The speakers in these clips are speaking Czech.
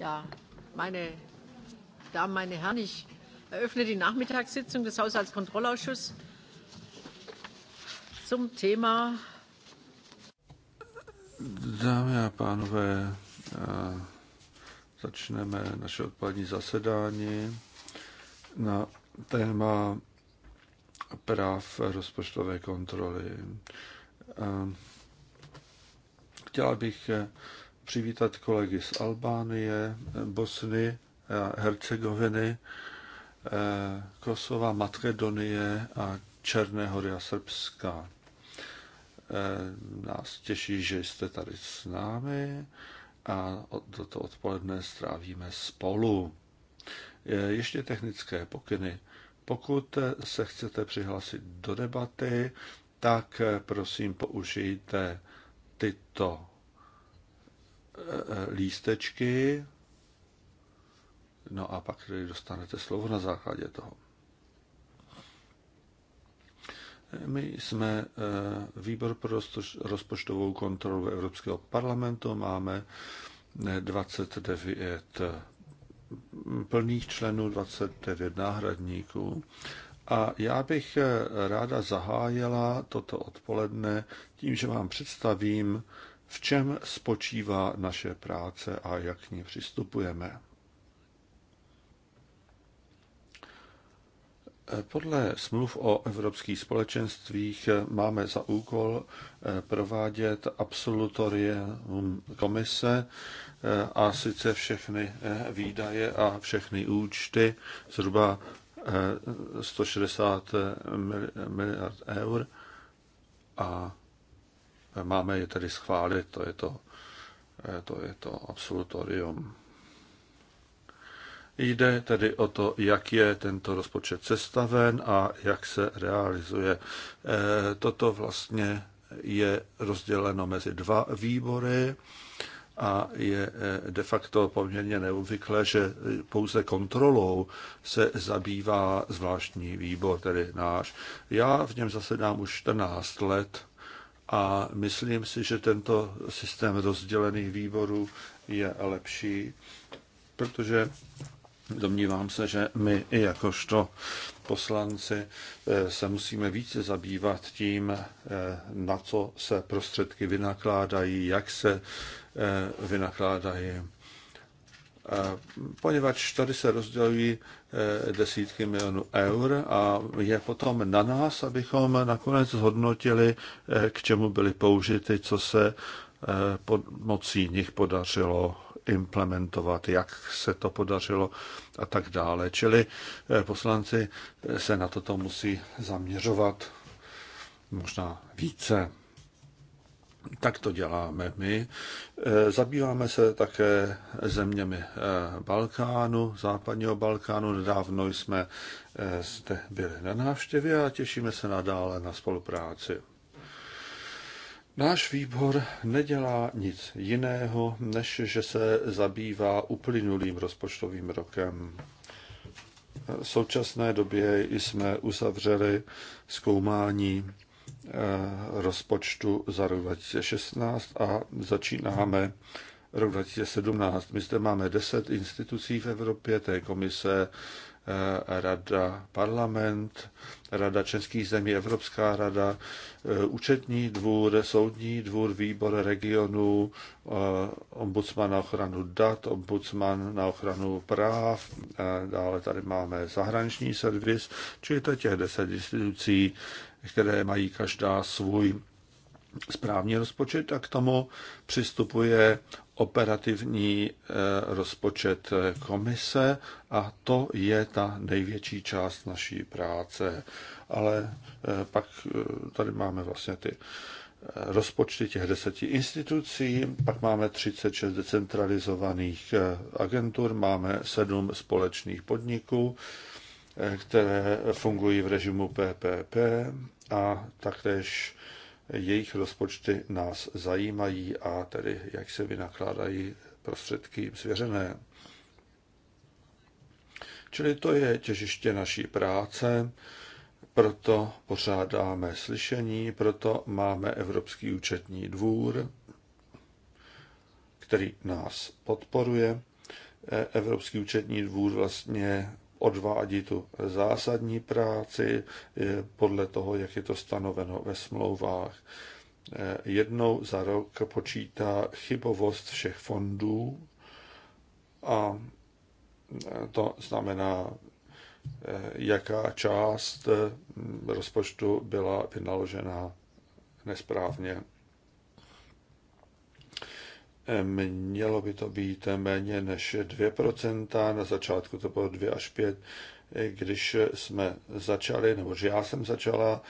Ja, meine Damen, meine Herren, ich eröffne die Nachmittagssitzung des Haushaltskontrollausschusses zum Thema. Dámy a pánové, eh, začneme naše odpolední zasedání na téma práv rozpočtové kontroly. Eh, chtěla bych eh, přivítat kolegy z Albánie, Bosny, Hercegoviny, eh, Kosova, Makedonie a Černé hory a Srbska. Eh, nás těší, že jste tady s námi a toto odpoledne strávíme spolu. Eh, ještě technické pokyny. Pokud se chcete přihlásit do debaty, tak prosím použijte tyto lístečky, no a pak tedy dostanete slovo na základě toho. My jsme eh, výbor pro rozpočtovou kontrolu Evropského parlamentu, máme 29 eh, mm, plných členů, 29 náhradníků. A já bych eh, ráda zahájila toto odpoledne tím, že vám představím v čem spočívá naše práce a jak k ní přistupujeme. Podle smluv o evropských společenstvích máme za úkol eh, provádět absolutorium komise eh, a sice všechny eh, výdaje a všechny účty, zhruba 160 miliard eur a Máme je tedy schválit, to je to, eh, to, je to absolutorium. Jde tedy o to, jak je tento rozpočet sestaven a jak se realizuje. Eh, toto vlastně je rozděleno mezi dva výbory a je eh, de facto poměrně neobvyklé, že pouze kontrolou se zabývá zvláštní výbor, tedy náš. Já v něm zasedám už 14 let a myslím si, že tento systém rozdělených výborů je lepší, protože domnívám se, že my i jakožto poslanci eh, se musíme více zabývat tím, eh, na co se prostředky vynakládají, jak se eh, vynakládají poněvadž tady se rozdělují eh, desítky milionů eur a je potom na nás, abychom nakonec zhodnotili, eh, k čemu byly použity, co se eh, mocí nich podařilo implementovat, jak se to podařilo a tak dále. Čili poslanci se na toto musí zaměřovat možná více. Tak to děláme my. E, zabýváme se také zeměmi e, Balkánu, západního Balkánu. Nedávno jsme e, zde byli na návštěvě a těšíme se nadále na spolupráci. Náš výbor nedělá nic jiného, než že se zabývá uplynulým rozpočtovým rokem. V současné době jsme uzavřeli zkoumání Eh, rozpočtu za rok 2016 a začínáme rok 2017. My zde máme 10 institucí v Evropě, to je komise, eh, rada, parlament, rada českých zemí, Evropská rada, eh, účetní dvůr, soudní dvůr, výbor regionů, ombudsman na ochranu dat, ombudsman na ochranu práv, dále tady máme zahraniční servis, čili to je těch deset institucí, které mají každá svůj správní rozpočet a k tomu přistupuje operativní eh, rozpočet komise a to je ta největší část naší práce. Ale eh, pak eh, tady máme vlastně ty rozpočty těch deseti institucí, pak máme 36 decentralizovaných agentur, máme sedm společných podniků, které fungují v režimu PPP, a taktéž jejich rozpočty nás zajímají a tedy jak se vynakládají prostředky jim svěřené. Čili to je těžiště naší práce, proto pořádáme slyšení, proto máme Evropský účetní dvůr, který nás podporuje. E, Evropský účetní dvůr vlastně odvádí tu zásadní práci eh, podle toho, jak je to stanoveno ve smlouvách. Eh, jednou za rok počítá chybovost všech fondů a eh, to znamená, jaká část rozpočtu byla vynaložena nesprávně. Mělo by to být méně než 2%, na začátku to bylo 2 až 5, když jsme začali, nebo že já jsem začala,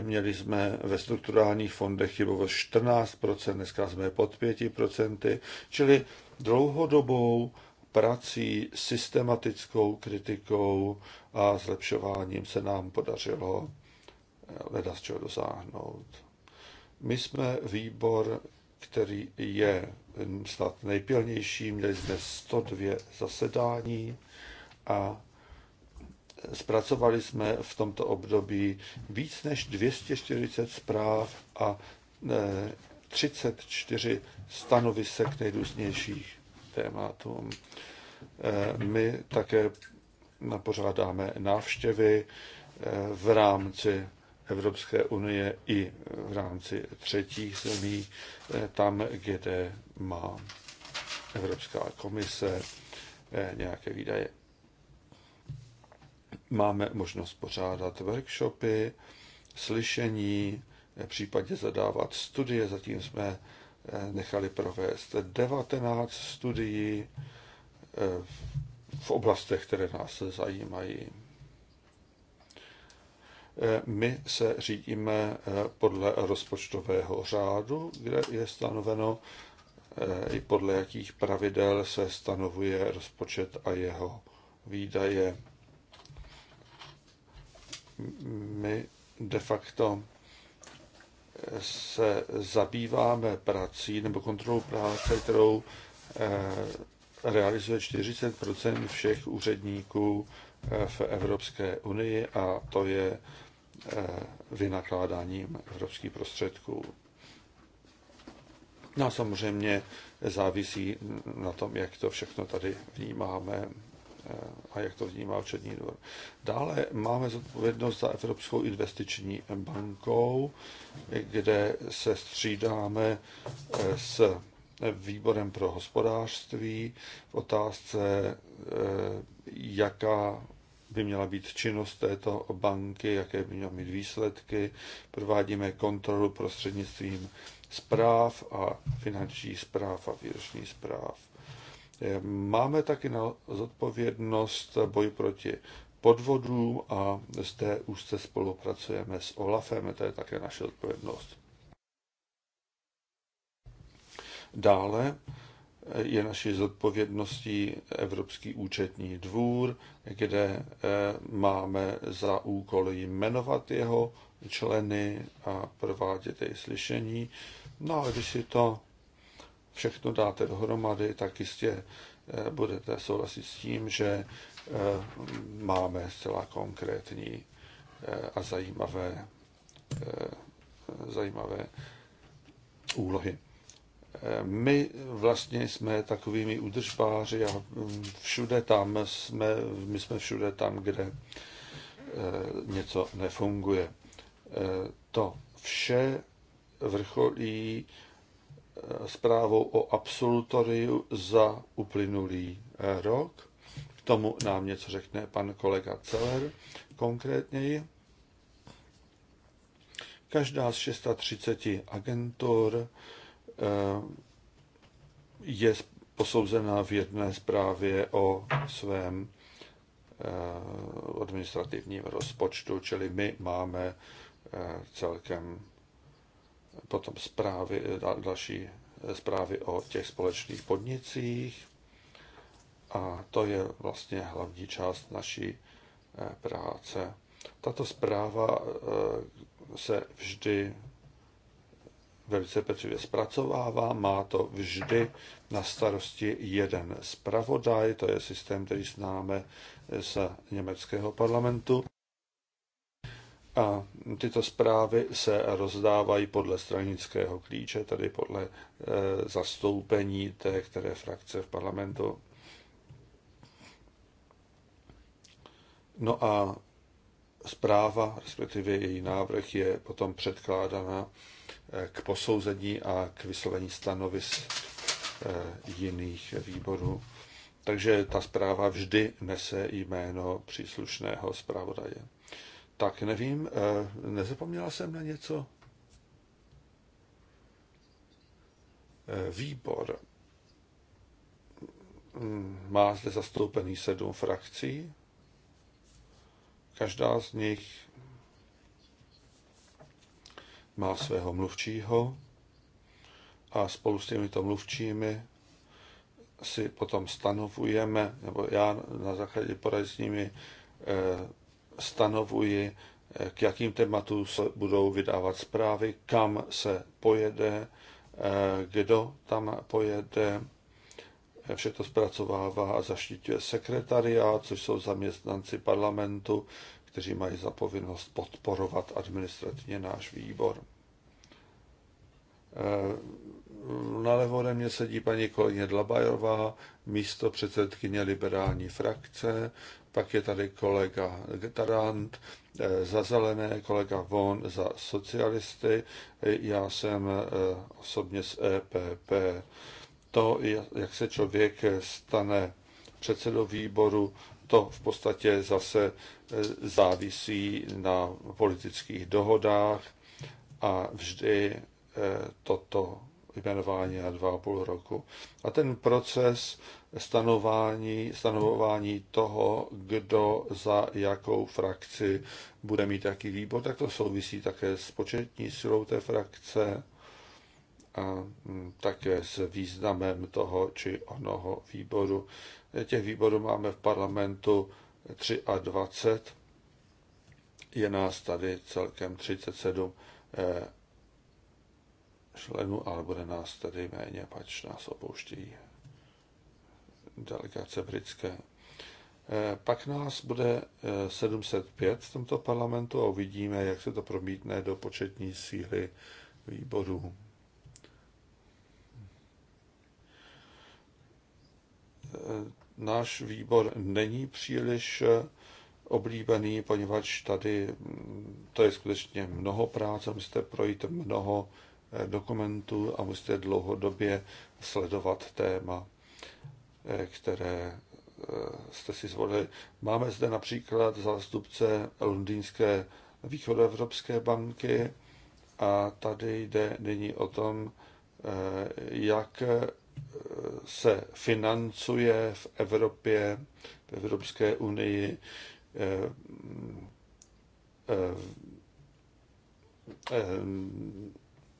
měli jsme ve strukturálních fondech chybovost 14%, dneska jsme pod 5%, čili dlouhodobou prací, systematickou kritikou a zlepšováním se nám podařilo eh, leda z čeho dosáhnout. My jsme výbor, který je snad nejpilnější. Měli jsme 102 zasedání a zpracovali jsme v tomto období víc než 240 zpráv a 34 e, stanovisek nejrůznějších tématům. E, my také napořádáme návštěvy e, v rámci Evropské unie i v rámci třetích zemí, eh, tam, kde má Evropská komise eh, nějaké výdaje. Máme možnost pořádat workshopy, slyšení, eh, případně zadávat studie. Zatím jsme nechali provést 19 studií v oblastech, které nás zajímají. Eh, my se řídíme eh, podle rozpočtového řádu, kde je stanoveno eh, i podle jakých pravidel se stanovuje rozpočet a jeho výdaje. My de facto se zabýváme prací nebo kontrolou práce, kterou realizuje 40 všech úředníků v Evropské unii a to je eh, vynakládáním evropských prostředků. No a samozřejmě závisí na tom, jak to všechno tady vnímáme eh, a jak to vnímá Černí dvor. Dále máme zodpovědnost za Evropskou investiční bankou, kde se střídáme eh, s výborem pro hospodářství v otázce, jaká by měla být činnost této banky, jaké by měla mít výsledky. Provádíme kontrolu prostřednictvím zpráv a finanční zpráv a výroční zpráv. Eh, máme taky na zodpovědnost boj proti podvodům a zde úzce spolupracujeme s OLAFem, to je také naše odpovědnost. Dále je naší zodpovědností Evropský účetní dvůr, kde eh, máme za úkol jmenovat jeho členy a provádět jejich slyšení. No a když si to všechno dáte dohromady, tak jistě eh, budete souhlasit s tím, že eh, máme zcela konkrétní a zajímavé, zajímavé úlohy my vlastně jsme takovými udržbáři a všude tam jsme, my jsme všude tam, kde eh, něco nefunguje. Eh, to vše vrcholí eh, zprávou o absolutoriu za uplynulý rok. K tomu nám něco řekne pan kolega Celer konkrétněji. Každá z 630 agentur Eh, je posouzena v jedné zprávě o svém eh, administrativním rozpočtu, čili my máme eh, celkem potom zprávy, další zprávy o těch společných podnicích a to je vlastně hlavní část naší práce. Tato zpráva se vždy velice pečlivě zpracovává. Má to vždy na starosti jeden zpravodaj, to je systém, který známe z německého parlamentu. A tyto zprávy se rozdávají podle stranického klíče, tedy podle eh, zastoupení té které frakce v parlamentu. No a zpráva, respektive její návrh, je potom předkládána k posouzení a k vyslovení stanovis eh, jiných výborů. Takže ta zpráva vždy nese jméno příslušného zpravodaje. Tak nevím, eh, nezapomněla jsem na něco? Eh, výbor mm, má zde zastoupený sedm frakcí. Každá z nich má svého mluvčího a spolu s těmito mluvčími si potom stanovujeme, nebo já na základě porady s nimi eh, stanovuji, eh, k jakým tématům se budou vydávat zprávy, kam se pojede, eh, kdo tam pojede, vše to zpracovává a zaštiťuje sekretariát, což jsou zaměstnanci parlamentu, kteří mají za povinnost podporovat administrativně náš výbor. Eh, Nalevo ode mě sedí paní kolegyně Dlabajová, místo předsedkyně liberální frakce, pak je tady kolega Tarant, eh, za zelené, kolega Von za socialisty, já jsem eh, osobně z EPP. To, jak se člověk stane předsedou výboru, to v podstatě zase závisí na politických dohodách a vždy Eh, toto jmenování na dva a půl roku. A ten proces stanování, stanovování toho, kdo za jakou frakci bude mít jaký výbor, tak to souvisí také s početní silou té frakce a mm, také s významem toho či onoho výboru. Těch výborů máme v parlamentu 23, je nás tady celkem 37 členů, ale bude nás tady méně, pač nás opouští delegace britské. Eh, pak nás bude 705 eh, v tomto parlamentu a uvidíme, jak se to promítne do početní síly výborů. Eh, náš výbor není příliš oblíbený, poněvadž tady mm, to je skutečně mnoho práce, musíte projít mnoho dokumentů a musíte dlouhodobě sledovat téma, eh, které eh, jste si zvolili. Máme zde například zástupce Londýnské východoevropské banky a tady jde nyní o tom, eh, jak se financuje v Evropě, v Evropské unii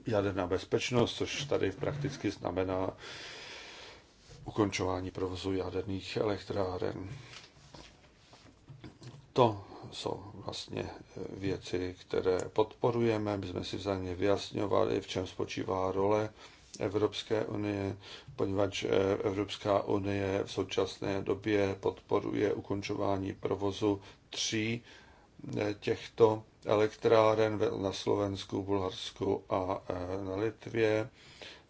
jaderná bezpečnost, což tady prakticky znamená ukončování provozu jaderných elektráren. To jsou vlastně e, věci, které podporujeme. My jsme si za ně vyjasňovali, v čem spočívá role Evropské unie, poněvadž e, Evropská unie v současné době podporuje ukončování provozu tří Eh, těchto elektráren na Slovensku, Bulharsku a eh, na Litvě.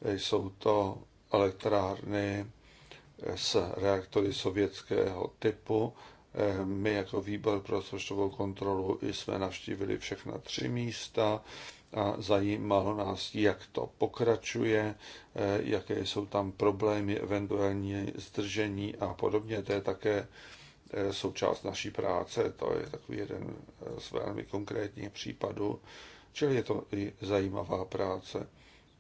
Eh, jsou to elektrárny s reaktory sovětského typu. My jako výbor pro rozpočtovou kontrolu jsme navštívili všechna tři místa a zajímalo nás, jak to pokračuje, jaké jsou tam problémy, eventuální zdržení a podobně. To je také Eh, součást naší práce. To je takový jeden eh, z velmi konkrétních případů, čili je to i zajímavá práce.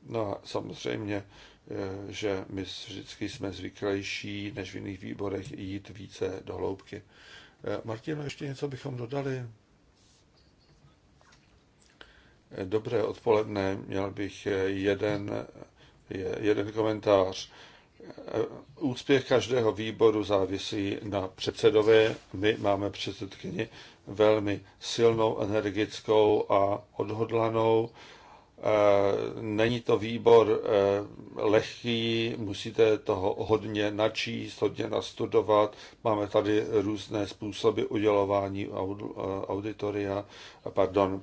No a samozřejmě, eh, že my vždycky jsme zvyklejší než v jiných výborech jít více do hloubky. Martino, ještě něco bychom dodali? Dobré odpoledne, měl bych jeden, jeden komentář Úspěch každého výboru závisí na předsedové. My máme předsedkyni velmi silnou, energickou a odhodlanou. Eh, není to výbor eh, lehký, musíte toho hodně načíst, hodně nastudovat. Máme tady různé způsoby udělování eh, auditoria, pardon,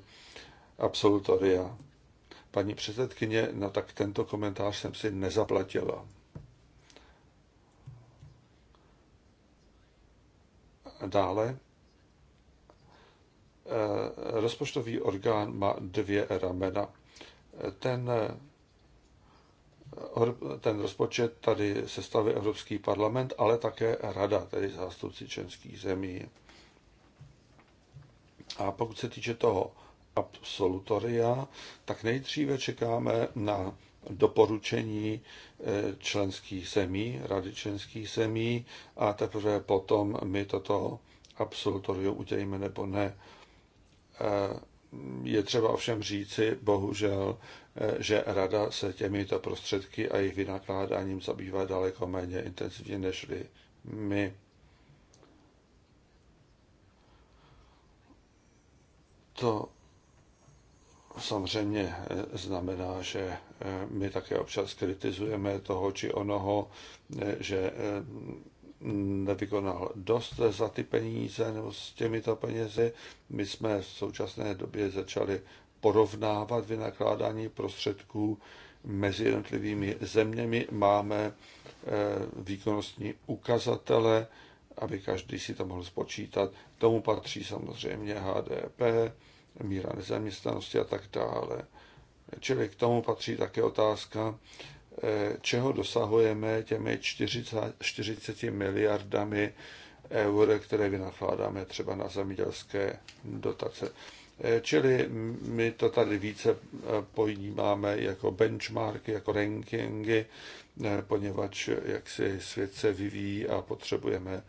absolutoria. Paní předsedkyně, no tak tento komentář jsem si nezaplatila. dále eh, rozpočtový orgán má dvě ramena. Ten, eh, ten rozpočet tady sestavuje Evropský parlament, ale také rada, tedy zástupci členských zemí. A pokud se týče toho absolutoria, tak nejdříve čekáme na doporučení eh, členských zemí, rady členských zemí a teprve potom my toto absolutorium udělíme nebo ne. Eh, je třeba ovšem říci, bohužel, eh, že rada se těmito prostředky a jejich vynakládáním zabývá daleko méně intenzivně než my. To samozřejmě eh, znamená, že eh, my také občas kritizujeme toho či onoho, eh, že nevykonal dost za ty peníze nebo s těmito penězi. My jsme v současné době začali porovnávat vynakládání prostředků mezi jednotlivými zeměmi. Máme výkonnostní ukazatele, aby každý si to mohl spočítat. tomu patří samozřejmě HDP, míra nezaměstnanosti a tak dále. Čili k tomu patří také otázka, eh, čeho dosahujeme těmi 40, 40 miliardami eur, které vynakládáme třeba na zemědělské dotace. Eh, čili my to tady více eh, pojímáme jako benchmarky, jako rankingy, poněvadž jak si svět se vyvíjí a potřebujeme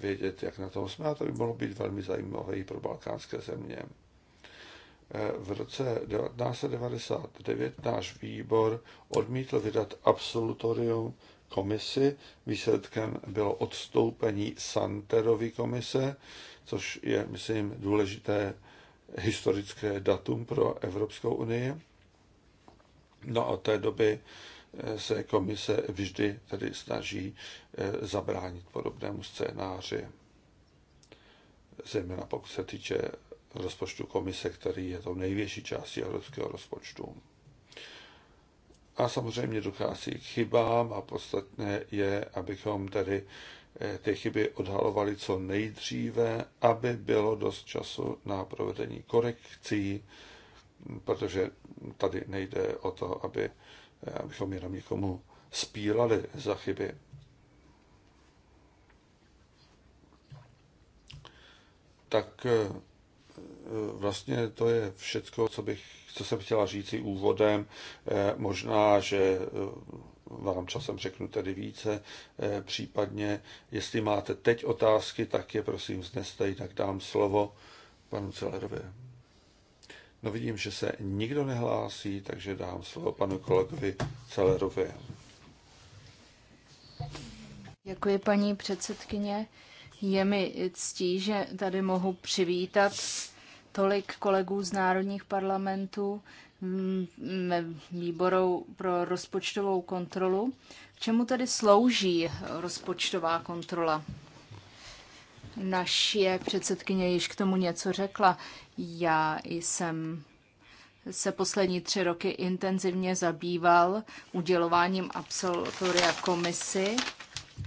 vědět, jak na tom jsme. A to by mohlo být velmi zajímavé i pro balkánské země. Eh, v roce 1999 náš výbor odmítl vydat absolutorium komisi. Výsledkem bylo odstoupení Santerovy komise, což je, myslím, důležité historické datum pro Evropskou unii. No a od té doby eh, se komise vždy tedy snaží eh, zabránit podobnému scénáři, zejména pokud se týče rozpočtu komise, který je tou největší částí evropského rozpočtu. A samozřejmě dochází k chybám a podstatné je, abychom tedy eh, ty chyby odhalovali co nejdříve, aby bylo dost času na provedení korekcí, protože tady nejde o to, aby, eh, abychom jenom někomu spílali za chyby. Tak eh, vlastně to je všecko, co, bych, co jsem chtěla říci úvodem. Eh, možná, že eh, vám časem řeknu tedy více, eh, případně jestli máte teď otázky, tak je prosím vzneste, jinak dám slovo panu Celerovi. No vidím, že se nikdo nehlásí, takže dám slovo panu kolegovi Celerovi. Děkuji, paní předsedkyně. Je mi ctí, že tady mohu přivítat tolik kolegů z národních parlamentů mm, mm, výborou výboru pro rozpočtovou kontrolu. K čemu tedy slouží rozpočtová kontrola? Naše předsedkyně již k tomu něco řekla. Já jsem se poslední tři roky intenzivně zabýval udělováním absolutoria komisi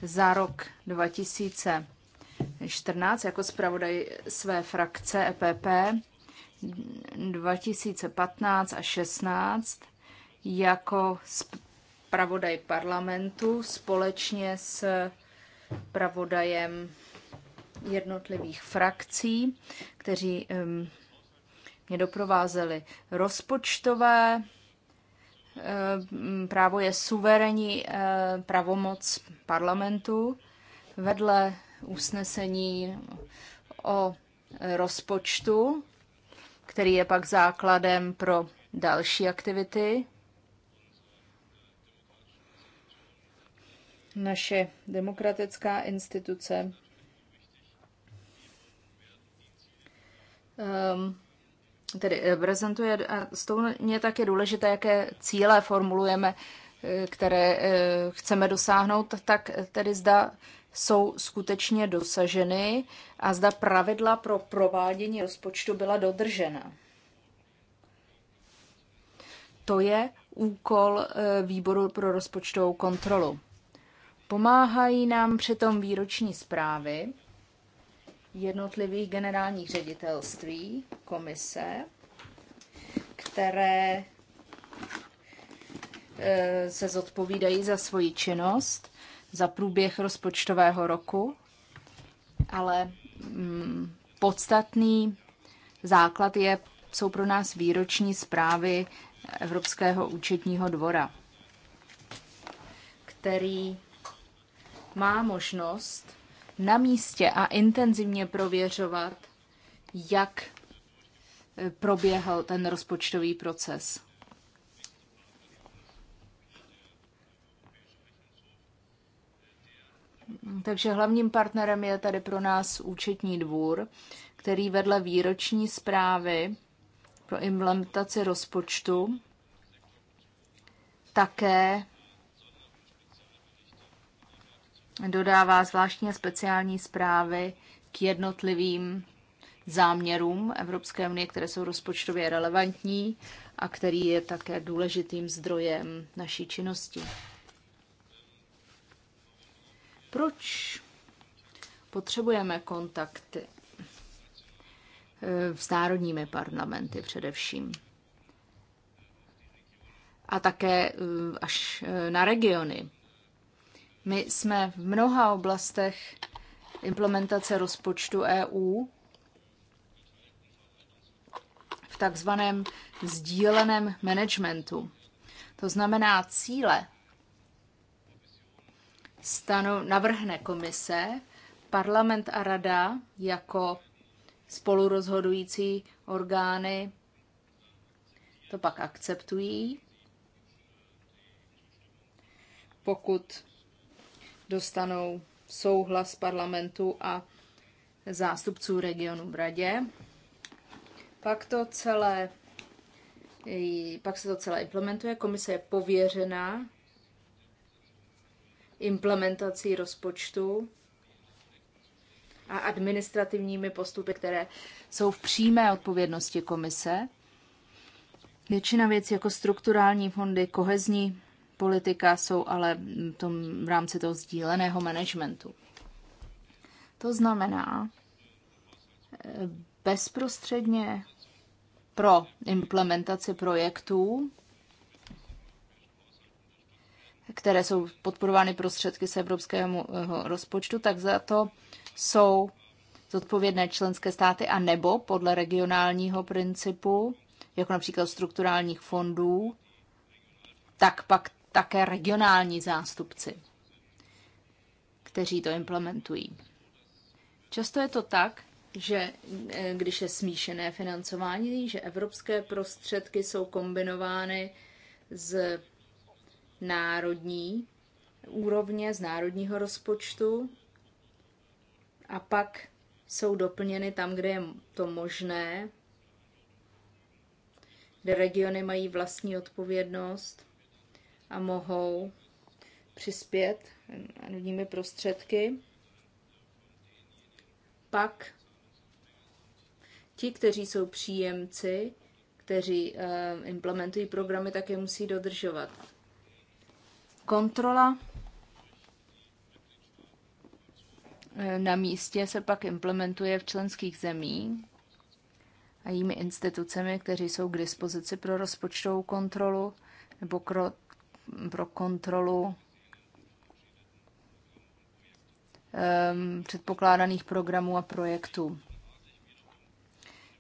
za rok 2000. 14 jako zpravodaj své frakce EPP 2015 a 16 jako zpravodaj parlamentu společně s pravodajem jednotlivých frakcí, kteří um, mě doprovázeli. Rozpočtové právo je suverénní eh, pravomoc parlamentu. Vedle usnesení o rozpočtu, který je pak základem pro další aktivity. Naše demokratická instituce um, tedy eh, prezentuje. a mě tak je důležité, jaké cíle formulujeme, eh, které eh, chceme dosáhnout, tak tedy zda jsou skutečně dosaženy a zda pravidla pro provádění rozpočtu byla dodržena. To je úkol eh, výboru pro rozpočtovou kontrolu. Pomáhají nám přitom výroční zprávy jednotlivých generálních ředitelství komise, které eh, se zodpovídají za svoji činnost za průběh rozpočtového roku, ale mm, podstatný základ je, jsou pro nás výroční zprávy Evropského účetního dvora, který má možnost na místě a intenzivně prověřovat, jak eh, proběhl ten rozpočtový proces. Takže hlavním partnerem je tady pro nás účetní dvůr, který vedle výroční zprávy pro implementaci rozpočtu také dodává zvláštní a speciální zprávy k jednotlivým záměrům Evropské unie, které jsou rozpočtově relevantní a který je také důležitým zdrojem naší činnosti. Proč potřebujeme kontakty eh, s národními parlamenty především? A také eh, až eh, na regiony. My jsme v mnoha oblastech implementace rozpočtu EU v takzvaném sdíleném managementu. To znamená, cíle stanov, navrhne komise, parlament a rada jako spolurozhodující orgány to pak akceptují. Pokud dostanou souhlas parlamentu a zástupců regionu v radě, pak to celé pak se to celé implementuje. Komise je pověřena implementací rozpočtu a administrativními postupy, které jsou v přímé odpovědnosti komise. Většina věcí jako strukturální fondy, kohezní politika jsou ale v, tom, v rámci toho sdíleného managementu. To znamená, eh, bezprostředně pro implementaci projektů které jsou podporovány prostředky z evropského eh, rozpočtu, tak za to jsou zodpovědné členské státy a nebo podle regionálního principu, jako například strukturálních fondů, tak pak také regionální zástupci, kteří to implementují. Často je to tak, že eh, když je smíšené financování, že evropské prostředky jsou kombinovány s národní úrovně, z národního rozpočtu a pak jsou doplněny tam, kde je to možné, kde regiony mají vlastní odpovědnost a mohou přispět národními prostředky. Pak ti, kteří jsou příjemci, kteří eh, implementují programy, také musí dodržovat Kontrola e, na místě se pak implementuje v členských zemí a jimi institucemi, kteří jsou k dispozici pro rozpočtovou kontrolu nebo pro, pro kontrolu um, předpokládaných programů a projektů.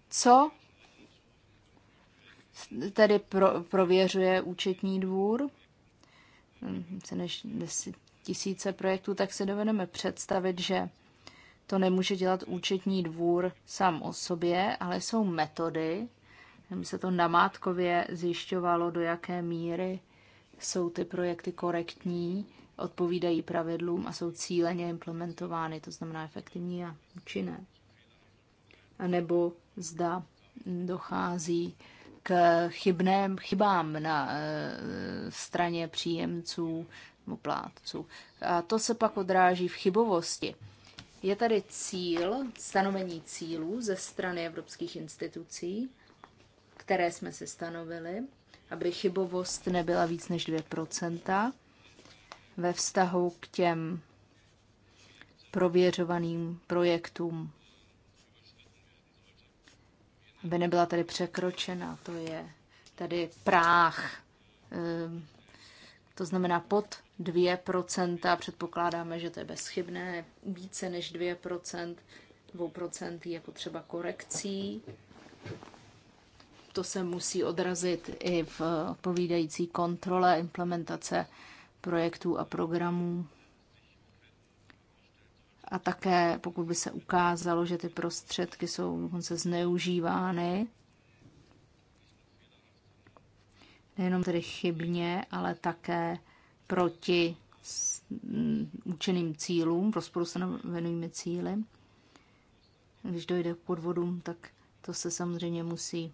Co tedy pro, prověřuje účetní dvůr? Mhm, více než 10 tisíce projektů, tak si dovedeme představit, že to nemůže dělat účetní dvůr sám o sobě, ale jsou metody, mi se to namátkově zjišťovalo, do jaké míry jsou ty projekty korektní, odpovídají pravidlům a jsou cíleně implementovány, to znamená efektivní a účinné. A nebo zda dochází k chybném chybám na eh, straně příjemců nebo plátců. A to se pak odráží v chybovosti. Je tady cíl, stanovení cílů ze strany evropských institucí, které jsme si stanovili, aby chybovost nebyla víc než 2% ve vztahu k těm prověřovaným projektům aby nebyla tady překročena. To je tady práh. Ehm, to znamená pod 2%, předpokládáme, že to je bezchybné, více než 2%, 2% je potřeba korekcí. To se musí odrazit i v odpovídající kontrole implementace projektů a programů. A také, pokud by se ukázalo, že ty prostředky jsou dokonce zneužívány, nejenom tedy chybně, ale také proti mm, učeným cílům, rozporu stanovenými cíly. Když dojde k podvodům, tak to se samozřejmě musí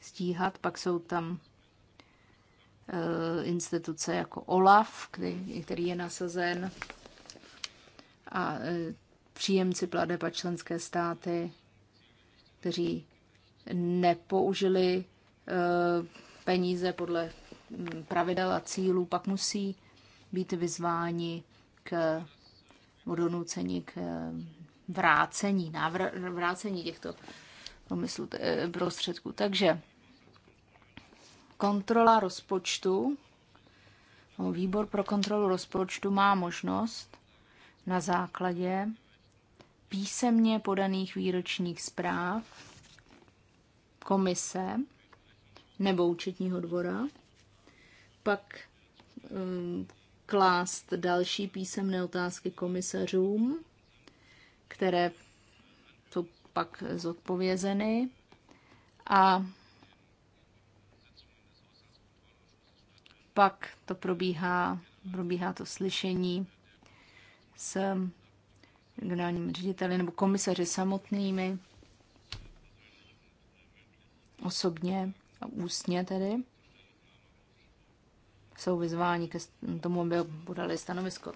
stíhat. Pak jsou tam e, instituce jako OLAF, který je nasazen a e, příjemci pladeb a členské státy, kteří nepoužili e, peníze podle pravidel a cílů, pak musí být vyzváni k odonucení k e, vrácení, návr- vrácení těchto pomyslů, prostředků. Takže kontrola rozpočtu, výbor pro kontrolu rozpočtu má možnost na základě písemně podaných výročních zpráv komise nebo účetního dvora, pak um, klást další písemné otázky komisařům, které jsou pak zodpovězeny a pak to probíhá, probíhá to slyšení s generálními řediteli nebo komisaři samotnými, osobně a ústně tedy, jsou vyzváni ke tomu, aby podali stanovisko.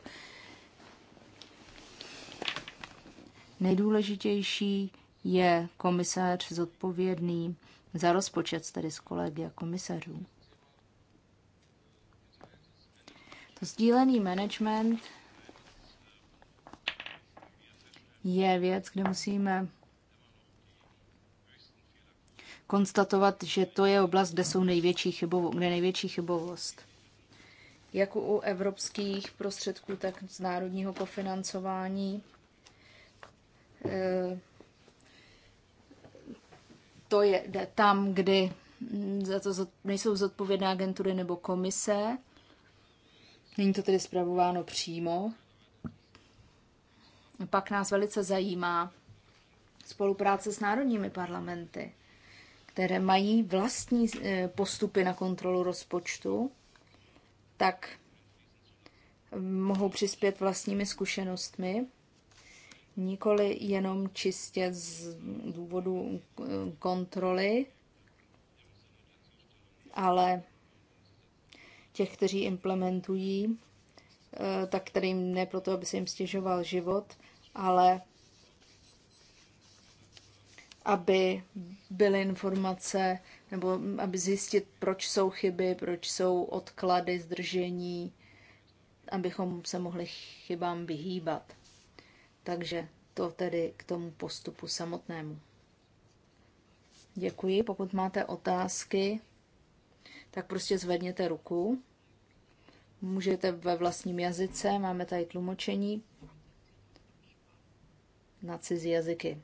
Nejdůležitější je komisař zodpovědný za rozpočet tedy s kolegy a komisařů. To sdílený management je věc, kde musíme konstatovat, že to je oblast, kde jsou největší chybovost, kde největší chybovost. Jak u evropských prostředků, tak z národního kofinancování. E, to je tam, kdy za to nejsou zodpovědné agentury nebo komise. Není to tedy zpravováno přímo. Pak nás velice zajímá spolupráce s národními parlamenty, které mají vlastní eh, postupy na kontrolu rozpočtu, tak eh, mohou přispět vlastními zkušenostmi, nikoli jenom čistě z důvodu eh, kontroly, ale těch, kteří implementují, tak kterým ne proto, aby se jim stěžoval život, ale aby byly informace, nebo aby zjistit, proč jsou chyby, proč jsou odklady, zdržení, abychom se mohli chybám vyhýbat. Takže to tedy k tomu postupu samotnému. Děkuji. Pokud máte otázky, tak prostě zvedněte ruku. Můžete ve vlastním jazyce, máme tady tlumočení na cizí jazyky.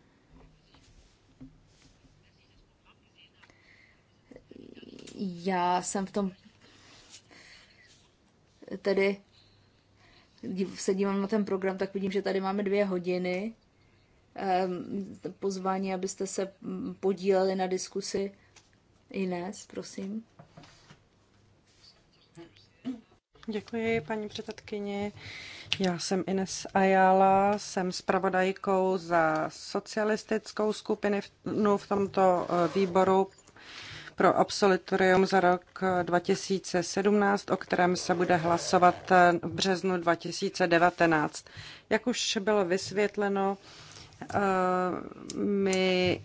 Já jsem v tom tedy se dívám na ten program, tak vidím, že tady máme dvě hodiny. Ehm, pozvání, abyste se podíleli na diskusi. Ines, prosím. Děkuji, paní předsedkyně. Já jsem Ines Ayala, jsem zpravodajkou za socialistickou skupinu v no, tomto eh, výboru pro absolutorium za rok 2017, eh, o kterém se bude hlasovat eh, v březnu 2019. Jak už bylo vysvětleno, my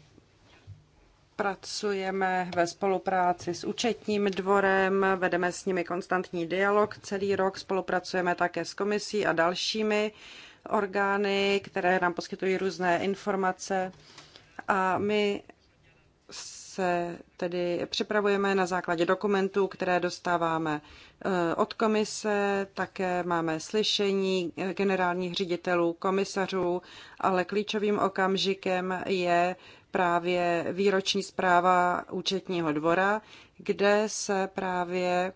pracujeme ve spolupráci s účetním dvorem, vedeme s nimi konstantní dialog celý rok, spolupracujeme také s komisí a dalšími orgány, které nám poskytují různé informace. A my se tedy připravujeme na základě dokumentů, které dostáváme eh, od komise, také máme slyšení generálních ředitelů, komisařů, ale klíčovým okamžikem je právě výroční zpráva účetního dvora, kde se právě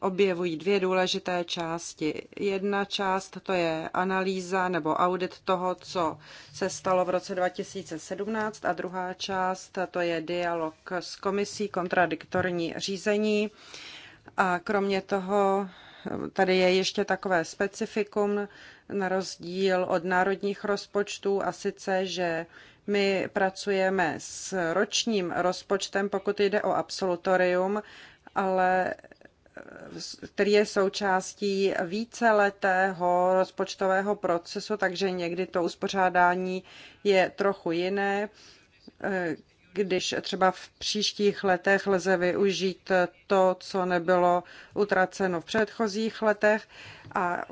objevují dvě důležité části. Jedna část to je analýza nebo audit toho, co se stalo v roce 2017 a druhá část to je dialog s komisí, kontradiktorní řízení. A kromě toho tady je ještě takové specifikum na rozdíl od národních rozpočtů a sice, že my pracujeme s ročním rozpočtem, pokud jde o absolutorium, ale eh, který je součástí víceletého rozpočtového procesu, takže někdy to uspořádání je trochu jiné. Eh, když třeba v příštích letech lze využít to, co nebylo utraceno v předchozích letech a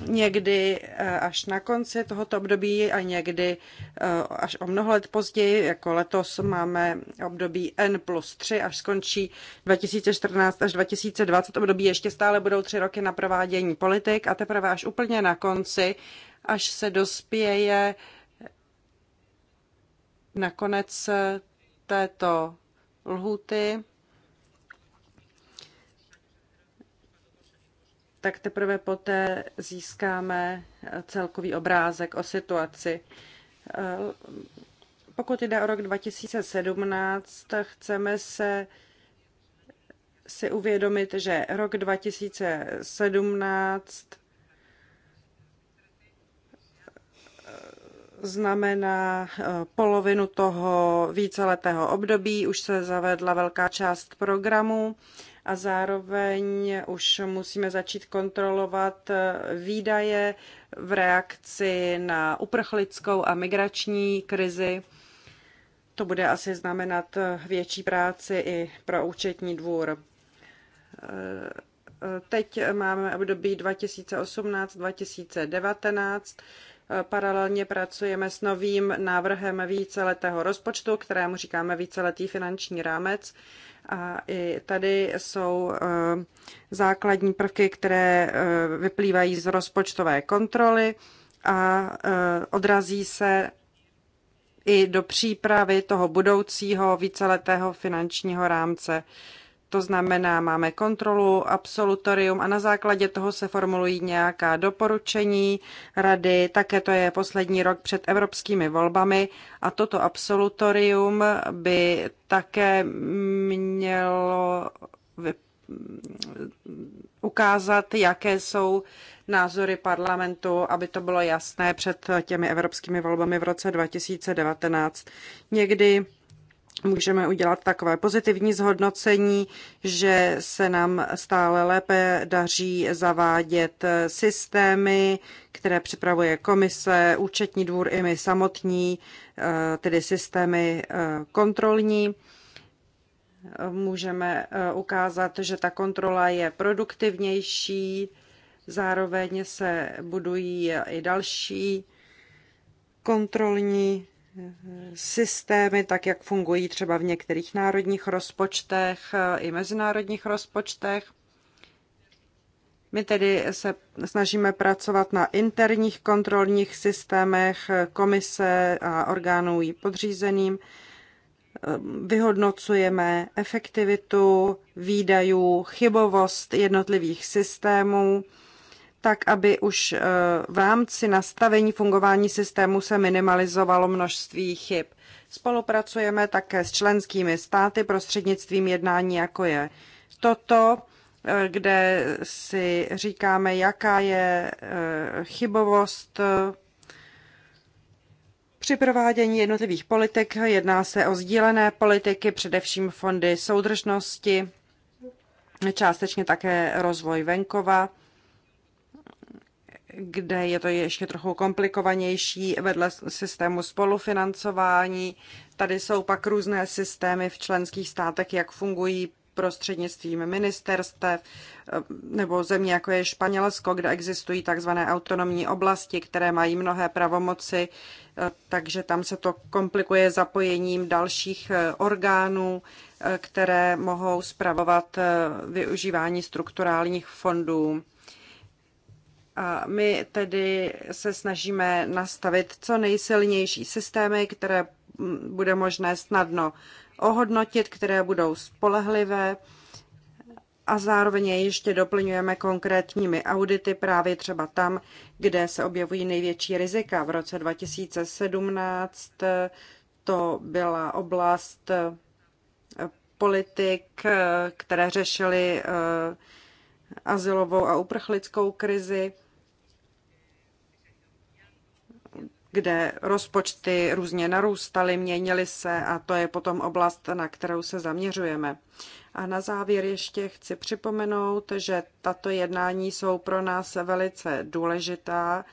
někdy eh, až na konci tohoto období a někdy eh, až o mnoho let později, jako letos máme období N plus 3, až skončí 2014 až 2020 období, ještě stále budou tři roky na provádění politik a teprve až úplně na konci, až se dospěje nakonec této lhuty, tak teprve poté získáme eh, celkový obrázek o situaci. Eh, pokud jde o rok 2017, chceme se si uvědomit, že rok 2017 eh, znamená polovinu toho víceletého období. Už se zavedla velká část programu a zároveň už musíme začít kontrolovat eh, výdaje v reakci na uprchlickou a migrační krizi. To bude asi znamenat eh, větší práci i pro účetní dvůr. Eh, teď máme období 2018-2019. Paralelně pracujeme s novým návrhem víceletého rozpočtu, kterému říkáme víceletý finanční rámec. A i tady jsou eh, základní prvky, které eh, vyplývají z rozpočtové kontroly a eh, odrazí se i do přípravy toho budoucího víceletého finančního rámce. To znamená, máme kontrolu, absolutorium a na základě toho se formulují nějaká doporučení rady. Také to je poslední rok před evropskými volbami a toto absolutorium by také mělo ukázat, jaké jsou názory parlamentu, aby to bylo jasné před těmi evropskými volbami v roce 2019. Někdy můžeme udělat takové pozitivní zhodnocení, že se nám stále lépe daří zavádět systémy, které připravuje komise, účetní dvůr i my samotní, eh, tedy systémy eh, kontrolní. Můžeme eh, ukázat, že ta kontrola je produktivnější, zároveň se budují i další kontrolní systémy, tak jak fungují třeba v některých národních rozpočtech i mezinárodních rozpočtech. My tedy se snažíme pracovat na interních kontrolních systémech komise a orgánů jí podřízeným. Vyhodnocujeme efektivitu výdajů, chybovost jednotlivých systémů tak aby už eh, v rámci nastavení fungování systému se minimalizovalo množství chyb. Spolupracujeme také s členskými státy prostřednictvím jednání, jako je toto, eh, kde si říkáme, jaká je eh, chybovost při provádění jednotlivých politik. Jedná se o sdílené politiky, především fondy soudržnosti, částečně také rozvoj venkova kde je to ještě trochu komplikovanější vedle systému spolufinancování. Tady jsou pak různé systémy v členských státech, jak fungují prostřednictvím ministerstev eh, nebo země jako je Španělsko, kde existují takzvané autonomní oblasti, které mají mnohé pravomoci, eh, takže tam se to komplikuje zapojením dalších eh, orgánů, které mohou spravovat využívání strukturálních fondů. A my tedy se snažíme nastavit co nejsilnější systémy, které bude možné snadno ohodnotit, které budou spolehlivé a zároveň je ještě doplňujeme konkrétními audity právě třeba tam, kde se objevují největší rizika. V roce 2017 to byla oblast eh, politik, eh, které řešily eh, azylovou a uprchlickou krizi. kde rozpočty různě narůstaly, měnily se a to je potom oblast, na kterou se zaměřujeme. A na závěr ještě chci připomenout, že tato jednání jsou pro nás velice důležitá.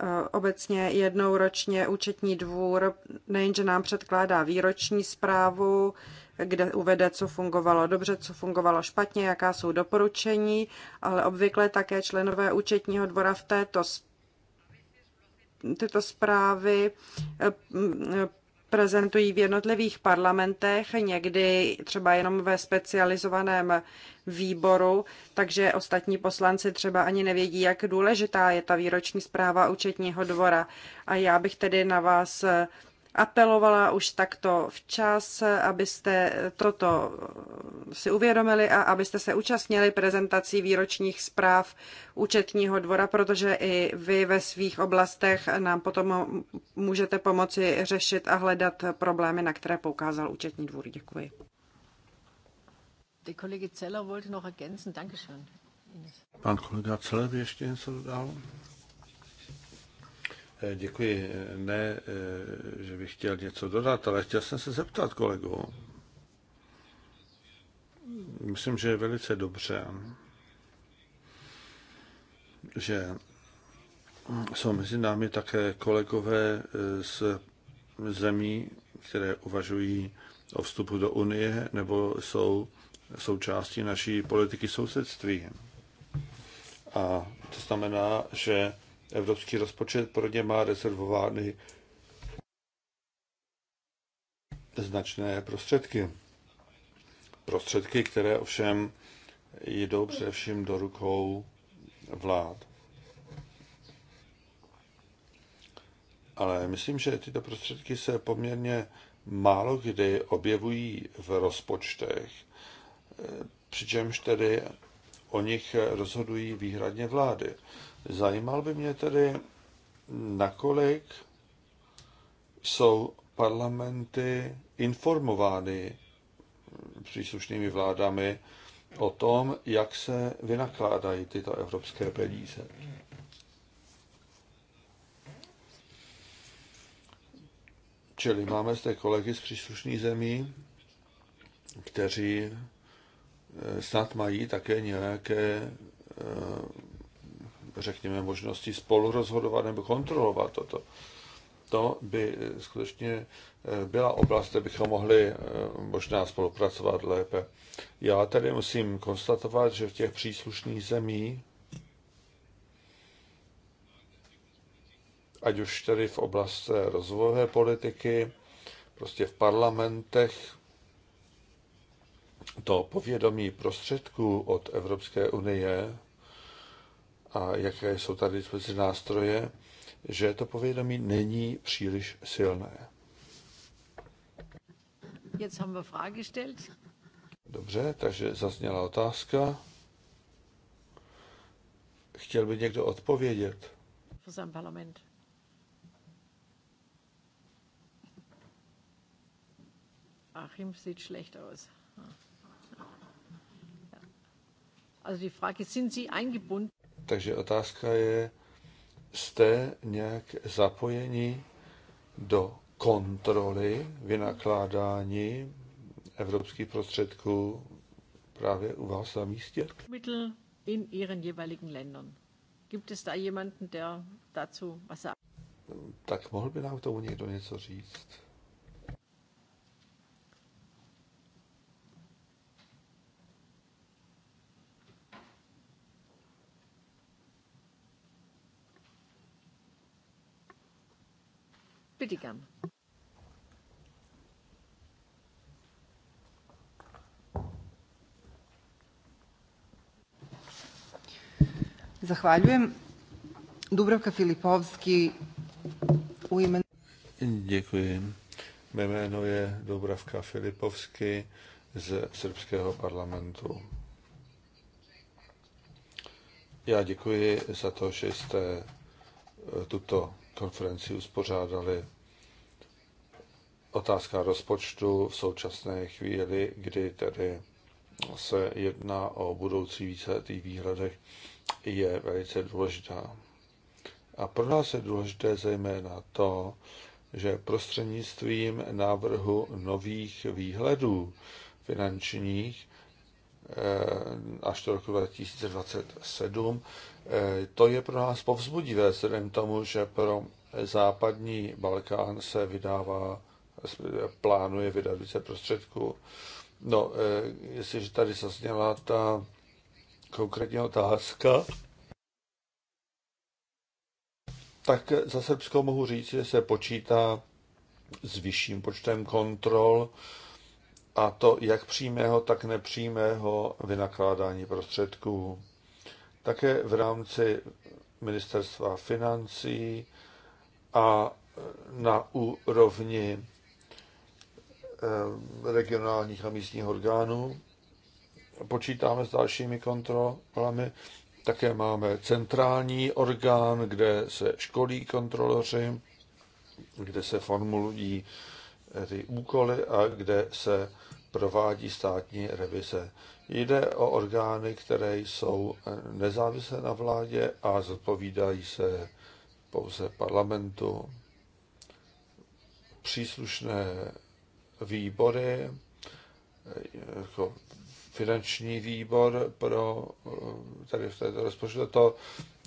Eh, obecně jednou ročně účetní dvůr nejenže nám předkládá výroční zprávu, kde uvede, co fungovalo dobře, co fungovalo špatně, jaká jsou doporučení, ale obvykle také členové účetního dvora v této zprávě tyto zprávy eh, prezentují v jednotlivých parlamentech, někdy třeba jenom ve specializovaném výboru, takže ostatní poslanci třeba ani nevědí, jak důležitá je ta výroční zpráva účetního dvora. A já bych tedy na vás apelovala už takto včas, abyste toto si uvědomili a abyste se účastnili prezentací výročních zpráv účetního dvora, protože i vy ve svých oblastech nám potom můžete pomoci řešit a hledat problémy, na které poukázal účetní dvůr. Děkuji. Zeller Pan kolega Zeller by ještě něco dodal. Eh, děkuji. Eh, ne, eh, že bych chtěl něco dodat, ale chtěl jsem se zeptat kolegu. Myslím, že je velice dobře, že jsou mezi námi také kolegové z zemí, které uvažují o vstupu do Unie nebo jsou součástí naší politiky sousedství. A to znamená, že Evropský rozpočet pro ně má rezervovány značné prostředky. Prostředky, které ovšem jdou především do rukou vlád. Ale myslím, že tyto prostředky se poměrně málo kdy objevují v rozpočtech, přičemž tedy o nich rozhodují výhradně vlády. Zajímal by mě tedy, nakolik jsou parlamenty informovány příslušnými vládami o tom, jak se vynakládají tyto evropské peníze. Čili máme zde kolegy z příslušných zemí, kteří eh, snad mají také nějaké eh, řekněme, možností spolurozhodovat nebo kontrolovat toto. To by eh, skutečně eh, byla oblast, kde bychom mohli eh, možná spolupracovat lépe. Já tady musím konstatovat, že v těch příslušných zemí ať už tedy v oblasti rozvojové politiky, prostě v parlamentech, to povědomí prostředků od Evropské unie a jaké jsou tady dispozici nástroje, že to povědomí není příliš silné. Jetzt haben wir Frage gestellt. Dobře, takže zazněla otázka. Chtěl by někdo odpovědět? Für parlament. Achim sieht schlecht aus. Also die Frage, sind Sie eingebunden? Takže otázka je, jste nějak zapojeni do kontroly vynakládání evropských prostředků právě u vás na místě? Mittel in ihren jeweiligen Ländern. Gibt es da jemanden, der dazu was sagt? Tak mohl by nám k tomu někdo něco říct? Pitikan. Zahvaljujem. Dubravka Filipovský u Děkuji. Mé jméno je Dubravka Filipovský z srbského parlamentu. Já děkuji za to, že jste eh, tuto konferenci uspořádali otázka rozpočtu v současné chvíli, kdy tedy se jedná o budoucí těch výhledech, je velice důležitá. A pro nás je důležité zejména to, že prostřednictvím návrhu nových výhledů finančních eh, až do roku 2027, eh, to je pro nás povzbudivé, vzhledem tomu, že pro západní Balkán se vydává plánuje vydat více prostředků. No, e, jestliže tady zazněla ta konkrétní otázka, tak za Srbsko mohu říct, že se počítá s vyšším počtem kontrol a to jak přímého, tak nepřímého vynakládání prostředků. Také v rámci ministerstva financí a na úrovni Eh, regionálních a místních orgánů. Počítáme s dalšími kontrolami. Také máme centrální orgán, kde se školí kontroloři, kde se formulují eh, ty úkoly a kde se provádí státní revize. Jde o orgány, které jsou nezávislé na vládě a zodpovídají se pouze parlamentu. Příslušné výbory, jako finanční výbor pro eh, tady v této rozpočtu, to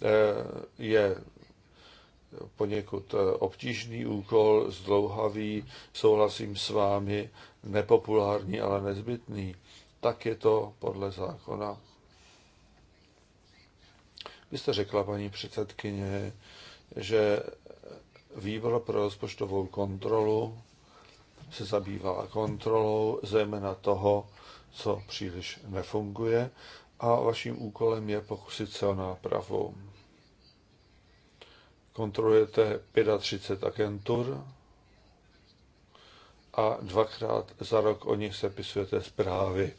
eh, je poněkud eh, obtížný úkol, zdlouhavý, souhlasím s vámi, nepopulární, ale nezbytný. Tak je to podle zákona. Vy jste řekla, paní předsedkyně, že výbor pro rozpočtovou kontrolu se zabývá kontrolou, zejména toho, co příliš nefunguje a vaším úkolem je pokusit se o nápravu. Kontrolujete 35 agentur a dvakrát za rok o nich sepisujete zprávy.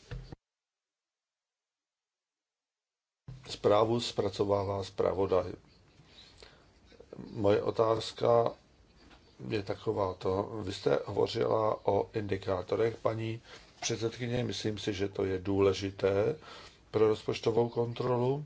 Zprávu zpracovává zpravodaj. Moje otázka je taková to. Vy jste hovořila o indikátorech, paní předsedkyně, myslím si, že to je důležité pro rozpočtovou kontrolu.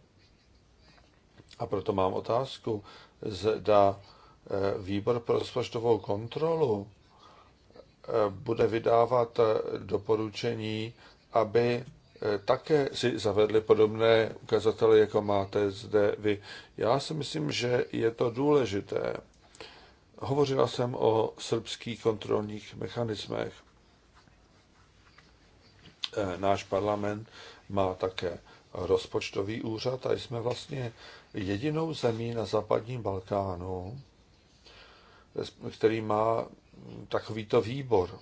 A proto mám otázku, zda eh, výbor pro rozpočtovou kontrolu eh, bude vydávat eh, doporučení, aby také si zavedli podobné ukazatele, jako máte zde vy. Já si myslím, že je to důležité. Hovořila jsem o srbských kontrolních mechanismech. E, náš parlament má také rozpočtový úřad a jsme vlastně jedinou zemí na západním Balkánu, který má takovýto výbor.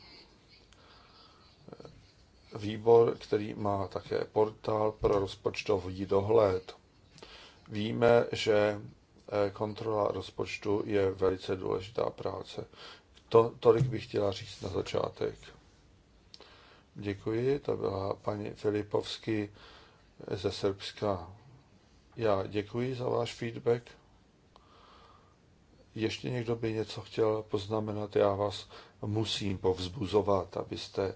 Výbor, který má také portál pro rozpočtový dohled. Víme, že Eh, kontrola rozpočtu je velice důležitá práce. To, tolik bych chtěla říct na začátek. Děkuji, to byla paní Filipovský eh, ze Srbska. Já děkuji za váš feedback. Ještě někdo by něco chtěl poznamenat, já vás musím povzbuzovat, abyste eh,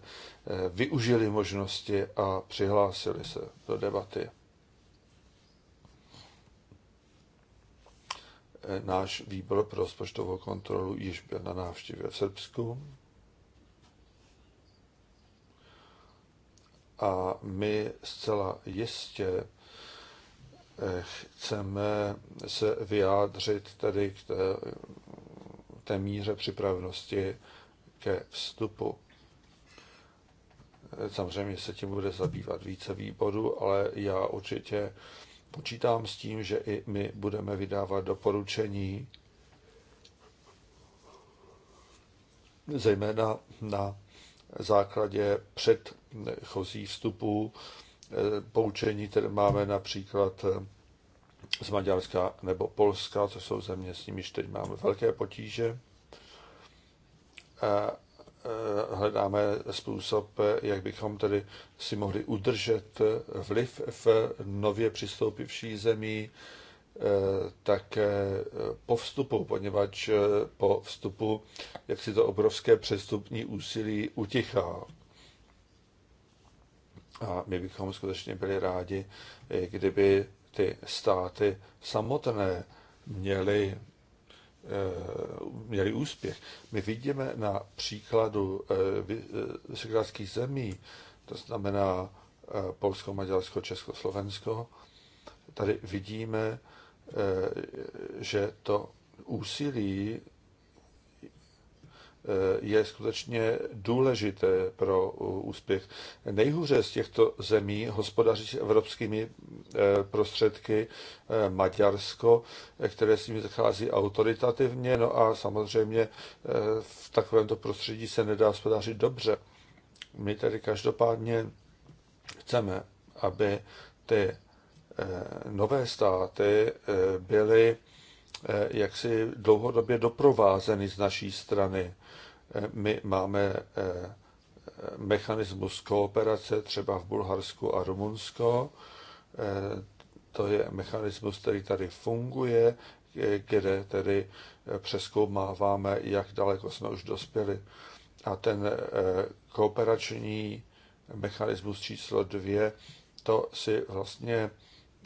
využili možnosti a přihlásili se do debaty. náš výbor pro rozpočtovou kontrolu již byl na návštěvě v Srbsku. A my zcela jistě eh, chceme se vyjádřit tedy k té, té míře připravenosti ke vstupu. Eh, samozřejmě se tím bude zabývat více výborů, ale já určitě počítám s tím, že i my budeme vydávat doporučení, zejména na základě předchozí vstupů, eh, poučení, které máme například eh, z Maďarska nebo Polska, co jsou země, s nimiž teď máme velké potíže. Eh, Eh, hledáme způsob, jak bychom tedy si mohli udržet vliv v nově přistoupivší zemí, eh, tak po vstupu, poněvadž eh, po vstupu, jak si to obrovské přestupní úsilí utichá. A my bychom skutečně byli rádi, kdyby ty státy samotné měly Eh, měli úspěch. My vidíme na příkladu eh, vysokrátských eh, zemí, to znamená Polsko, Maďarsko, Česko, Slovensko, tady vidíme, že to úsilí Eh, je skutečně důležité pro eh, úspěch. Nejhůře z těchto zemí hospodaří s evropskými eh, prostředky Maďarsko, které s nimi zachází autoritativně, no a samozřejmě v takovémto prostředí se nedá hospodařit dobře. My tedy každopádně chceme, aby ty nové státy byly jaksi dlouhodobě doprovázeny z naší strany my máme eh, mechanismus kooperace třeba v Bulharsku a Rumunsko. Eh, to je mechanismus, který tady funguje, eh, kde tedy přeskoumáváme, jak daleko jsme už dospěli. A ten kooperační mechanismus číslo dvě, to si vlastně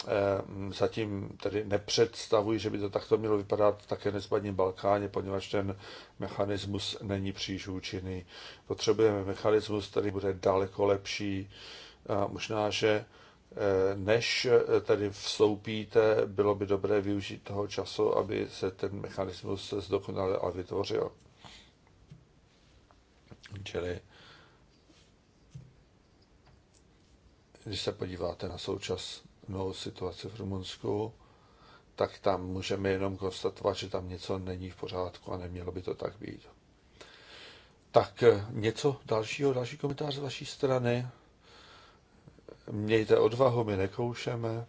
Eh, zatím tedy nepředstavuji, že by to takto mělo vypadat také na západním Balkáně, poněvadž ten mechanismus není příliš účinný. Potřebujeme mechanismus, který bude daleko lepší. A možná, že eh, než eh, tedy vstoupíte, bylo by dobré využít toho času, aby se ten mechanismus zdokonale a vytvořil. Čili když se podíváte na součas novou situaci v Rumunsku, tak tam můžeme jenom konstatovat, že tam něco není v pořádku a nemělo by to tak být. Tak eh, něco dalšího, další komentář z vaší strany? Mějte odvahu, my nekoušeme.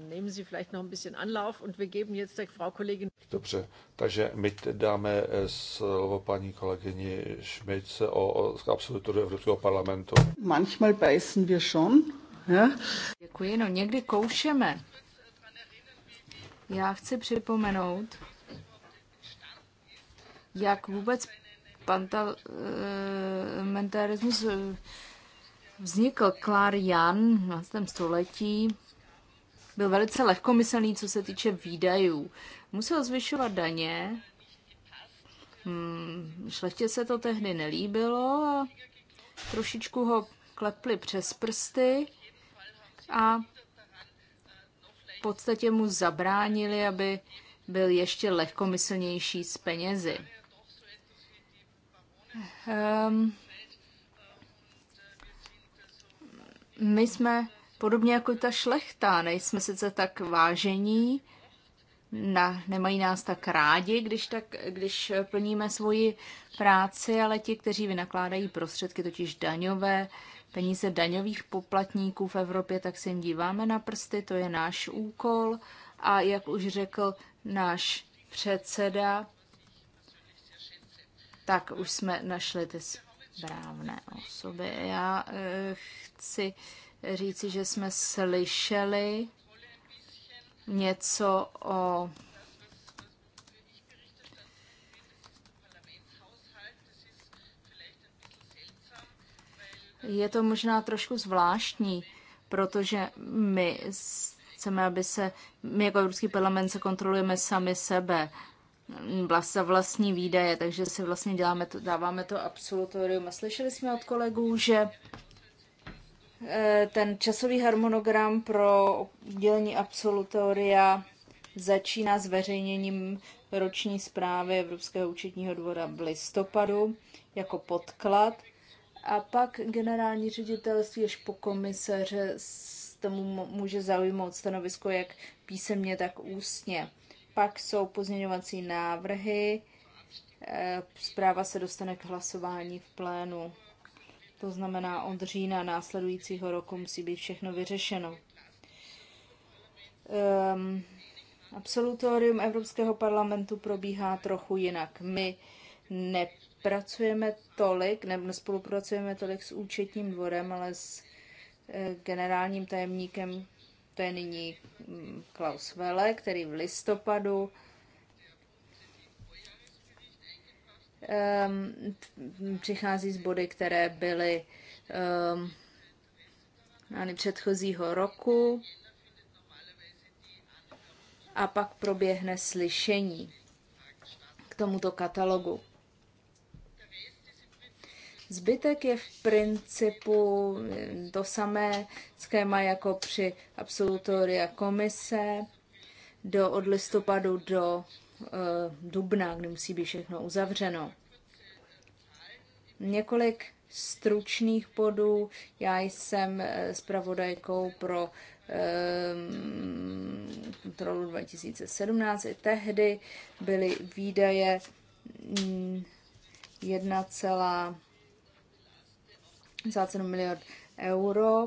Dann nehmen Sie vielleicht noch ein bisschen Anlauf und wir geben jetzt der Frau Kollegin. Dobře, takže my dáme eh, slovo paní kolegyni Šmejce o, o absolutoru Evropského parlamentu. Manchmal beißen wir schon. Ja? Děkuji, no někdy koušeme. Já chci připomenout, jak vůbec parlamentarismus eh, vznikl Klár Jan v 20. století byl velice lehkomyslný, co se týče výdajů. Musel zvyšovat daně, hmm, šlechtě se to tehdy nelíbilo a trošičku ho klepli přes prsty a v podstatě mu zabránili, aby byl ještě lehkomyslnější s penězi. Um, my jsme Podobně jako ta šlechta, nejsme sice tak vážení, na, nemají nás tak rádi, když, tak, když plníme svoji práci, ale ti, kteří vynakládají prostředky, totiž daňové, peníze daňových poplatníků v Evropě, tak se jim díváme na prsty, to je náš úkol. A jak už řekl náš předseda, tak už jsme našli ty správné osoby. Já e, chci e, říci, že jsme slyšeli něco o Je to možná trošku zvláštní, protože my chceme, aby se, my jako Evropský parlament se kontrolujeme sami sebe za vlastní výdaje, takže si vlastně děláme to, dáváme to absolutorium. A slyšeli jsme od kolegů, že Eh, ten časový harmonogram pro udělení absolutoria začíná veřejněním roční zprávy Evropského účetního dvora v listopadu jako podklad a pak generální ředitelství až po komisaře tomu může zaujmout stanovisko jak písemně, tak ústně. Pak jsou pozměňovací návrhy, eh, zpráva se dostane k hlasování v plénu. To znamená, od října následujícího roku musí být všechno vyřešeno. Um, absolutorium Evropského parlamentu probíhá trochu jinak. My nepracujeme tolik, ne, nespolupracujeme tolik s účetním dvorem, ale s e, generálním tajemníkem, to je nyní mm, Klaus Vele, který v listopadu um, přichází z body, které byly um, předchozího roku a pak proběhne slyšení k tomuto katalogu. Zbytek je v principu eh, to samé schéma jako při absolutoria komise do od listopadu do Eh, dubna, kdy musí být všechno uzavřeno. Několik stručných bodů. Já jsem eh, zpravodajkou pro eh, kontrolu 2017. I tehdy byly výdaje 1,7 mm, miliard euro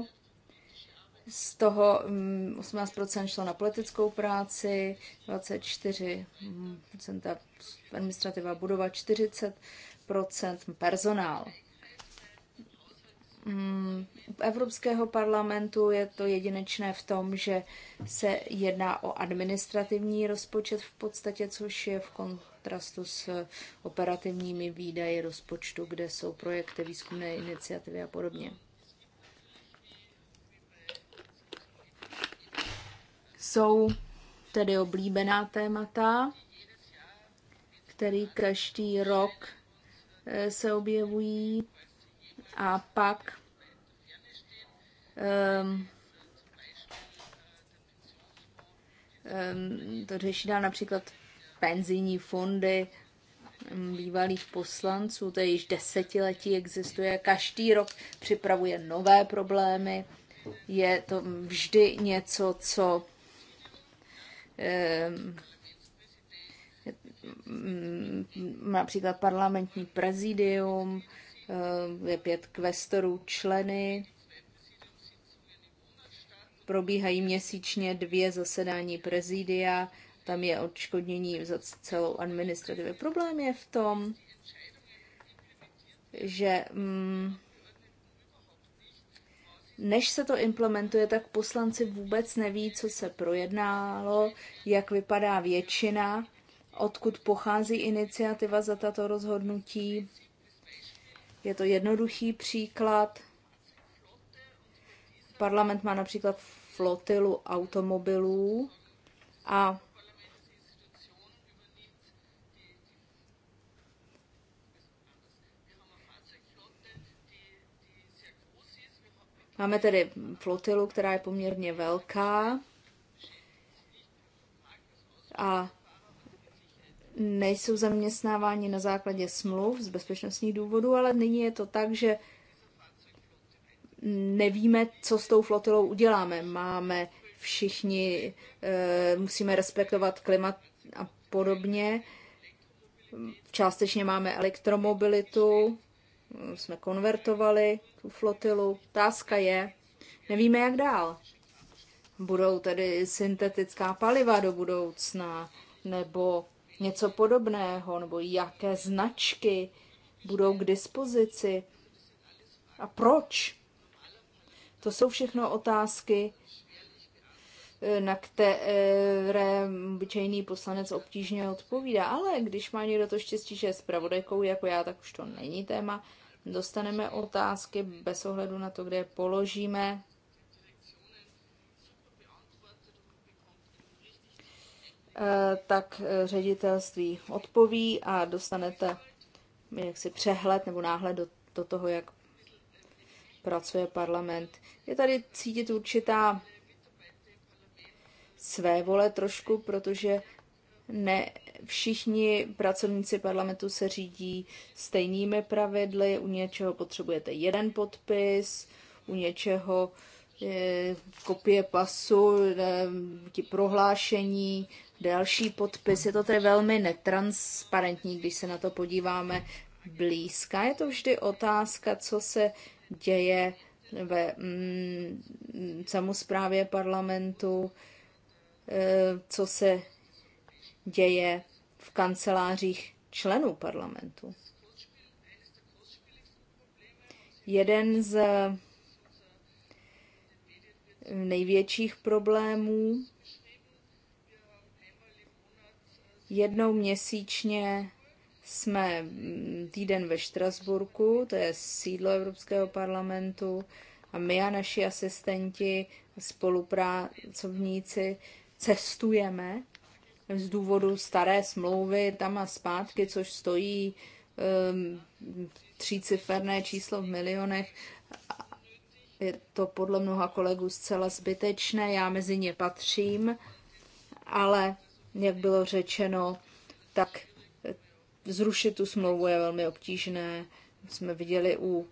z toho 18% mm, šlo na politickou práci, 24% mm, administrativa budova, 40% personál. Mm, u Evropského parlamentu je to jedinečné v tom, že se jedná o administrativní rozpočet v podstatě, což je v kontrastu s operativními výdaji rozpočtu, kde jsou projekty, výzkumné iniciativy a podobně. jsou tedy oblíbená témata, který každý rok eh, se objevují a pak um, um, to řeší dál například penzijní fondy ehm, bývalých poslanců, to již desetiletí existuje, každý rok připravuje nové problémy, je to vždy něco, co Ehm, například parlamentní prezidium, ehm, je pět kvestorů členy, probíhají měsíčně dvě zasedání prezidia, tam je odškodnění za celou administrativu. Problém je v tom, že mm, než se to implementuje, tak poslanci vůbec neví, co se projednálo, jak vypadá většina, odkud pochází iniciativa za tato rozhodnutí. Je to jednoduchý příklad. Parlament má například flotilu automobilů a Máme tedy flotilu, která je poměrně velká a nejsou zaměstnáváni na základě smluv z bezpečnostních důvodů, ale nyní je to tak, že nevíme, co s tou flotilou uděláme. Máme všichni, eh, musíme respektovat klimat a podobně. Částečně máme elektromobilitu, jsme konvertovali tu flotilu. Otázka je, nevíme jak dál. Budou tedy syntetická paliva do budoucna, nebo něco podobného, nebo jaké značky budou k dispozici a proč. To jsou všechno otázky, Eh, na které obyčejný poslanec obtížně odpovídá. Ale když má někdo to štěstí, že je zpravodajkou jako já, tak už to není téma. Dostaneme otázky bez ohledu na to, kde je položíme. Eh, tak eh, ředitelství odpoví a dostanete jaksi přehled nebo náhled do, do toho, jak pracuje parlament. Je tady cítit určitá své vole trošku, protože ne všichni pracovníci parlamentu se řídí stejnými pravidly, u něčeho potřebujete jeden podpis, u něčeho je, eh, kopie pasu, je, eh, ti prohlášení, další podpis. Je to tedy velmi netransparentní, když se na to podíváme blízka. Je to vždy otázka, co se děje ve mm, samozprávě parlamentu, Eh, co se děje v kancelářích členů parlamentu. Jeden z největších problémů jednou měsíčně jsme týden ve Štrasburku, to je sídlo Evropského parlamentu, a my a naši asistenti, spolupracovníci cestujeme z důvodu staré smlouvy tam a zpátky, což stojí um, ehm, tříciferné číslo v milionech. Je to podle mnoha kolegů zcela zbytečné, já mezi ně patřím, ale jak bylo řečeno, tak zrušit tu smlouvu je velmi obtížné. Jsme viděli u um,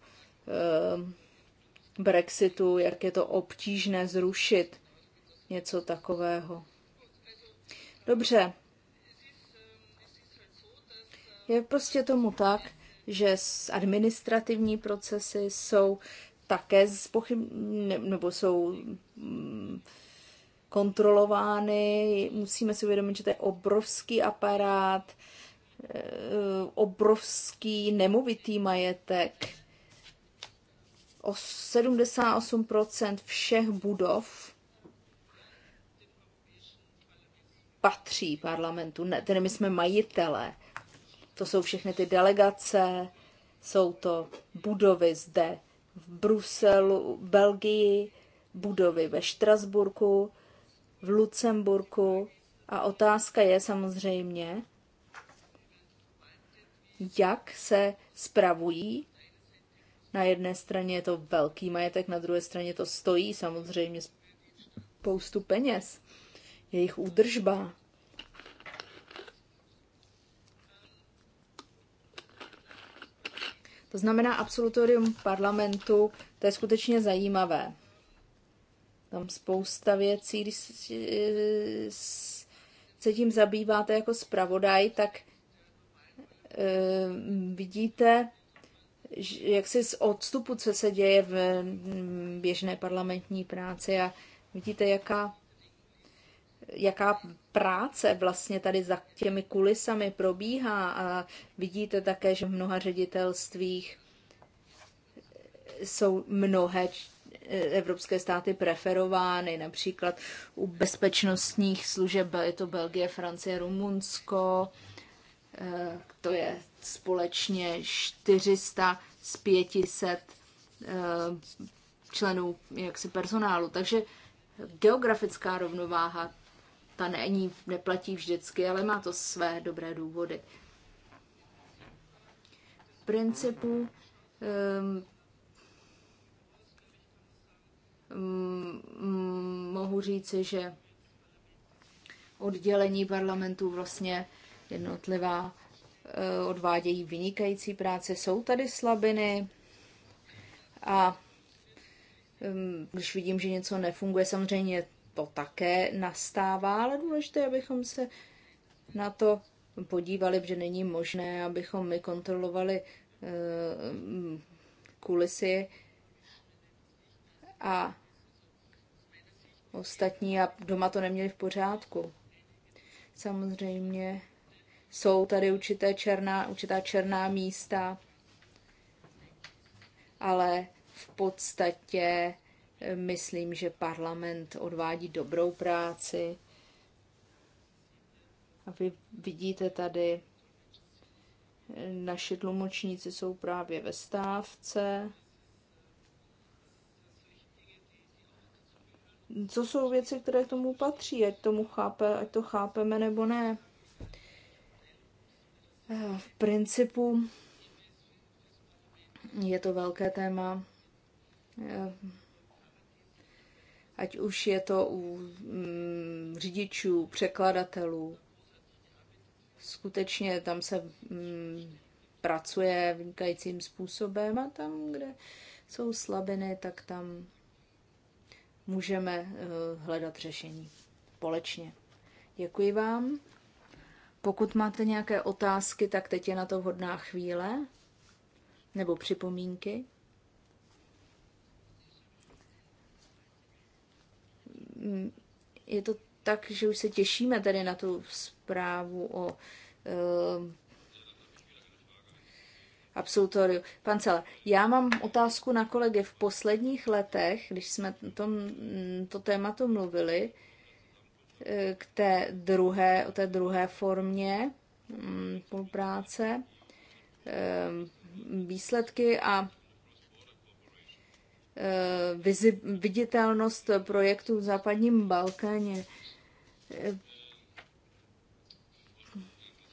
Brexitu, jak je to obtížné zrušit něco takového. Dobře. Je prostě tomu tak, že administrativní procesy jsou také zpochyb... nebo jsou mm, kontrolovány. Musíme si uvědomit, že to je obrovský aparát, eh, obrovský nemovitý majetek. O 78% všech budov patří parlamentu, ne, tedy my jsme majitelé. To jsou všechny ty delegace, jsou to budovy zde v Bruselu, Belgii, budovy ve Štrasburku, v Lucemburku. A otázka je samozřejmě, jak se spravují. Na jedné straně je to velký majetek, na druhé straně to stojí samozřejmě spoustu peněz jejich údržba. To znamená, absolutorium parlamentu, to je skutečně zajímavé. Tam spousta věcí, když se eh, tím zabýváte jako zpravodaj, tak eh, vidíte, jak si z odstupu, co se děje v běžné parlamentní práci a vidíte, jaká jaká práce vlastně tady za těmi kulisami probíhá a vidíte také, že v mnoha ředitelstvích jsou mnohé evropské státy preferovány, například u bezpečnostních služeb je to Belgie, Francie, Rumunsko, eh, to je společně 400 z 500 eh, členů jaksi personálu. Takže geografická rovnováha ta není, neplatí vždycky, ale má to své dobré důvody. V principu um, um, mohu říci, že oddělení parlamentu vlastně jednotlivá eh, odvádějí vynikající práce. Jsou tady slabiny a ehm, když vidím, že něco nefunguje, samozřejmě to také nastává, ale důležité, abychom se na to podívali, že není možné, abychom my kontrolovali eh, kulisy a ostatní a doma to neměli v pořádku. Samozřejmě jsou tady určité černá, určitá černá místa, ale v podstatě Myslím, že parlament odvádí dobrou práci. A vy vidíte tady, naši tlumočníci jsou právě ve stávce. Co jsou věci, které k tomu patří, ať, tomu chápe, ať to chápeme nebo ne. V principu je to velké téma ať už je to u mm, řidičů, překladatelů. Skutečně tam se mm, pracuje vynikajícím způsobem a tam, kde jsou slabiny, tak tam můžeme uh, hledat řešení společně. Děkuji vám. Pokud máte nějaké otázky, tak teď je na to vhodná chvíle nebo připomínky. je to tak, že už se těšíme tady na tu zprávu o uh, absolutoriu. Pan Cele, já mám otázku na kolegy. V posledních letech, když jsme tom, to tématu mluvili, e, k té druhé, o té druhé formě mm, spolupráce, ehm, výsledky a Eh, viditelnost projektů v západním Balkáně. Eh,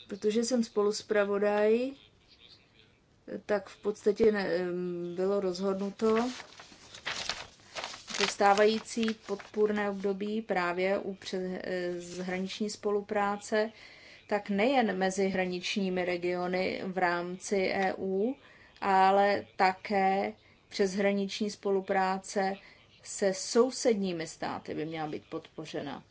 protože jsem spoluspravodaj, tak v podstatě ne, eh, bylo rozhodnuto dostávající podpůrné období právě u před, zhraniční spolupráce, tak nejen mezi hraničními regiony v rámci EU, ale také přeshraniční spolupráce se sousedními státy by měla být podpořena.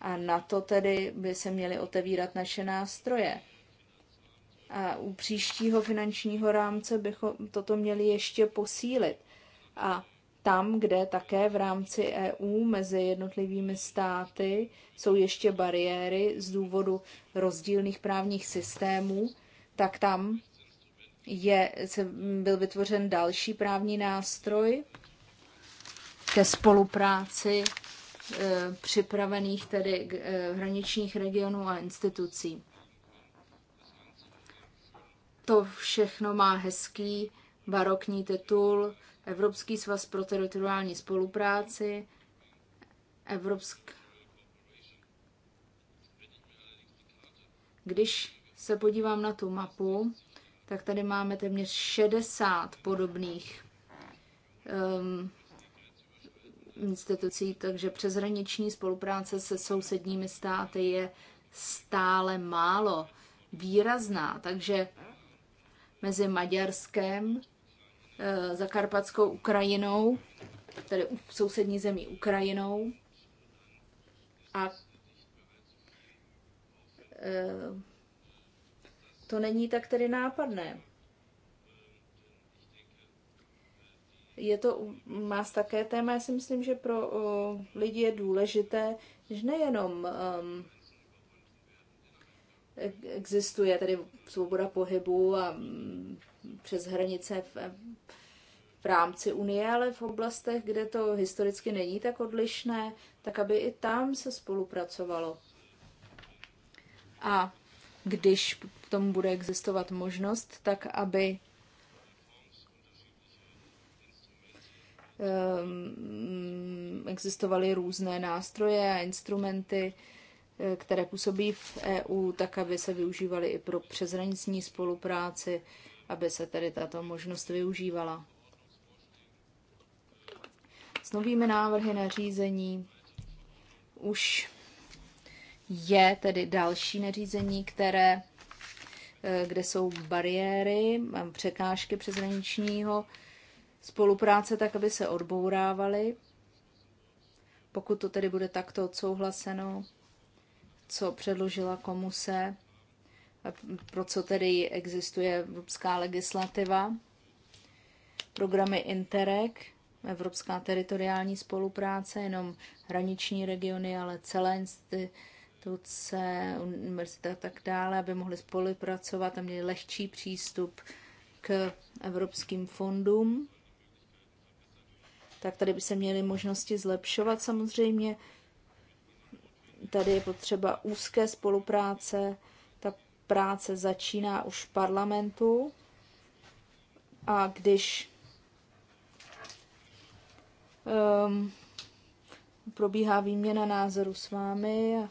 A na to tedy by se měly otevírat naše nástroje. A u příštího finančního rámce bychom toto měli ještě posílit. A tam, kde také v rámci EU mezi jednotlivými státy jsou ještě bariéry z důvodu rozdílných právních systémů, tak tam je, se, mm, byl vytvořen další právní nástroj ke spolupráci e, připravených tedy e, hraničních regionů a institucí. To všechno má hezký barokní titul Evropský svaz pro teritoriální spolupráci, Evropsk... Když se podívám na tu mapu, tak tady máme téměř 60 podobných um, institucí, takže přeshraniční spolupráce se sousedními státy je stále málo výrazná. Takže mezi Maďarskem, eh, Zakarpatskou Ukrajinou, tedy sousední zemí Ukrajinou a eh, to není tak tedy nápadné. Je to má také téma, já si myslím, že pro uh, lidi je důležité, že nejenom um, existuje tedy svoboda pohybu a um, přes hranice v, v rámci Unie, ale v oblastech, kde to historicky není tak odlišné, tak aby i tam se spolupracovalo. A když k tomu bude existovat možnost, tak aby ehm, existovaly různé nástroje a instrumenty, eh, které působí v EU, tak aby se využívaly i pro přeshraniční spolupráci, aby se tedy tato možnost využívala. S novými návrhy na řízení už je tedy další nařízení, které Eh, kde jsou bariéry, eh, překážky přeshraničního spolupráce, tak aby se odbourávaly. Pokud to tedy bude takto odsouhlaseno, co předložila komuse, pro co tedy existuje evropská legislativa, programy Interreg, evropská teritoriální spolupráce, jenom hraniční regiony, ale celé instituce, univerzita a tak dále, aby mohli spolupracovat a měli lehčí přístup k evropským fondům. Tak tady by se měly možnosti zlepšovat samozřejmě. Tady je potřeba úzké spolupráce. Ta práce začíná už v parlamentu. A když um, probíhá výměna názoru s vámi a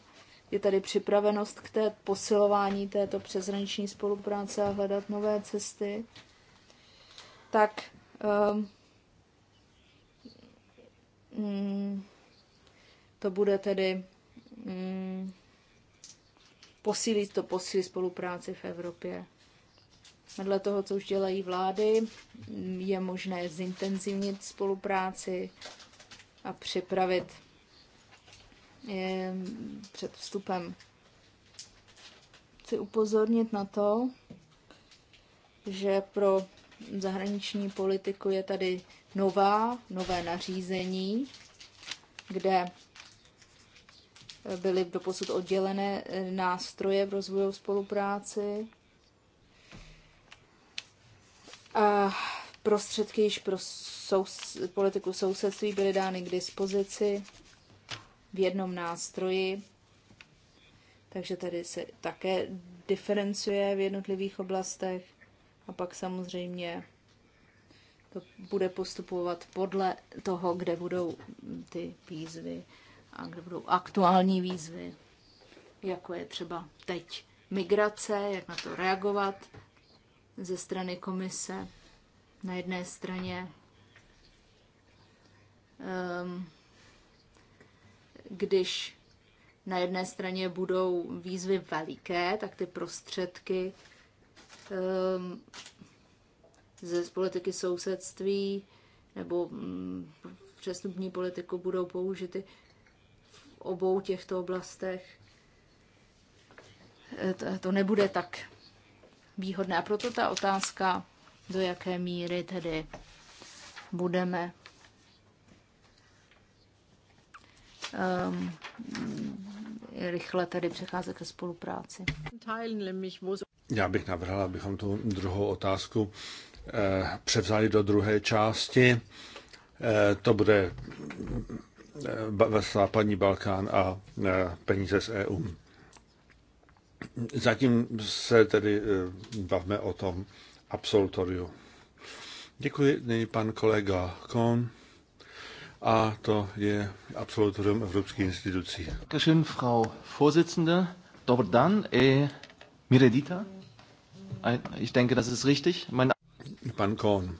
je tady připravenost k té posilování této přeshraniční spolupráce a hledat nové cesty, tak um, to bude tedy um, posílit to posílí spolupráci v Evropě. Vedle toho, co už dělají vlády, je možné zintenzivnit spolupráci a připravit před vstupem. Chci upozornit na to, že pro zahraniční politiku je tady nová, nové nařízení, kde byly doposud oddělené nástroje v rozvojové spolupráci a prostředky již pro sous- politiku sousedství byly dány k dispozici v jednom nástroji, takže tady se také diferencuje v jednotlivých oblastech a pak samozřejmě to bude postupovat podle toho, kde budou ty výzvy a kde budou aktuální výzvy, jako je třeba teď migrace, jak na to reagovat ze strany komise na jedné straně. Um, když na jedné straně budou výzvy veliké, tak ty prostředky ehm, ze politiky sousedství nebo mm, přestupní politiku budou použity v obou těchto oblastech. E, to nebude tak výhodné. A proto ta otázka, do jaké míry tedy budeme um, rychle tedy přecházet ke spolupráci. Já bych navrhla, abychom tu druhou otázku eh, převzali do druhé části. Eh, to bude eh, západní Balkán a eh, peníze z EU. Zatím se tedy eh, bavme o tom absolutoriu. Děkuji, nyní pan kolega Kohn a to je absolutorium evropských institucí. Děkuji, Frau Vorsitzende. dobrý den, e Miredita. Ich denke, das ist richtig. Mein... Pan Kohn.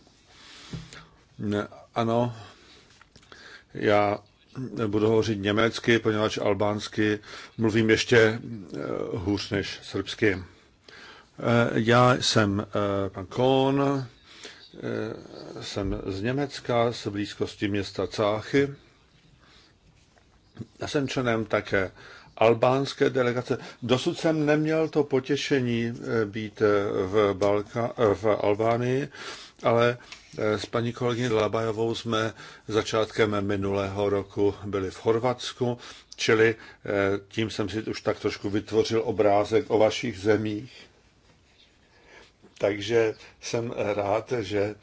Ne, ano, já budu hovořit německy, poněvadž albánsky mluvím ještě e, hůř než srbsky. E, já jsem e, pan Kohn, Eh, jsem z Německa, z blízkosti města Cáchy. Já jsem členem také albánské delegace. Dosud jsem neměl to potěšení eh, být eh, v, Balka, v Albánii, ale s paní kolegyní Labajovou jsme začátkem minulého roku byli v Chorvatsku, čili tím jsem si už tak trošku vytvořil obrázek o vašich zemích. Takže jsem rád, že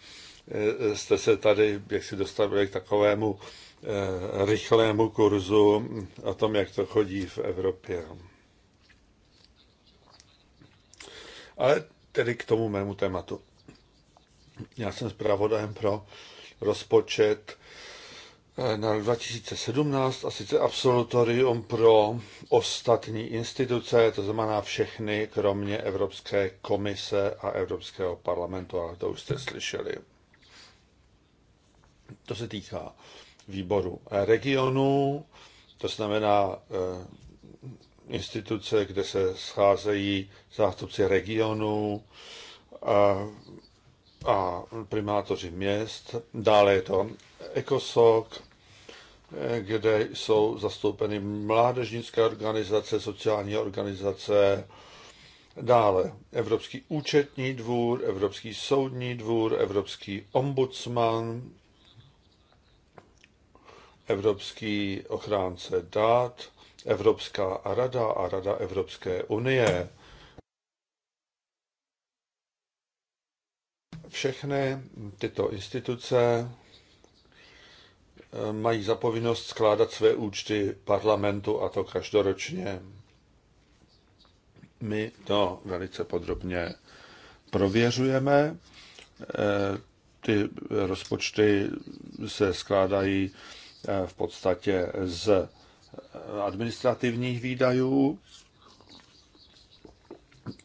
eh, jste se tady jak si dostavili k takovému eh, rychlému kurzu o tom, jak to chodí v Evropě. Ale tedy k tomu mému tématu. Já jsem zpravodajem pro rozpočet Eh, na 2017 a sice absolutorium pro ostatní instituce, to znamená všechny, kromě Evropské komise a Evropského parlamentu, ale to už jste slyšeli. To se týká výboru regionu, to znamená eh, instituce, kde se scházejí zástupci regionu a, eh, a primátoři měst. Dále je to ECOSOC, kde jsou zastoupeny mládežnické organizace, sociální organizace, dále Evropský účetní dvůr, Evropský soudní dvůr, Evropský ombudsman, Evropský ochránce dát, Evropská rada a Rada Evropské unie. Všechny tyto instituce Eh, mají zapovinnost skládat své účty parlamentu a to každoročně. My to velice podrobně prověřujeme. Eh, ty rozpočty se skládají eh, v podstatě z administrativních výdajů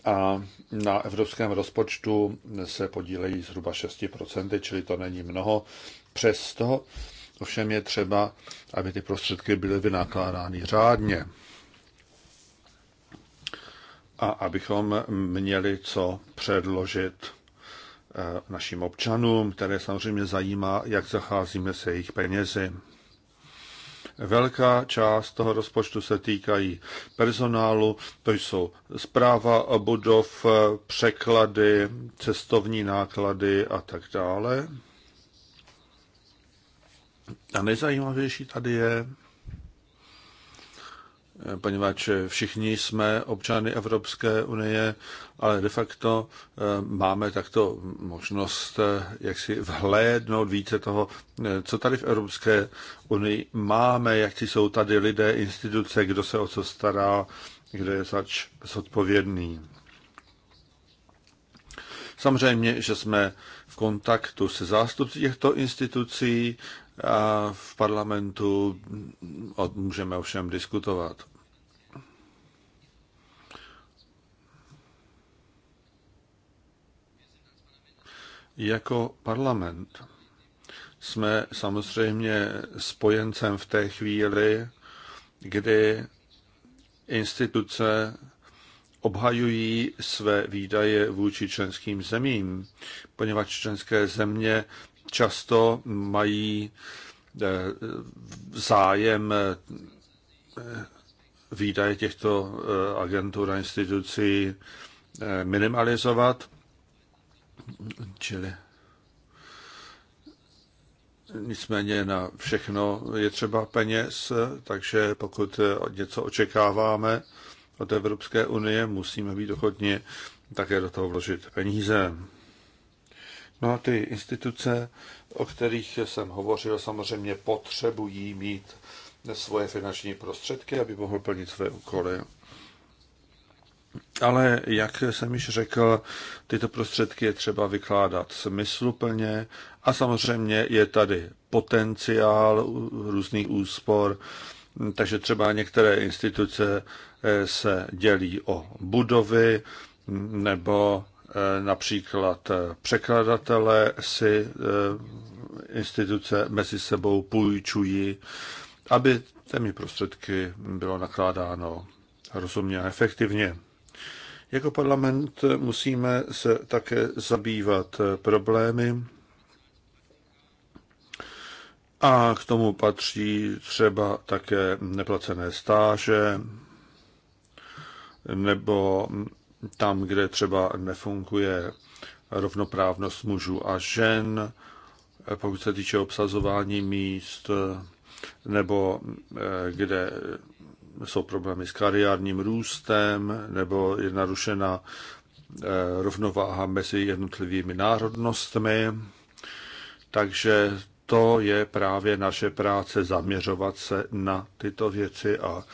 a na evropském rozpočtu se podílejí zhruba 6%, čili to není mnoho. Přesto Ovšem je třeba, aby ty prostředky byly vynakládány řádně a abychom měli co předložit eh, našim občanům, které samozřejmě zajímá, jak zacházíme se jejich penězi. Velká část toho rozpočtu se týkají personálu, to jsou zpráva budov, eh, překlady, cestovní náklady a tak dále. A nejzajímavější tady je, eh, poněvadž všichni jsme občany Evropské unie, ale de facto eh, máme takto možnost eh, jak si vhlédnout více toho, co tady v Evropské unii máme, jak si jsou tady lidé, instituce, kdo se o co stará, kdo je zač zodpovědný. Samozřejmě, že jsme v kontaktu se zástupci těchto institucí, a v parlamentu můžeme ovšem diskutovat. Jako parlament jsme samozřejmě spojencem v té chvíli, kdy instituce obhajují své výdaje vůči členským zemím, poněvadž členské země často mají eh, zájem eh, výdaje těchto eh, agentur a institucí minimalizovat, čili Nicméně na všechno je třeba peněz, takže pokud něco očekáváme od Evropské unie, musíme být ochotni také do toho vložit peníze. No a ty instituce, o kterých jsem hovořil, samozřejmě potřebují mít svoje finanční prostředky, aby mohl plnit své úkoly. Ale jak jsem již řekl, tyto prostředky je třeba vykládat smysluplně a samozřejmě je tady potenciál různých úspor, takže třeba některé instituce eh, se dělí o budovy nebo Eh, například eh, překladatele si eh, instituce mezi sebou půjčují, aby těmi prostředky bylo nakládáno rozumně a efektivně. Jako parlament musíme se také zabývat problémy a k tomu patří třeba také neplacené stáže nebo mm, tam, kde třeba nefunguje rovnoprávnost mužů a žen, pokud se týče obsazování míst, nebo eh, kde jsou problémy s kariérním růstem, nebo je narušena eh, rovnováha mezi jednotlivými národnostmi. Takže to je právě naše práce zaměřovat se na tyto věci a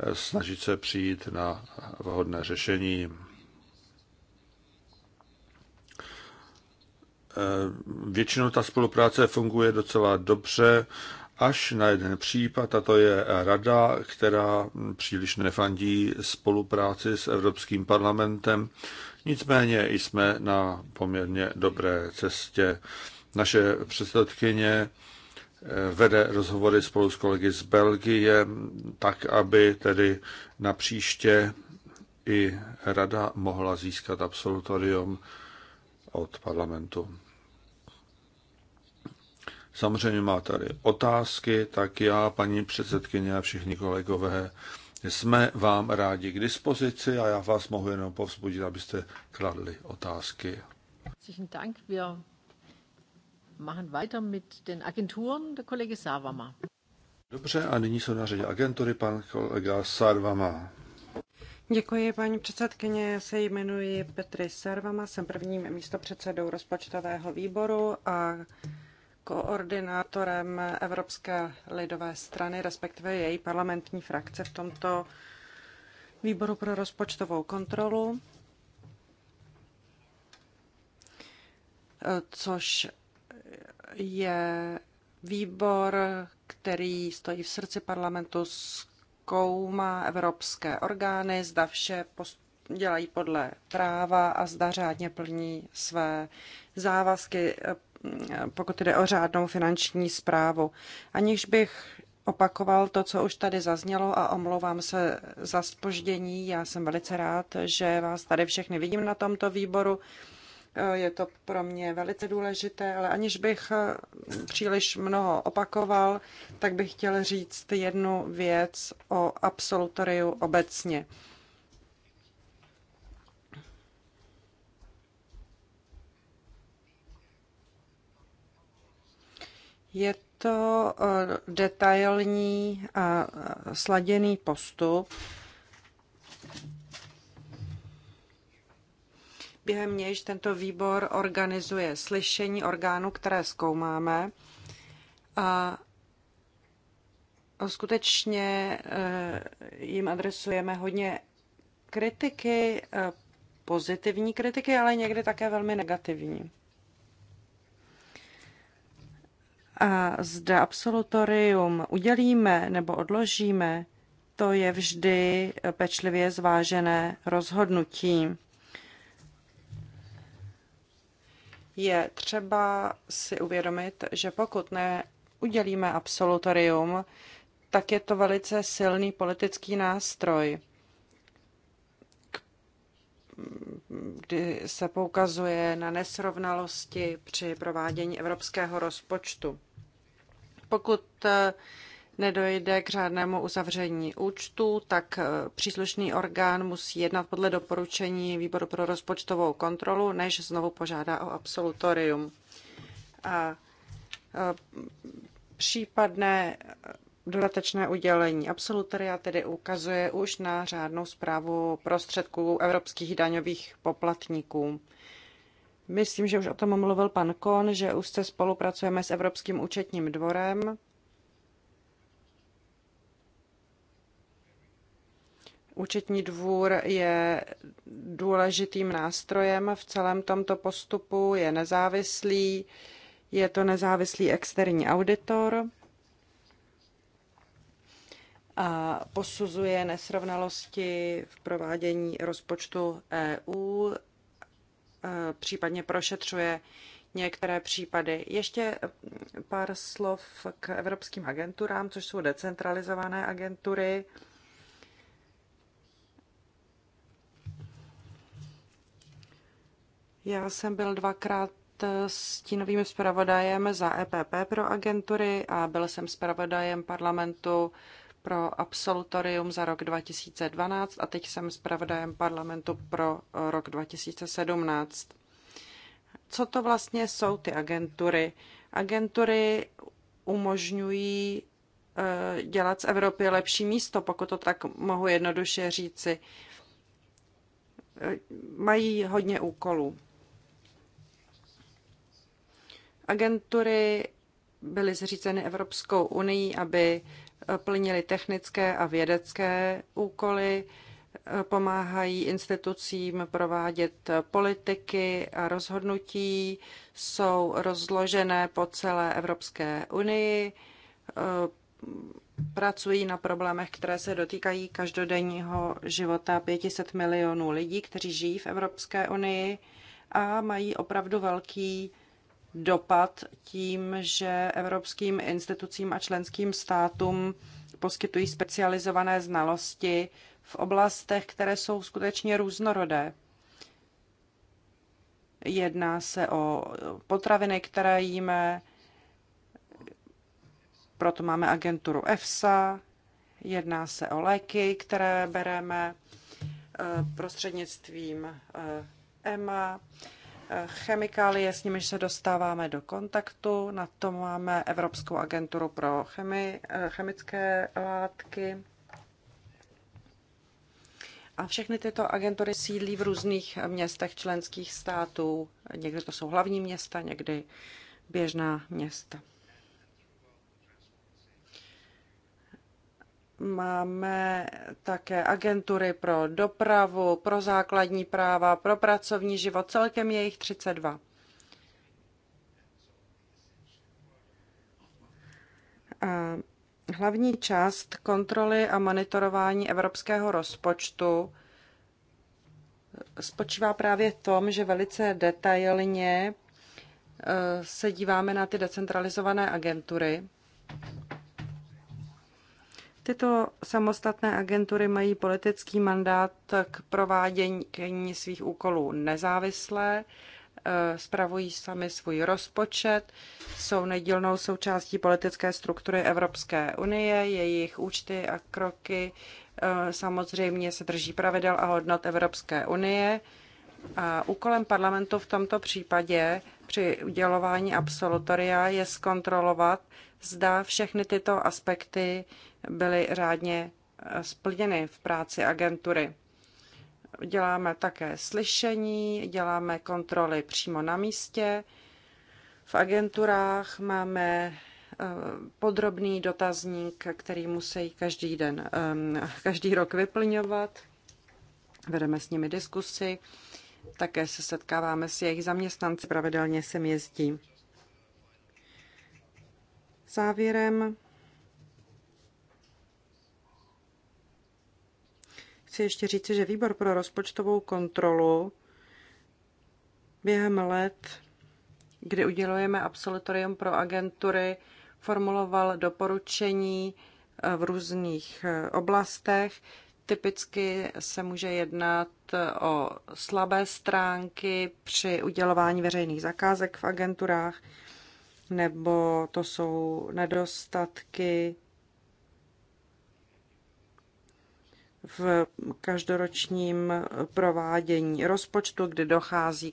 eh, snažit se přijít na vhodné řešení. Eh, většinou ta spolupráce funguje docela dobře, až na jeden případ, a to je rada, která příliš nefandí spolupráci s Evropským parlamentem. Nicméně jsme na poměrně dobré cestě. Naše předsedkyně eh, vede rozhovory spolu s kolegy z Belgie, tak aby tedy na příště i rada mohla získat absolutorium od parlamentu. Samozřejmě má tady otázky, tak já, paní předsedkyně a všichni kolegové, jsme vám rádi k dispozici a já vás mohu jenom povzbudit, abyste kladli otázky. Dobře, a nyní jsou na řadě agentury, pan kolega Sarvama. Děkuji, paní předsedkyně. Já se jmenuji Petry Sarvama, jsem prvním místopředsedou rozpočtového výboru a koordinátorem Evropské lidové strany, respektive její parlamentní frakce v tomto výboru pro rozpočtovou kontrolu, což je výbor, který stojí v srdci parlamentu, zkoumá evropské orgány, zda vše dělají podle práva a zda řádně plní své závazky pokud jde o řádnou finanční zprávu. Aniž bych opakoval to, co už tady zaznělo a omlouvám se za spoždění. Já jsem velice rád, že vás tady všechny vidím na tomto výboru. Je to pro mě velice důležité, ale aniž bych příliš mnoho opakoval, tak bych chtěl říct jednu věc o absolutoriu obecně. Je to eh, detailní a sladěný postup. Během nějž tento výbor organizuje slyšení orgánů, které zkoumáme. A skutečně eh, jim adresujeme hodně kritiky, eh, pozitivní kritiky, ale někdy také velmi negativní. A zda absolutorium udělíme nebo odložíme, to je vždy pečlivě zvážené rozhodnutí. Je třeba si uvědomit, že pokud neudělíme absolutorium, tak je to velice silný politický nástroj kdy se poukazuje na nesrovnalosti při provádění evropského rozpočtu. Pokud eh, nedojde k řádnému uzavření účtu, tak eh, příslušný orgán musí jednat podle doporučení výboru pro rozpočtovou kontrolu, než znovu požádá o absolutorium. A eh, případné dodatečné udělení absolutoria tedy ukazuje už na řádnou zprávu prostředků evropských daňových poplatníků. Myslím, že už o tom mluvil pan Kon, že už se spolupracujeme s Evropským účetním dvorem. Účetní dvůr je důležitým nástrojem v celém tomto postupu, je nezávislý, je to nezávislý externí auditor a posuzuje nesrovnalosti v provádění rozpočtu EU, e, případně prošetřuje některé případy. Ještě e, pár slov k evropským agenturám, což jsou decentralizované agentury. Já jsem byl dvakrát e, s tínovým zpravodajem za EPP pro agentury a byl jsem zpravodajem parlamentu pro absolutorium za rok 2012 a teď jsem zpravodajem parlamentu pro rok 2017. Co to vlastně jsou ty agentury? Agentury umožňují eh, dělat z Evropy lepší místo, pokud to tak mohu jednoduše říci. Eh, mají hodně úkolů. Agentury byly zřízeny Evropskou unii, aby plnili technické a vědecké úkoly, pomáhají institucím provádět politiky a rozhodnutí, jsou rozložené po celé Evropské unii, pracují na problémech, které se dotýkají každodenního života 500 milionů lidí, kteří žijí v Evropské unii a mají opravdu velký dopad tím, že evropským institucím a členským státům poskytují specializované znalosti v oblastech, které jsou skutečně různorodé. Jedná se o potraviny, které jíme, proto máme agenturu EFSA, jedná se o léky, které bereme eh, prostřednictvím eh, EMA chemikálie, s nimiž se dostáváme do kontaktu. Na to máme Evropskou agenturu pro chemi, eh, chemické látky. A všechny tyto agentury sídlí v různých městech členských států. Někdy to jsou hlavní města, někdy běžná města. Máme také agentury pro dopravu, pro základní práva, pro pracovní život, celkem je jich 32. A hlavní část kontroly a monitorování evropského rozpočtu spočívá právě v tom, že velice detailně eh, se díváme na ty decentralizované agentury Tyto samostatné agentury mají politický mandát k provádění svých úkolů nezávislé, eh, spravují sami svůj rozpočet, jsou nedílnou součástí politické struktury Evropské unie, jejich účty a kroky eh, samozřejmě se drží pravidel a hodnot Evropské unie. A úkolem parlamentu v tomto případě při udělování absolutoria je zkontrolovat, zda všechny tyto aspekty byly řádně eh, splněny v práci agentury. Děláme také slyšení, děláme kontroly přímo na místě. V agenturách máme eh, podrobný dotazník, který musí každý den, eh, každý rok vyplňovat. Vedeme s nimi diskusy, také se setkáváme s jejich zaměstnanci, pravidelně sem jezdí. Závěrem chci ještě říct, že výbor pro rozpočtovou kontrolu během let, kdy udělujeme absolutorium pro agentury, formuloval doporučení eh, v různých eh, oblastech. Typicky se může jednat eh, o slabé stránky při udělování veřejných zakázek v agenturách, nebo to jsou nedostatky v každoročním provádění rozpočtu, kdy dochází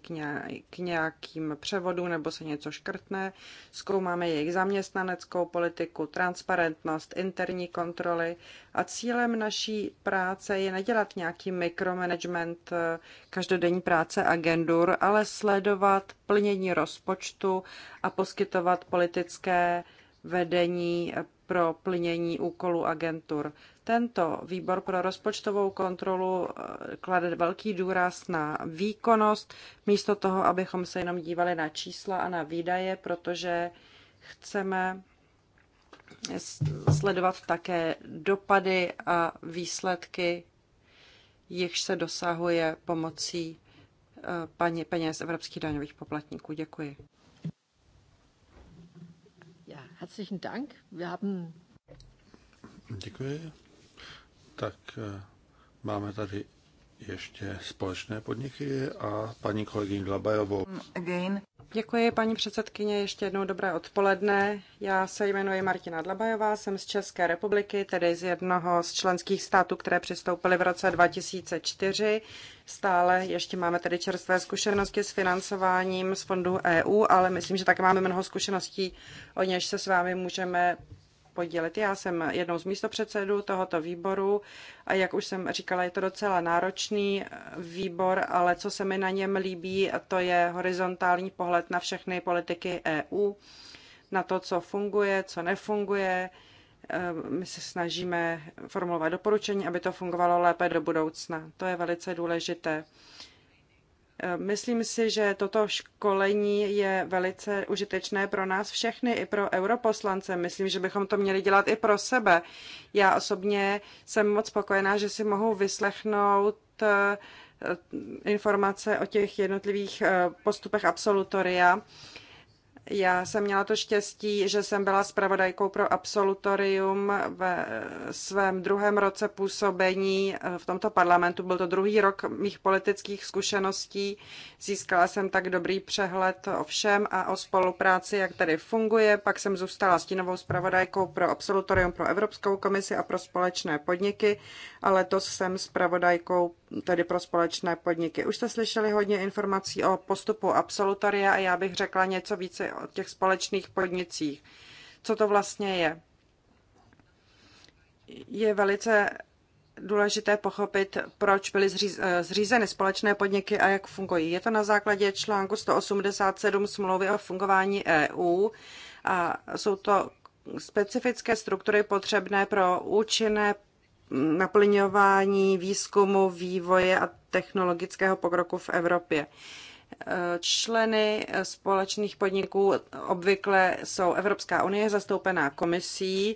k nějakým převodům nebo se něco škrtne. Zkoumáme jejich zaměstnaneckou politiku, transparentnost, interní kontroly a cílem naší práce je nedělat nějaký mikromanagement eh, každodenní práce agendur, ale sledovat plnění rozpočtu a poskytovat politické vedení eh, pro plnění úkolů agentur. Tento výbor pro rozpočtovou kontrolu eh, klade velký důraz na výkonnost, místo toho, abychom se jenom dívali na čísla a na výdaje, protože chceme sledovat také dopady a výsledky, jichž se dosahuje pomocí eh, paní peněz evropských daňových poplatníků. Děkuji. Herzlichen Dank. Wir haben... Děkuji. Tak eh, máme tady ještě společné podniky a paní kolegyni Glabajovou. Again. Děkuji, paní předsedkyně, ještě jednou dobré odpoledne. Já se jmenuji Martina Dlabajová, jsem z České republiky, tedy z jednoho z členských států, které přistoupily v roce 2004. Stále ještě máme tedy čerstvé zkušenosti s financováním z fondů EU, ale myslím, že také máme mnoho zkušeností, o něž se s vámi můžeme podílet. Já jsem jednou z místopředsedů tohoto výboru a jak už jsem říkala, je to docela náročný eh, výbor, ale co se mi na něm líbí, to je horizontální pohled na všechny politiky EU, na to, co funguje, co nefunguje. Eh, my se snažíme formulovat doporučení, aby to fungovalo lépe do budoucna. To je velice důležité. Eh, myslím si, že toto školení je velice užitečné pro nás všechny, i pro europoslance. Myslím, že bychom to měli dělat i pro sebe. Já osobně jsem moc spokojená, že si mohu vyslechnout eh, informace o těch jednotlivých eh, postupech absolutoria já jsem měla to štěstí, že jsem byla zpravodajkou pro absolutorium ve svém druhém roce působení eh, v tomto parlamentu. Byl to druhý rok mých politických zkušeností. Získala jsem tak dobrý přehled o všem a o spolupráci, jak tady funguje. Pak jsem zůstala stínovou zpravodajkou pro absolutorium pro Evropskou komisi a pro společné podniky. A letos jsem zpravodajkou tedy pro společné podniky. Už jste slyšeli hodně informací o postupu absolutoria a já bych řekla něco více o těch společných podnicích. Co to vlastně je? Je velice důležité pochopit, proč byly eh, zřízeny společné podniky a jak fungují. Je to na základě článku 187 smlouvy o fungování EU a jsou to specifické struktury potřebné pro účinné naplňování výzkumu, vývoje a technologického pokroku v Evropě. Členy společných podniků obvykle jsou Evropská unie zastoupená komisí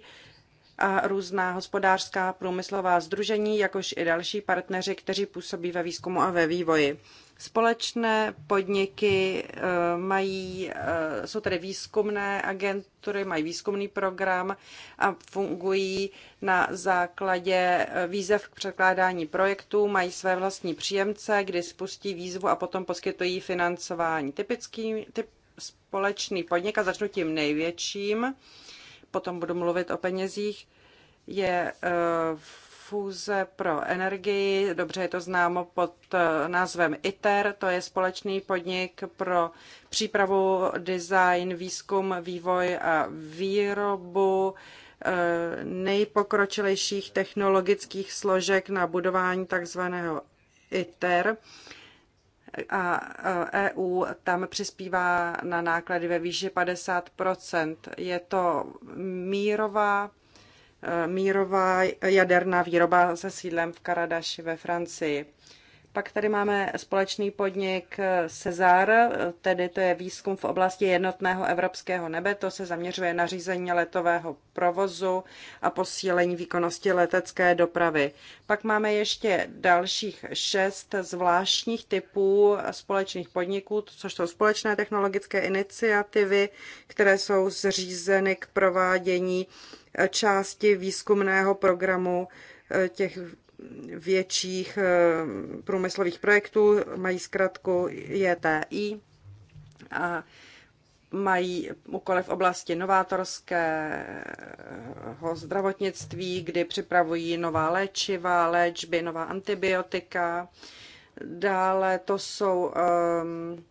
a různá hospodářská průmyslová združení, jakož i další partneři, kteří působí ve výzkumu a ve vývoji. Společné podniky eh, mají, eh, jsou tedy výzkumné agentury, mají výzkumný program a fungují na základě eh, výzev k překládání projektů, mají své vlastní příjemce, kdy spustí výzvu a potom poskytují financování. Typický typ společný podnik, a začnu tím největším, potom budu mluvit o penězích, je v fúze pro energii, dobře je to známo pod eh, názvem ITER, to je společný podnik pro přípravu, design, výzkum, vývoj a výrobu eh, nejpokročilejších technologických složek na budování takzvaného ITER a EU eh, e tam přispívá na náklady ve výši 50 Je to mírová mírová jaderná výroba se sídlem v Karadaši ve Francii. Pak tady máme společný podnik Cezar, tedy to je výzkum v oblasti jednotného evropského nebe. To se zaměřuje na řízení letového provozu a posílení výkonnosti letecké dopravy. Pak máme ještě dalších šest zvláštních typů společných podniků, což jsou společné technologické iniciativy, které jsou zřízeny k provádění části výzkumného programu těch větších eh, průmyslových projektů, mají zkratku JTI a mají úkoly v oblasti novátorského zdravotnictví, kdy připravují nová léčiva, léčby, nová antibiotika. Dále to jsou um,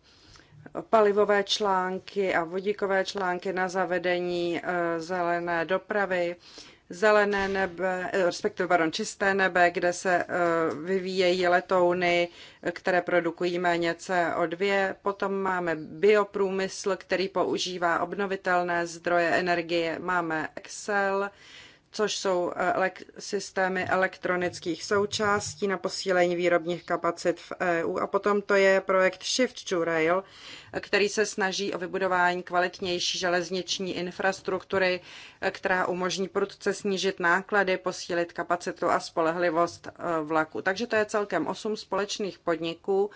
palivové články a vodíkové články na zavedení eh, zelené dopravy zelené nebe, eh, respektive pardon, čisté nebe, kde se eh, vyvíjejí letouny, které produkují méně CO2. Potom máme bioprůmysl, který používá obnovitelné zdroje energie. Máme Excel, což jsou eh, systémy elektronických součástí na posílení výrobních kapacit v EU. A potom to je projekt Shift to Rail, eh, který se snaží o vybudování kvalitnější železniční infrastruktury, eh, která umožní prudce snížit náklady, posílit kapacitu a spolehlivost vlaku. Takže to je celkem osm společných podniků,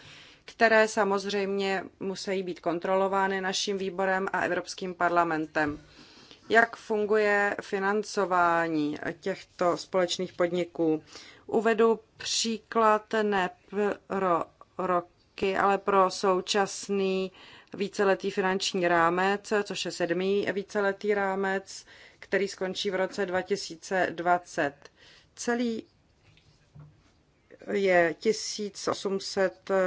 které samozřejmě musí být kontrolovány naším výborem a Evropským parlamentem jak funguje financování těchto společných podniků. Uvedu příklad ne pro roky, ale pro současný víceletý finanční rámec, což je sedmý víceletý rámec, který skončí v roce 2020. Celý je 1800 eh,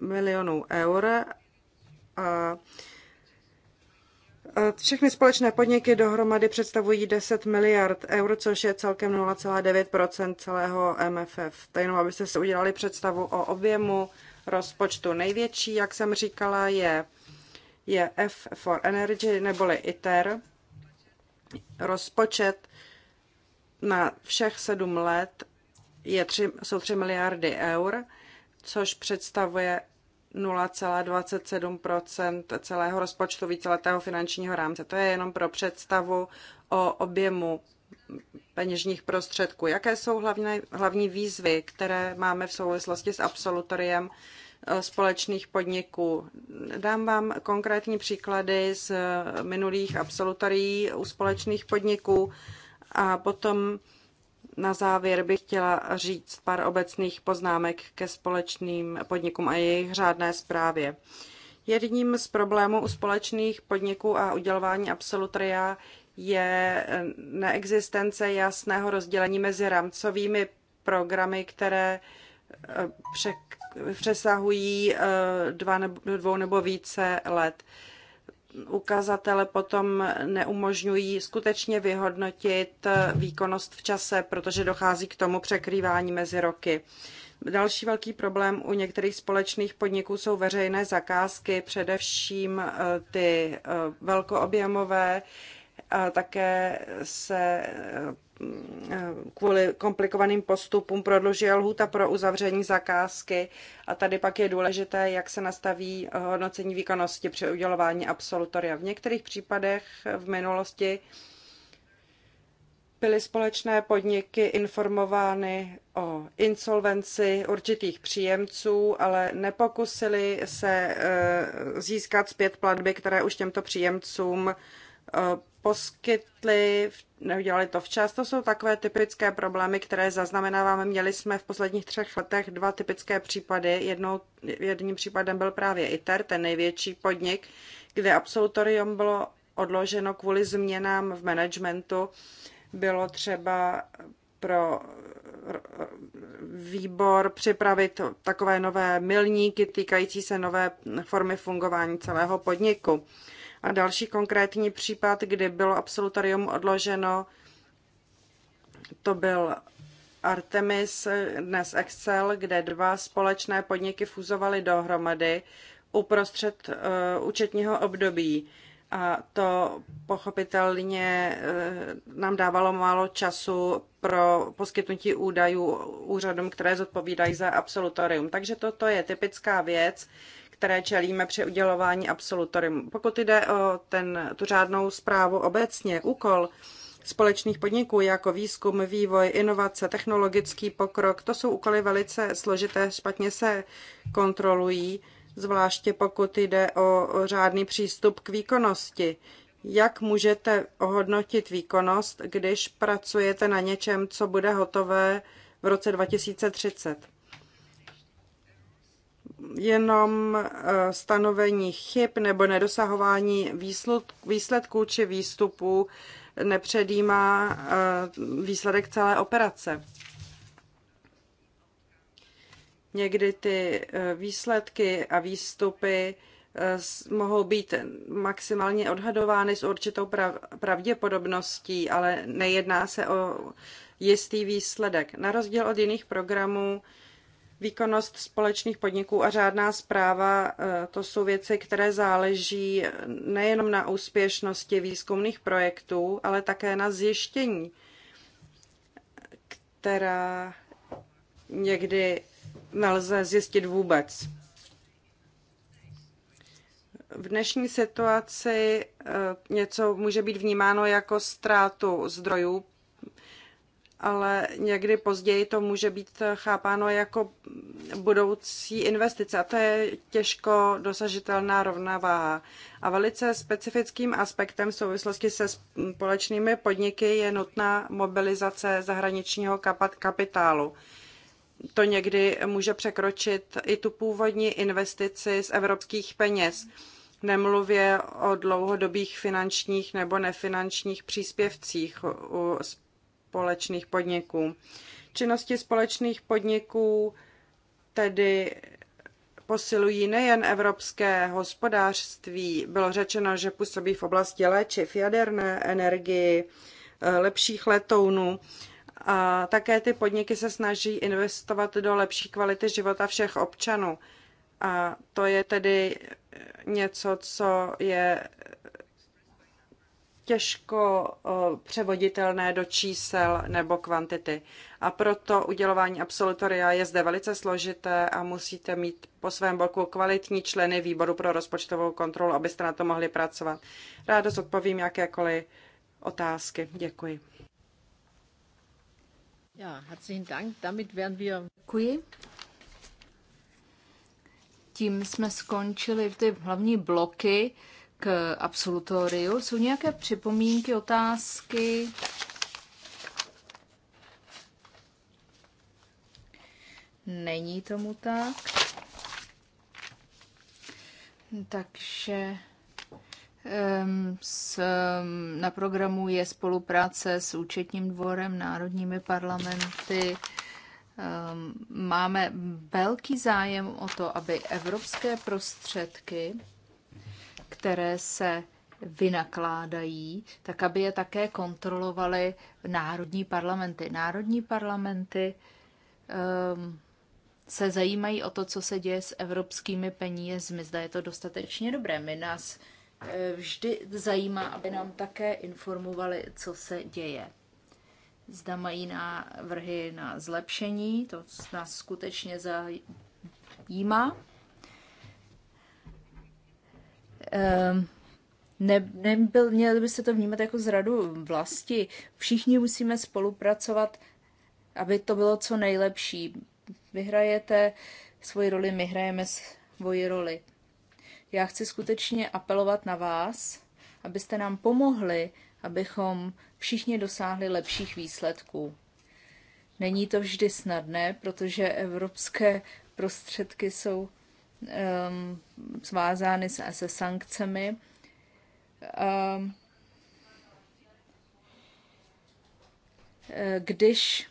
milionů eur a Eh, všechny společné podniky dohromady představují 10 miliard eur, což je celkem 0,9 celého MFF. To jenom, abyste si udělali představu o objemu rozpočtu. Největší, jak jsem říkala, je, je F for Energy, neboli ITER. Rozpočet na všech sedm let je 3, jsou 3 miliardy eur, což představuje 0,27 celého rozpočtu víceletého finančního rámce. To je jenom pro představu o objemu peněžních prostředků. Jaké jsou hlavní, hlavní výzvy, které máme v souvislosti s absolutoriem eh, společných podniků? Dám vám konkrétní příklady z minulých absolutorií u společných podniků a potom na závěr bych chtěla říct pár obecných poznámek ke společným podnikům a jejich řádné zprávě. Jedním z problémů u společných podniků a udělování absolutoria je eh, neexistence jasného rozdělení mezi rámcovými programy, které eh, přesahují eh, dva nebo, dvou nebo více let ukazatele potom neumožňují skutečně vyhodnotit eh, výkonnost v čase, protože dochází k tomu překrývání mezi roky. Další velký problém u některých společných podniků jsou veřejné zakázky, především eh, ty eh, velkoobjemové, a také se eh, kvůli komplikovaným postupům prodlužuje lhůta pro uzavření zakázky a tady pak je důležité, jak se nastaví hodnocení výkonnosti při udělování absolutoria. V některých případech v minulosti byly společné podniky informovány o insolvenci určitých příjemců, ale nepokusili se eh, získat zpět platby, které už těmto příjemcům eh, poskytli, neudělali to včas. To jsou takové typické problémy, které zaznamenáváme. Měli jsme v posledních třech letech dva typické případy. Jednou, jedním případem byl právě ITER, ten největší podnik, kde absolutorium bylo odloženo kvůli změnám v managementu. Bylo třeba pro výbor připravit takové nové milníky týkající se nové formy fungování celého podniku. A další konkrétní případ, kdy bylo absolutorium odloženo, to byl Artemis, dnes Excel, kde dva společné podniky fuzovaly dohromady uprostřed uh, účetního období. A to pochopitelně uh, nám dávalo málo času pro poskytnutí údajů úřadům, které zodpovídají za absolutorium. Takže toto je typická věc, které čelíme při udělování absolutorium. Pokud jde o ten, tu řádnou zprávu obecně, úkol společných podniků jako výzkum, vývoj, inovace, technologický pokrok, to jsou úkoly velice složité, špatně se kontrolují, zvláště pokud jde o řádný přístup k výkonnosti. Jak můžete ohodnotit výkonnost, když pracujete na něčem, co bude hotové v roce 2030? jenom eh, stanovení chyb nebo nedosahování výsledků či výstupů nepředjímá eh, výsledek celé operace. Někdy ty eh, výsledky a výstupy mohou být maximálně odhadovány s určitou pravděpodobností, ale nejedná se o jistý výsledek. Na rozdíl od jiných programů Výkonnost společných podniků a řádná zpráva, eh, to jsou věci, které záleží nejenom na úspěšnosti výzkumných projektů, ale také na zjištění, která někdy nelze zjistit vůbec. V dnešní situaci eh, něco může být vnímáno jako ztrátu zdrojů ale někdy později to může být chápáno jako budoucí investice a to je těžko dosažitelná rovnováha. A velice specifickým aspektem v souvislosti se společnými podniky je nutná mobilizace zahraničního kapitálu. To někdy může překročit i tu původní investici z evropských peněz nemluvě o dlouhodobých finančních nebo nefinančních příspěvcích u společných podniků. Činnosti společných podniků tedy posilují nejen evropské hospodářství. Bylo řečeno, že působí v oblasti léčiv, jaderné energii, lepších letounů. A také ty podniky se snaží investovat do lepší kvality života všech občanů. A to je tedy něco, co je těžko převoditelné do čísel nebo kvantity. A proto udělování absolutoria je zde velice složité a musíte mít po svém boku kvalitní členy výboru pro rozpočtovou kontrolu, abyste na to mohli pracovat. Ráda zodpovím jakékoliv otázky. Děkuji. Ja, herzlichen Dank. Damit wären wir... Děkuji. Tím jsme skončili ty hlavní bloky k absolutoriu. Jsou nějaké připomínky, otázky? Není tomu tak. Takže ehm, s, na programu je spolupráce s účetním dvorem, národními parlamenty. Ehm, máme velký zájem o to, aby evropské prostředky které se vynakládají, tak aby je také kontrolovaly národní parlamenty. Národní parlamenty um, se zajímají o to, co se děje s evropskými penězmi. Zda je to dostatečně dobré. My nás eh, vždy zajímá, aby nám také informovali, co se děje. Zda mají návrhy na zlepšení, to nás skutečně zajímá. Ehm, ne, nebyl, měli by se to vnímat jako zradu vlasti. Všichni musíme spolupracovat, aby to bylo co nejlepší. Vyhrajete svoji roli, my hrajeme svoji roli. Já chci skutečně apelovat na vás, abyste nám pomohli, abychom všichni dosáhli lepších výsledků. Není to vždy snadné, protože evropské prostředky jsou um, svázány se, se sankcemi. Um, když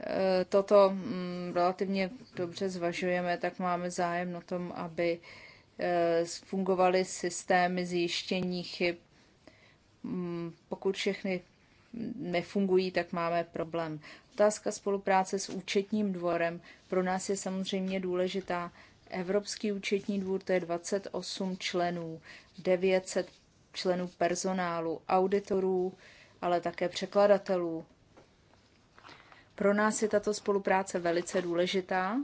eh, toto mm, relativně dobře zvažujeme, tak máme zájem na tom, aby eh, fungovaly systémy zjištění chyb. Mm, pokud všechny nefungují, tak máme problém. Otázka spolupráce s účetním dvorem pro nás je samozřejmě důležitá. Evropský účetní dvůr to je 28 členů, 900 členů personálu, auditorů, ale také překladatelů. Pro nás je tato spolupráce velice důležitá.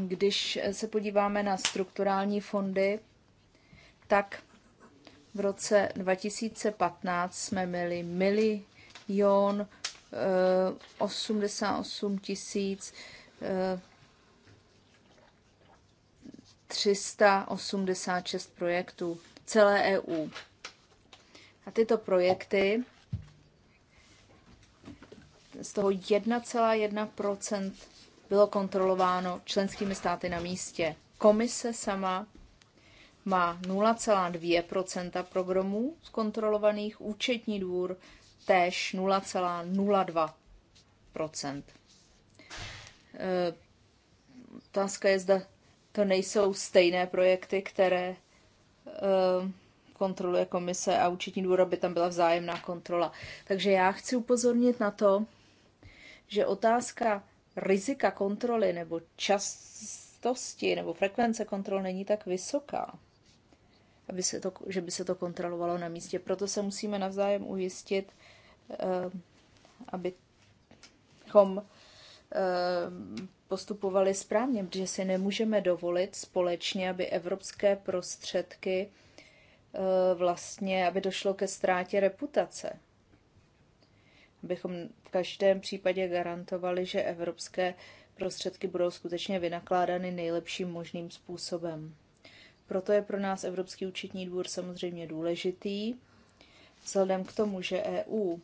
Když se podíváme na strukturální fondy, tak v roce 2015 jsme měli milion 88 eh, tisíc 386 eh, projektů celé EU. A tyto projekty z toho 1,1% bylo kontrolováno členskými státy na místě. Komise sama má 0,2 programů zkontrolovaných, účetní dvůr též 0,02 e, Otázka je, zda to nejsou stejné projekty, které e, kontroluje komise a účetní dvůr, aby tam byla vzájemná kontrola. Takže já chci upozornit na to, že otázka rizika kontroly nebo častosti nebo frekvence kontrol není tak vysoká aby se to, že by se to kontrolovalo na místě. Proto se musíme navzájem ujistit, eh, abychom eh, postupovali správně, protože si nemůžeme dovolit společně, aby evropské prostředky eh, vlastně, aby došlo ke ztrátě reputace. Abychom v každém případě garantovali, že evropské prostředky budou skutečně vynakládány nejlepším možným způsobem. Proto je pro nás Evropský účetní dvůr samozřejmě důležitý, vzhledem k tomu, že EU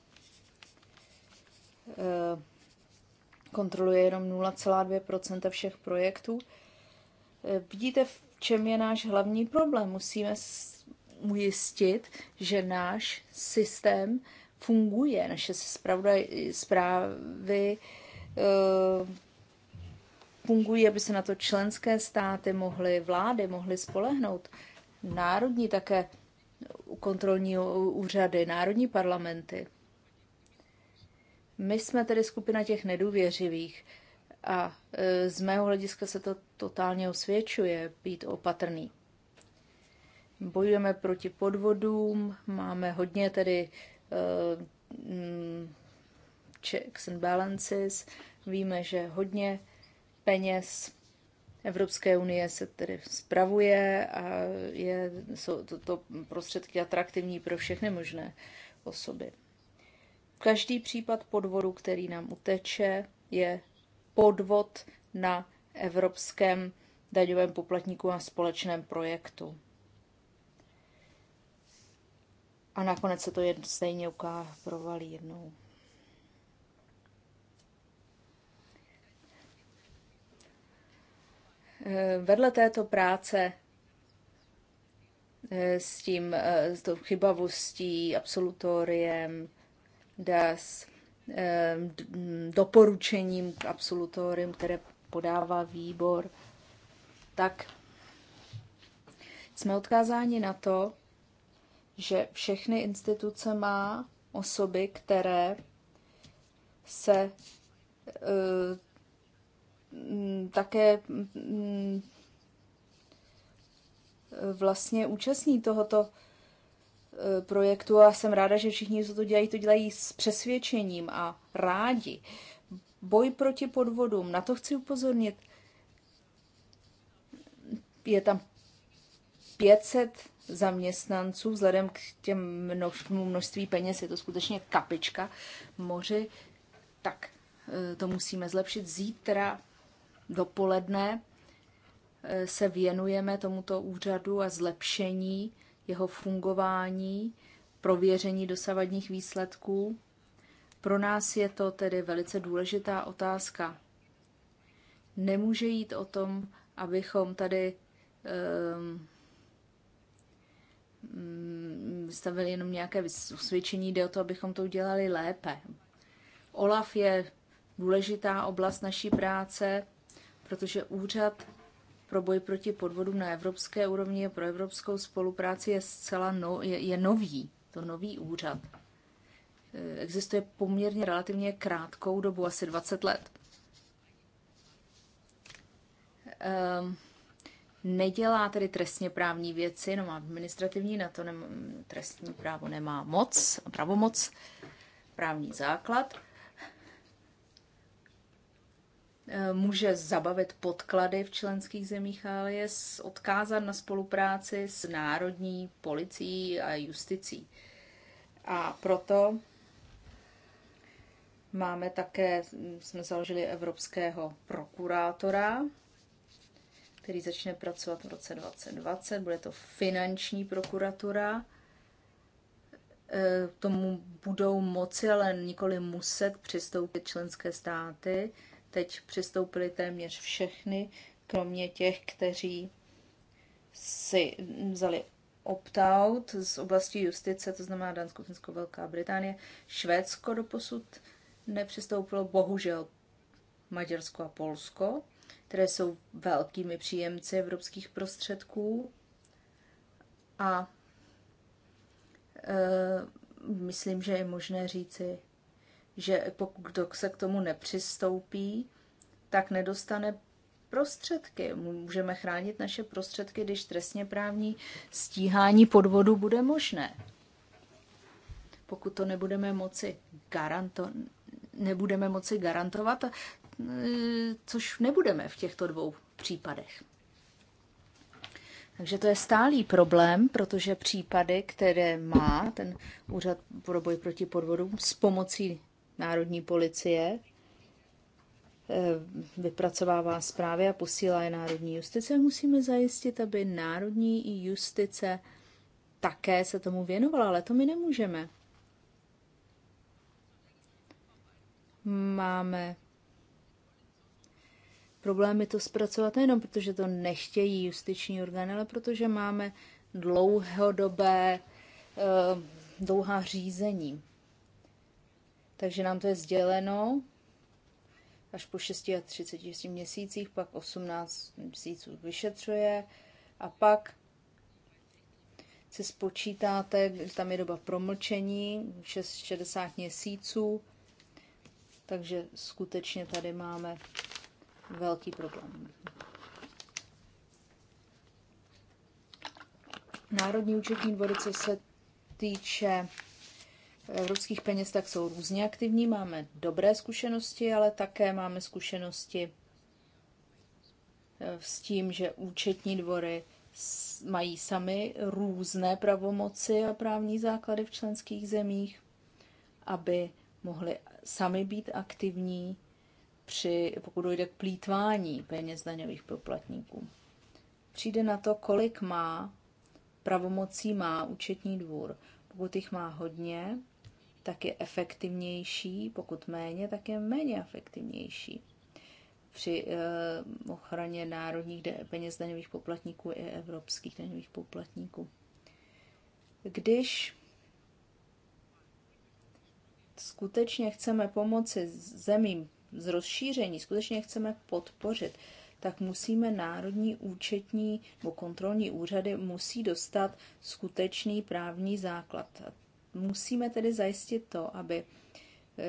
eh, kontroluje jenom 0,2 všech projektů. Eh, vidíte, v čem je náš hlavní problém. Musíme ujistit, že náš systém funguje, naše zprávy eh, fungují, aby se na to členské státy mohly, vlády mohly spolehnout. Národní také kontrolní úřady, národní parlamenty. My jsme tedy skupina těch nedůvěřivých a e, z mého hlediska se to totálně osvědčuje být opatrný. Bojujeme proti podvodům, máme hodně tedy e, mm, checks and balances. Víme, že hodně peněz Evropské unie se tedy spravuje a je, jsou to, to prostředky atraktivní pro všechny možné osoby. Každý případ podvodu, který nám uteče, je podvod na evropském daňovém poplatníku a společném projektu. A nakonec se to jedno, stejně uká provalí jednou. Eh, vedle této práce eh, s tím, eh, s tou chybavostí, absolutoriem, DAS, doporučením k absolutorium, které podává výbor, tak jsme odkázáni na to, že všechny instituce má osoby, které se Mm, také mm, vlastně účastní tohoto eh, projektu a jsem ráda, že všichni, co to dělají, to dělají s přesvědčením a rádi. Boj proti podvodům, na to chci upozornit. Je tam 500 zaměstnanců, vzhledem k těm množství peněz, je to skutečně kapička moři, tak eh, to musíme zlepšit. Zítra dopoledne eh, se věnujeme tomuto úřadu a zlepšení jeho fungování, prověření dosavadních výsledků. Pro nás je to tedy velice důležitá otázka. Nemůže jít o tom, abychom tady um, ehm, mm, stavili jenom nějaké usvědčení, jde o to, abychom to udělali lépe. OLAF je důležitá oblast naší práce, protože úřad pro boj proti podvodům na evropské úrovni a pro evropskou spolupráci je zcela no, je, je nový, to nový úřad. Eh, existuje poměrně relativně krátkou dobu, asi 20 let. Um, nedělá tedy trestně právní věci, no má administrativní, na to nem, trestní právo nemá moc, pravomoc, právní základ. Eh, může zabavit podklady v členských zemích, ale je odkázat na spolupráci s národní policií a justicí. A proto máme také, jsme založili evropského prokurátora, který začne pracovat v roce 2020. Bude to finanční prokuratura. Eh, tomu budou moci, ale nikoli muset přistoupit členské státy teď přistoupili téměř všechny, kromě těch, kteří si vzali opt-out z oblasti justice, to znamená Dánsko, Finsko, Velká Británie. Švédsko doposud nepřistoupilo, bohužel Maďarsko a Polsko, které jsou velkými příjemci evropských prostředků. A e, myslím, že je možné říci, že pokud se k tomu nepřistoupí, tak nedostane prostředky. Můžeme chránit naše prostředky, když trestně právní stíhání podvodu bude možné. Pokud to nebudeme moci garantovat, nebudeme moci garantovat, eh, což nebudeme v těchto dvou případech. Takže to je stálý problém, protože případy, které má ten úřad pro boj proti podvodům s pomocí národní policie eh, vypracovává zprávy a posílá je národní justice. Musíme zajistit, aby národní justice také se tomu věnovala, ale to my nemůžeme. Máme problémy to zpracovat nejenom protože to nechtějí justiční orgány, ale protože máme dlouhodobé, eh, dlouhá řízení. Takže nám to je sděleno až po 36 měsících, pak 18 měsíců vyšetřuje a pak se spočítáte, tam je doba promlčení, 6, 60 měsíců, takže skutečně tady máme velký problém. Národní účetní dvorice se týče evropských peněz, tak jsou různě aktivní. Máme dobré zkušenosti, ale také máme zkušenosti eh, s tím, že účetní dvory mají sami různé pravomoci a právní základy v členských zemích, aby mohli sami být aktivní, při, pokud dojde k plítvání peněz daňových poplatníků. Přijde na to, kolik má pravomocí má účetní dvůr. Pokud jich má hodně, tak je efektivnější, pokud méně, tak je méně efektivnější. Při eh, ochraně národních peněz daňových poplatníků i evropských daňových poplatníků. Když skutečně chceme pomoci zemím z rozšíření, skutečně chceme podpořit, tak musíme národní účetní nebo kontrolní úřady musí dostat skutečný právní základ. Musíme tedy zajistit to, aby eh,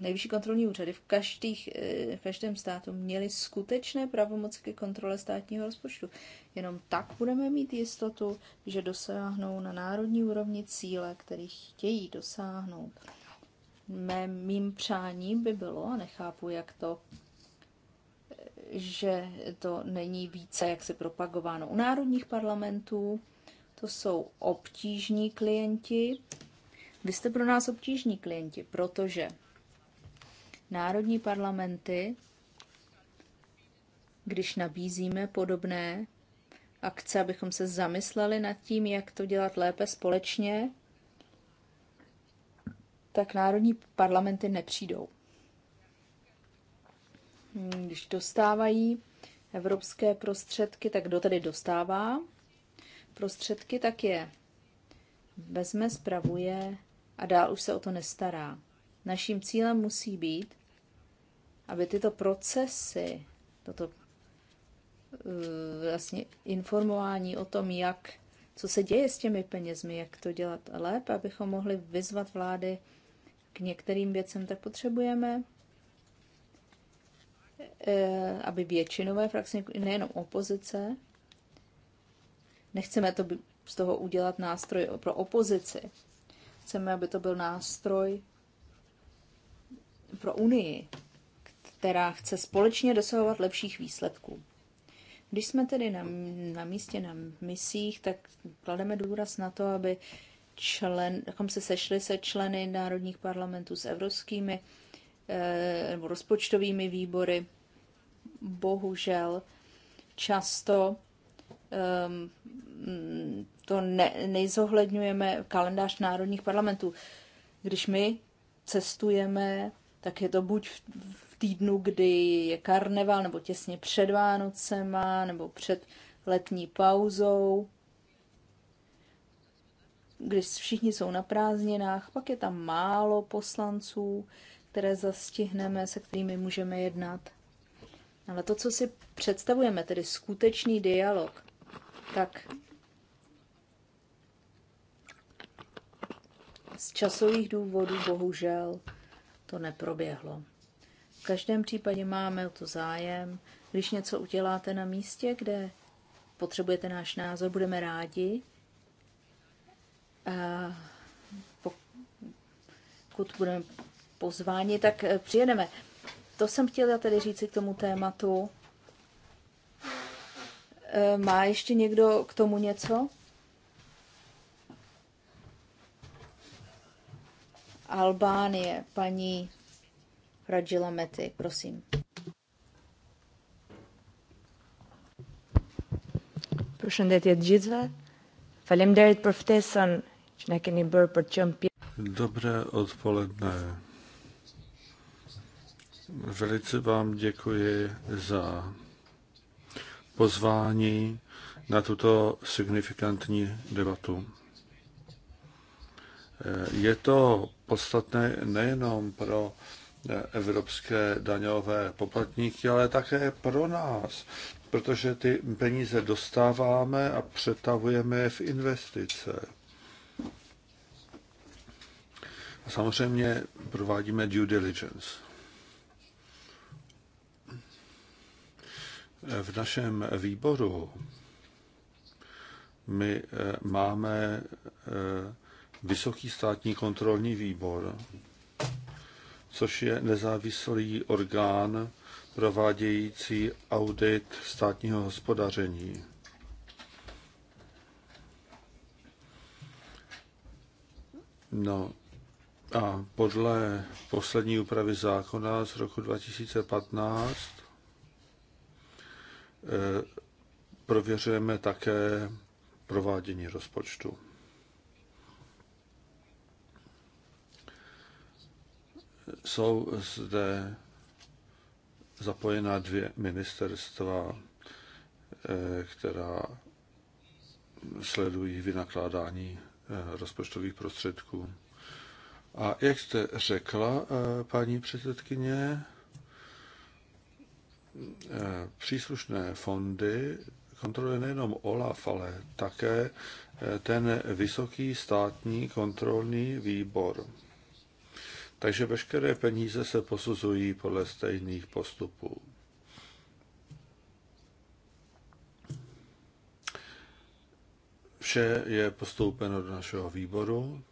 nejvyšší kontrolní úřady v, každých, eh, v každém státu měly skutečné pravomoci ke kontrole státního rozpočtu. Jenom tak budeme mít jistotu, že dosáhnou na národní úrovni cíle, kterých chtějí dosáhnout. Mé, mým přáním by bylo, a nechápu, jak to, eh, že to není více jaksi propagováno u národních parlamentů, to jsou obtížní klienti. Vy jste pro nás obtížní klienti, protože národní parlamenty, když nabízíme podobné akce, abychom se zamysleli nad tím, jak to dělat lépe společně, tak národní parlamenty nepřijdou. Hm, když dostávají evropské prostředky, tak kdo tedy dostává? prostředky, tak je vezme, spravuje a dál už se o to nestará. Naším cílem musí být, aby tyto procesy, toto eh, vlastně informování o tom, jak, co se děje s těmi penězmi, jak to dělat lépe, abychom mohli vyzvat vlády k některým věcem, tak potřebujeme, eh, aby většinové frakce, nejenom opozice, Nechceme to z toho udělat nástroj pro opozici. Chceme, aby to byl nástroj pro Unii, která chce společně dosahovat lepších výsledků. Když jsme tedy na, na místě, na misích, tak klademe důraz na to, aby člen, abychom se sešli se členy národních parlamentů s evropskými eh, nebo rozpočtovými výbory. Bohužel často Ehm, to ne, nejzohledňujeme kalendář národních parlamentů. Když my cestujeme, tak je to buď v týdnu, kdy je karneval, nebo těsně před Vánocema, nebo před letní pauzou. Když všichni jsou na prázdninách, pak je tam málo poslanců, které zastihneme, se kterými můžeme jednat. Ale to, co si představujeme, tedy skutečný dialog, tak z časových důvodů bohužel to neproběhlo. V každém případě máme o to zájem. Když něco uděláte na místě, kde potřebujete náš názor, budeme rádi. A pokud budeme pozváni, tak eh, přijedeme. To jsem chtěla tedy říci k tomu tématu. Eh, má ještě někdo k tomu něco? Albánie, paní Radžila Mety, prosím. Përshëndetje të gjithëve. Faleminderit për ftesën që na keni bërë për të Dobré odpoledne. Velice vám děkuji za pozvání na tuto signifikantní debatu. Eh, je to podstatné nejenom pro eh, evropské daňové poplatníky, ale také pro nás, protože ty peníze dostáváme a přetavujeme je v investice. A samozřejmě provádíme due diligence. V našem výboru my eh, máme eh, Vysoký státní kontrolní výbor, což je nezávislý orgán provádějící audit státního hospodaření. No a podle poslední úpravy zákona z roku 2015 Eh, prověřujeme také provádění rozpočtu. Jsou zde zapojená dvě ministerstva, eh, která sledují vynakládání eh, rozpočtových prostředků. A jak jste řekla, paní předsedkyně, Eh, příslušné fondy kontroluje nejenom OLAF, ale také eh, ten vysoký státní kontrolní výbor. Takže veškeré peníze se posuzují podle stejných postupů. Vše je postoupeno do našeho výboru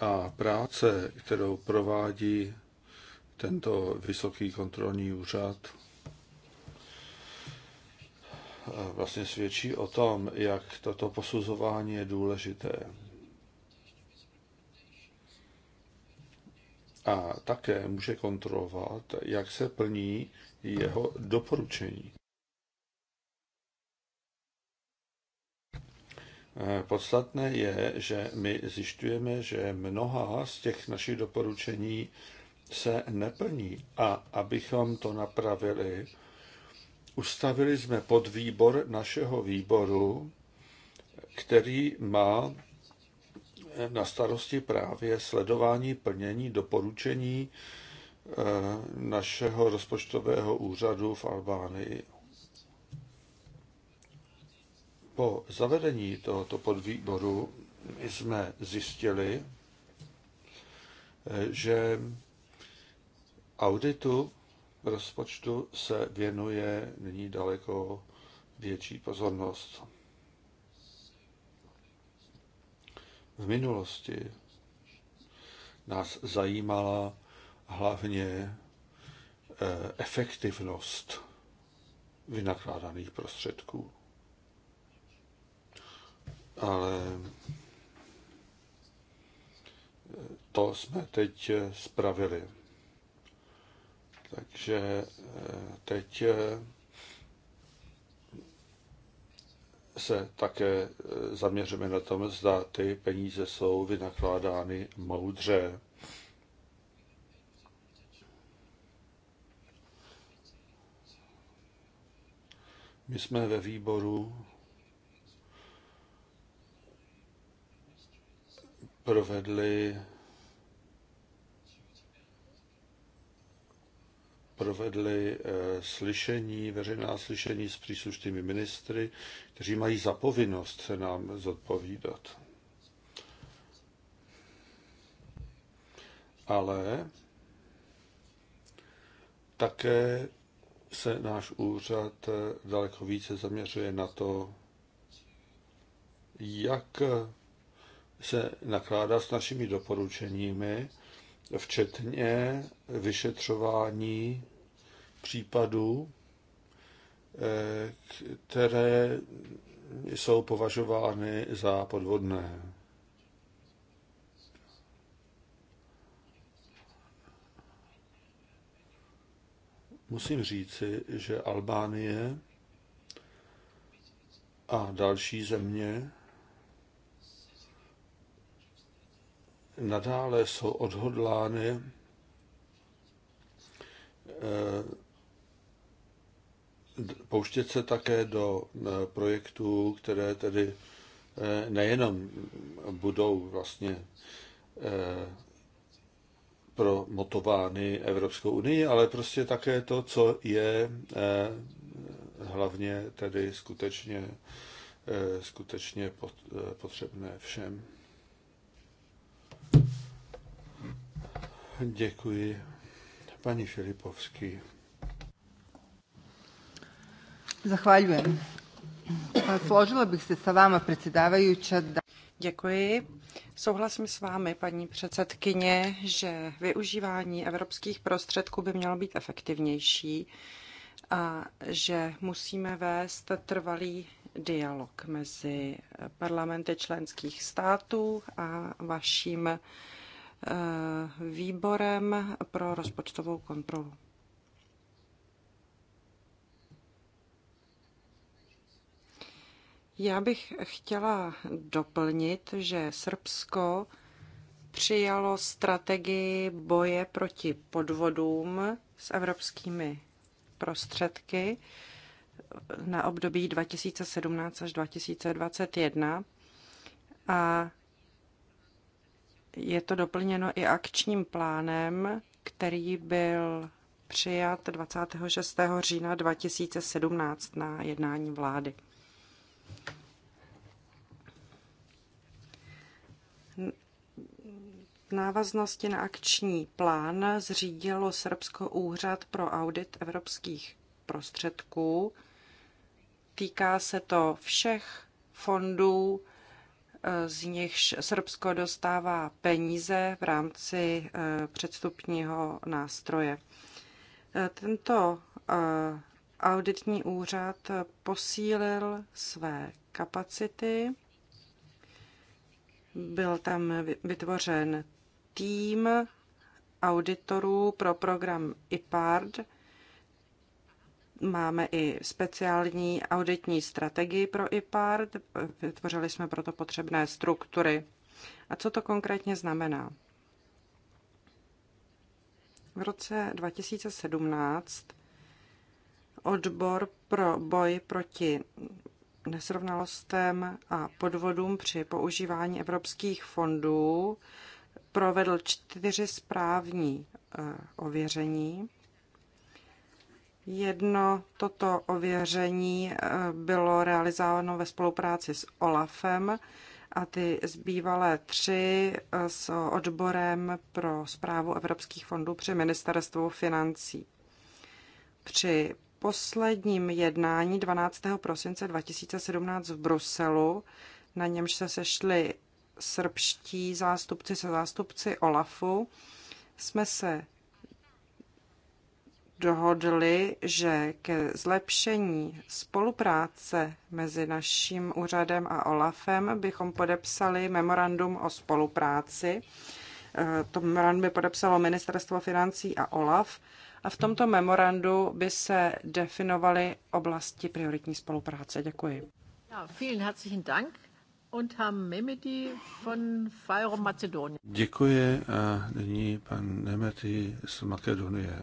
a práce, kterou provádí tento vysoký kontrolní úřad vlastně svědčí o tom, jak toto posuzování je důležité. A také může kontrolovat, jak se plní jeho doporučení. Podstatné je, že my zjišťujeme, že mnoha z těch našich doporučení se neplní. A abychom to napravili, ustavili jsme podvýbor našeho výboru, který má eh, na starosti právě sledování plnění doporučení eh, našeho rozpočtového úřadu v Albánii. Po zavedení tohoto podvýboru jsme zjistili, eh, že Auditu rozpočtu se věnuje nyní daleko větší pozornost. V minulosti nás zajímala hlavně eh, efektivnost vynakládaných prostředků. Ale eh, to jsme teď eh, spravili. Takže eh, teď eh, se také eh, zaměříme na tom, zda ty peníze jsou vynakládány moudře. My jsme ve výboru provedli provedli eh, slyšení, veřejná slyšení s příslušnými ministry, kteří mají za povinnost se nám zodpovídat. Ale také se náš úřad eh, daleko více zaměřuje na to, jak se nakládá s našimi doporučeními včetně vyšetřování případů, eh, které jsou považovány za podvodné. Musím říci, že Albánie a další země nadále jsou odhodlány eh, pouštět se také do eh, projektů, které tedy eh, nejenom budou vlastně promotovány Evropskou unii, ale prostě také to, co je hlavně tedy skutečně, skutečně potřebné všem. Děkuji. paní Filipovský. Zahvaljujem. Složila bych se s váma, předsedávající, da... Děkuji. Souhlasím s vámi, paní předsedkyně, že využívání evropských prostředků by mělo být efektivnější a že musíme vést trvalý dialog mezi parlamenty členských států a vaším výborem pro rozpočtovou kontrolu. Já bych chtěla doplnit, že Srbsko přijalo strategii boje proti podvodům s evropskými prostředky na období 2017 až 2021 a je to doplněno i akčním plánem, který byl přijat 26. října 2017 na jednání vlády. V návaznosti na akční plán zřídilo Srbsko úřad pro audit evropských prostředků. Týká se to všech fondů z nichž Srbsko dostává peníze v rámci eh, předstupního nástroje. Eh, tento eh, auditní úřad posílil své kapacity. Byl tam vytvořen tým auditorů pro program IPARD, Máme i speciální auditní strategii pro IPARD, vytvořili jsme proto potřebné struktury. A co to konkrétně znamená? V roce 2017 odbor pro boj proti nesrovnalostem a podvodům při používání evropských fondů provedl čtyři správní eh, ověření Jedno toto ověření eh, bylo realizováno ve spolupráci s OLAFem a ty zbývalé tři eh, s odborem pro zprávu evropských fondů při ministerstvu financí. Při posledním jednání 12. prosince 2017 v Bruselu, na němž se sešli srbští zástupci se zástupci OLAFu, jsme se dohodli, že ke zlepšení spolupráce mezi naším úřadem a OLAFem bychom podepsali memorandum o spolupráci. Eh, to memorandum by podepsalo Ministerstvo financí a OLAF. A v tomto memorandu by se definovaly oblasti prioritní spolupráce. Děkuji. Ja, vielen herzlichen Dank. Und Memedi von Fajro Děkuji a nyní pan Nemeti z Makedonie.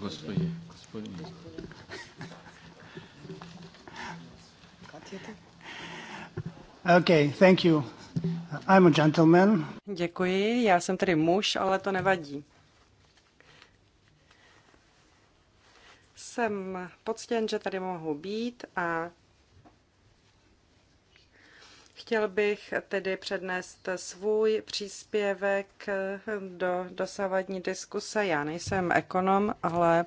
Gospodě, Okay, thank you. I'm a gentleman. Děkuji, já jsem tedy muž, ale to nevadí. Jsem poctěn, že tady mohu být a Chtěl bych tedy přednést svůj příspěvek do dosavadní diskuse. Já nejsem ekonom, ale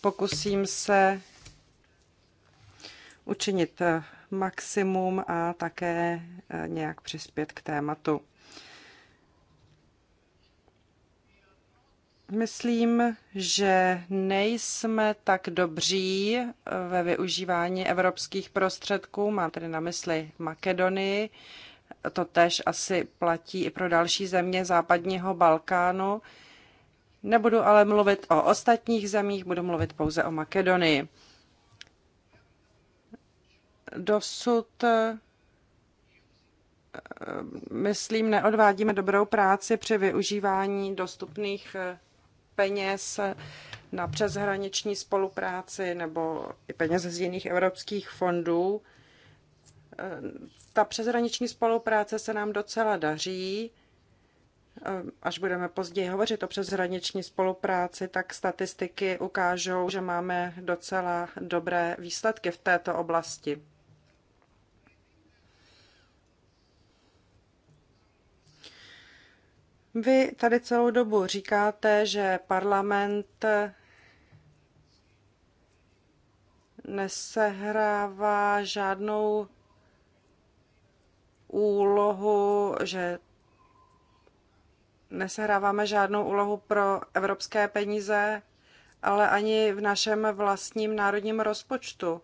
pokusím se učinit maximum a také nějak přispět k tématu. Myslím, že nejsme tak dobří eh, ve využívání evropských prostředků, mám tedy na mysli Makedonii, to tež asi platí i pro další země západního Balkánu. Nebudu ale mluvit o ostatních zemích, budu mluvit pouze o Makedonii. Dosud eh, eh, myslím, neodvádíme dobrou práci při využívání dostupných peněz na přeshraniční spolupráci nebo i peněz z jiných evropských fondů. E, ta přeshraniční spolupráce se nám docela daří. E, až budeme později hovořit o přeshraniční spolupráci, tak statistiky ukážou, že máme docela dobré výsledky v této oblasti. Vy tady celou dobu říkáte, že parlament nesehrává žádnou úlohu, že nesehráváme žádnou úlohu pro evropské peníze, ale ani v našem vlastním národním rozpočtu.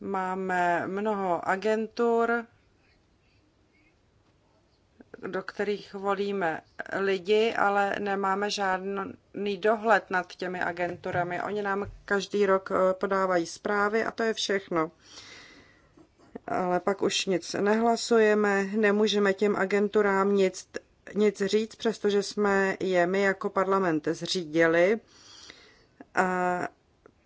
Máme mnoho agentur, do kterých volíme lidi, ale nemáme žádný dohled nad těmi agenturami. Oni nám každý rok eh, podávají zprávy a to je všechno. Ale pak už nic nehlasujeme, nemůžeme těm agenturám nic, nic říct, přestože jsme je my jako parlament zřídili. A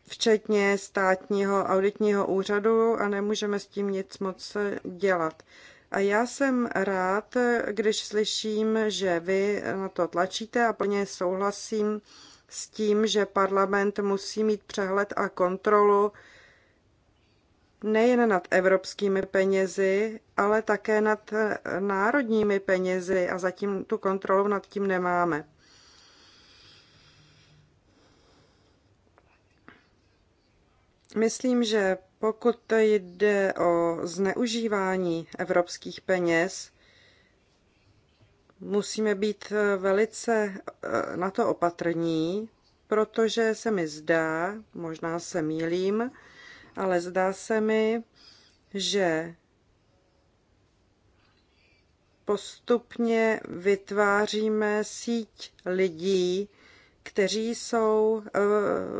včetně státního auditního úřadu a nemůžeme s tím nic moc eh, dělat. A já jsem rád, když slyším, že vy na to tlačíte a plně souhlasím s tím, že parlament musí mít přehled a kontrolu nejen nad evropskými penězi, ale také nad národními penězi a zatím tu kontrolu nad tím nemáme. Myslím, že pokud jde o zneužívání evropských peněz, musíme být eh, velice eh, na to opatrní, protože se mi zdá, možná se mýlím, ale zdá se mi, že postupně vytváříme síť lidí, kteří jsou eh,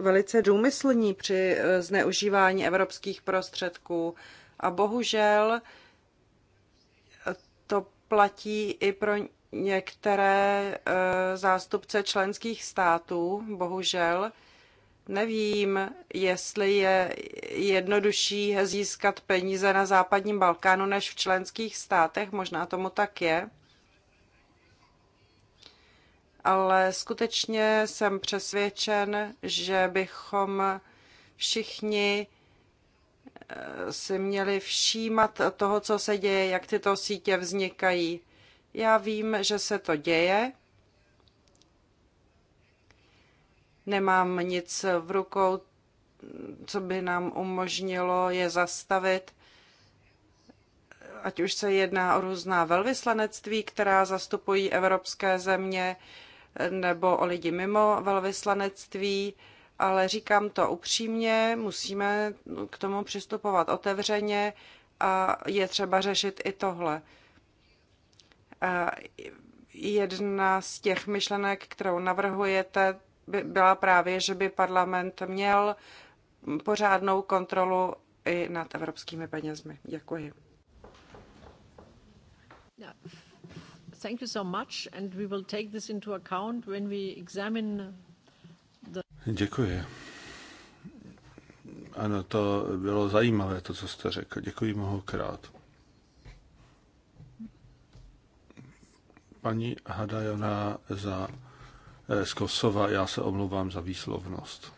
velice důmyslní při eh, zneužívání evropských prostředků. A bohužel eh, to platí i pro některé zástupce členských států, bohužel. Nevím, jestli je jednodušší získat peníze na západním Balkánu než v členských státech, možná tomu tak je ale skutečně jsem přesvědčen, že bychom všichni eh, si měli všímat toho, co se děje, jak tyto sítě vznikají. Já vím, že se to děje. Nemám nic v rukou, co by nám umožnilo je zastavit, ať už se jedná o různá velvyslanectví, která zastupují evropské země, nebo o lidi mimo velvyslanectví, ale říkám to upřímně, musíme k tomu přistupovat otevřeně a je třeba řešit i tohle. jedna z těch myšlenek, kterou navrhujete, by byla právě, že by parlament měl pořádnou kontrolu i nad evropskými penězmi. Děkuji. No. Thank you so much and we will take this into account when we examine the... Děkuji. Ano, to bylo zajímavé, to, co jste řekl. Děkuji mnohokrát. Paní Hadajona za eh, z Kosova, já se omlouvám za výslovnost.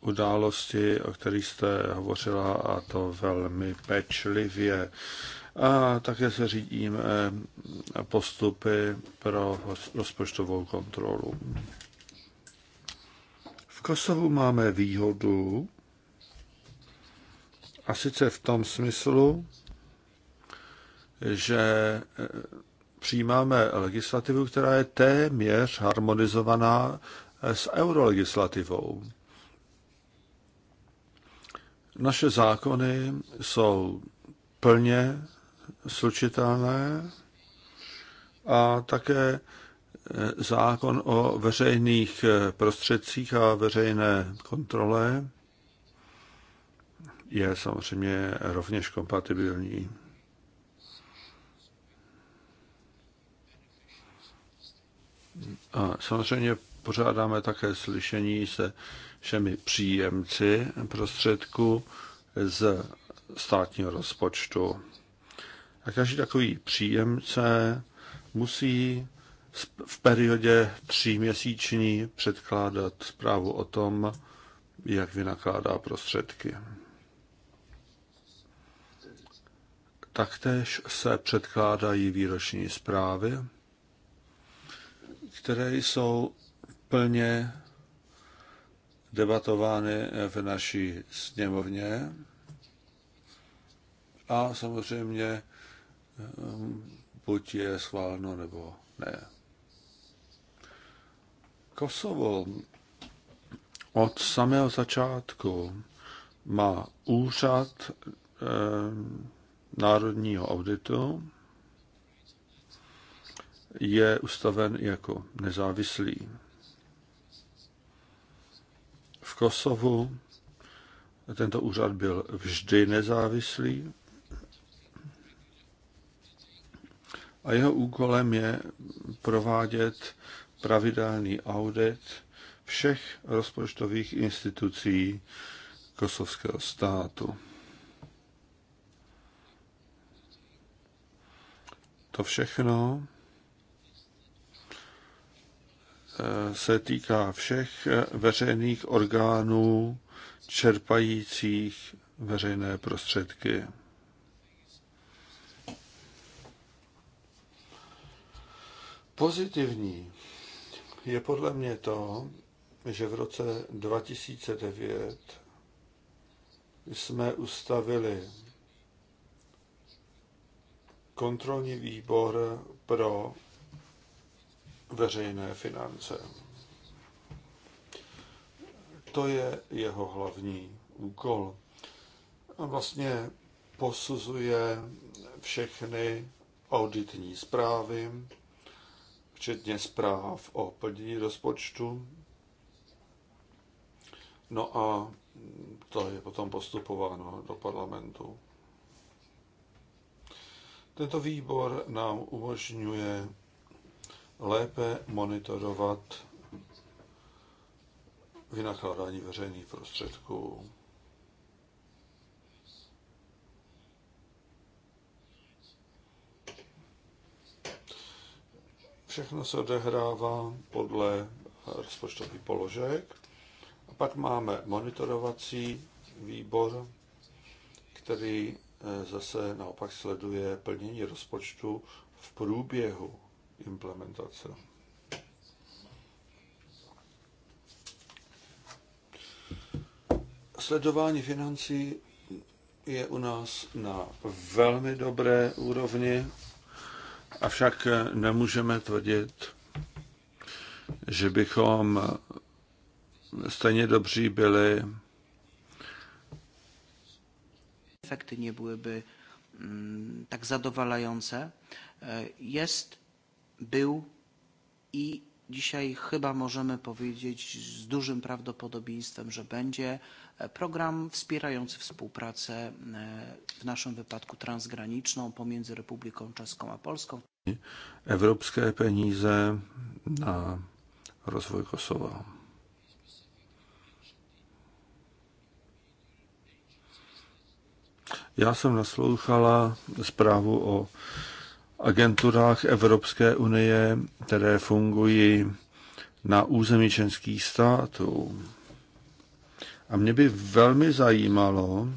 události, o kterých jste hovořila, a to velmi pečlivě. A také se řídíme eh, postupy pro rozpočtovou kontrolu. V Kosovu máme výhodu, a sice v tom smyslu, že eh, přijímáme legislativu, která je téměř harmonizovaná eh, s eurolegislativou. Naše zákony jsou plně slučitelné a také eh, zákon o veřejných eh, prostředcích a veřejné kontrole je samozřejmě rovněž kompatibilní. A samozřejmě pořádáme také slyšení se všemi příjemci prostředků z státního rozpočtu. A každý takový příjemce musí v periodě tříměsíční předkládat zprávu o tom, jak vynakládá prostředky. Taktéž se předkládají výroční zprávy, které jsou plně debatovány eh, v naší sněmovně a samozřejmě eh, buď je schváleno nebo ne. Kosovo od samého začátku má úřad e, národního auditu, je ustaven jako nezávislý. Kosovu. Tento úřad byl vždy nezávislý a jeho úkolem je provádět pravidelný audit všech rozpočtových institucí kosovského státu. To všechno Eh, se týká všech eh, veřejných orgánů čerpajících veřejné prostředky. Pozitivní je podle mě to, že v roce 2009 jsme ustavili kontrolní výbor pro veřejné finance. To je jeho hlavní úkol. A vlastně posuzuje všechny auditní zprávy, včetně zpráv o plnění rozpočtu. No a to je potom postupováno do parlamentu. Tento výbor nám umožňuje lépe monitorovat vynakládání veřejných prostředků. Všechno se odehrává podle rozpočtových položek. A pak máme monitorovací výbor, který eh, zase naopak sleduje plnění rozpočtu v průběhu implementace. Sledování financí je u nás na velmi dobré úrovni, avšak nemůžeme tvrdit, že bychom stejně dobří byli. Efekty nie byłyby mm, tak zadowalające. E, jest był i dzisiaj chyba możemy powiedzieć z dużym prawdopodobieństwem, że będzie program wspierający współpracę, e, w naszym wypadku transgraniczną, pomiędzy Republiką Czeską a Polską. Evropské peníze na rozvoj Kosowa. Já jsem naslouchala zprávu o agenturách Evropské unie, které fungují na území členských států. A mě by velmi zajímalo,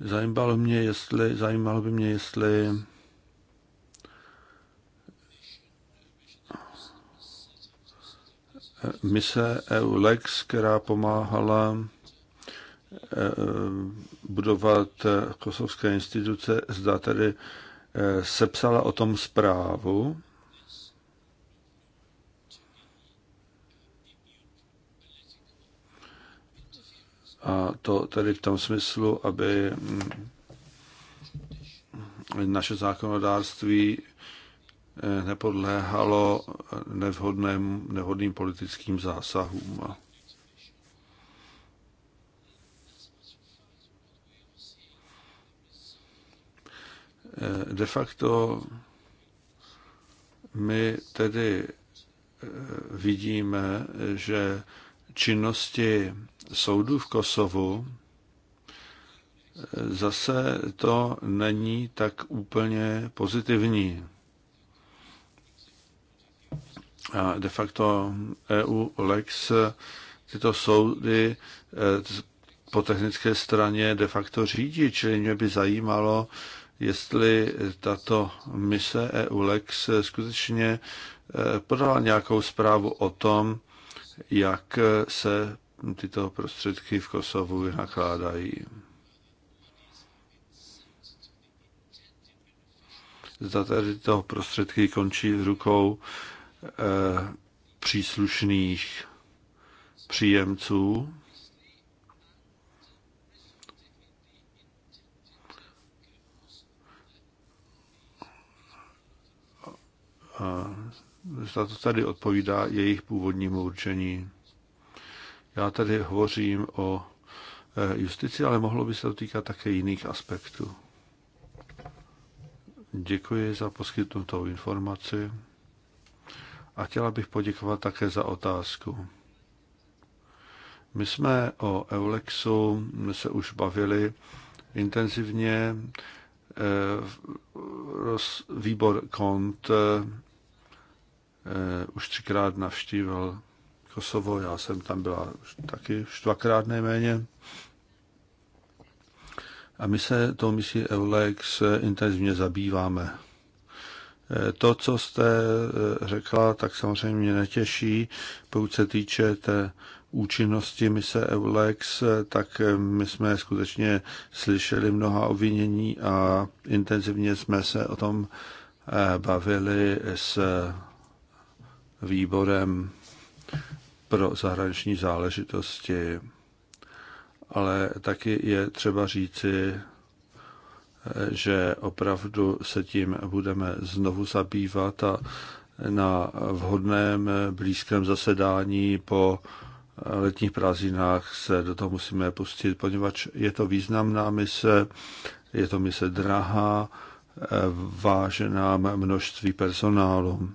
zajímalo mě, jestli, zajímalo by mě, jestli mise EULEX, která pomáhala eh, budovat kosovské instituce, zda tedy eh, sepsala o tom zprávu. A to tedy v tom smyslu, aby mm, naše zákonodárství nepodléhalo nevhodným, nevhodným politickým zásahům. De facto my tedy eh, vidíme, že činnosti soudů v Kosovu eh, zase to není tak úplně pozitivní. A de facto EU Lex tyto soudy eh, po technické straně de facto řídí, čili mě by zajímalo, jestli tato mise e Lex skutečně eh, podala nějakou zprávu o tom, jak eh, se tyto prostředky v Kosovu vynakládají. Zda tedy tyto prostředky končí v rukou Eh, příslušných příjemců. Zda to tady odpovídá jejich původnímu určení. Já tady hovořím o eh, justici, ale mohlo by se to týkat také jiných aspektů. Děkuji za poskytnutou informaci a chtěla bych poděkovat také za otázku. My jsme o Eulexu se už bavili intenzivně. Eh, výbor KONT eh, eh, už třikrát navštívil Kosovo, já jsem tam byla taky už dvakrát nejméně. A my se tou misí Eulex intenzivně zabýváme. To, co jste eh, řekla, tak samozřejmě mě netěší. Pokud se týče té účinnosti mise EULEX, tak eh, my jsme skutečně slyšeli mnoha obvinění a intenzivně jsme se o tom eh, bavili s výborem pro zahraniční záležitosti. Ale taky je třeba říci, že opravdu se tím budeme znovu zabývat a na vhodném blízkém zasedání po letních prázdninách se do toho musíme pustit, poněvadž je to významná mise, je to mise drahá, váže nám množství personálu.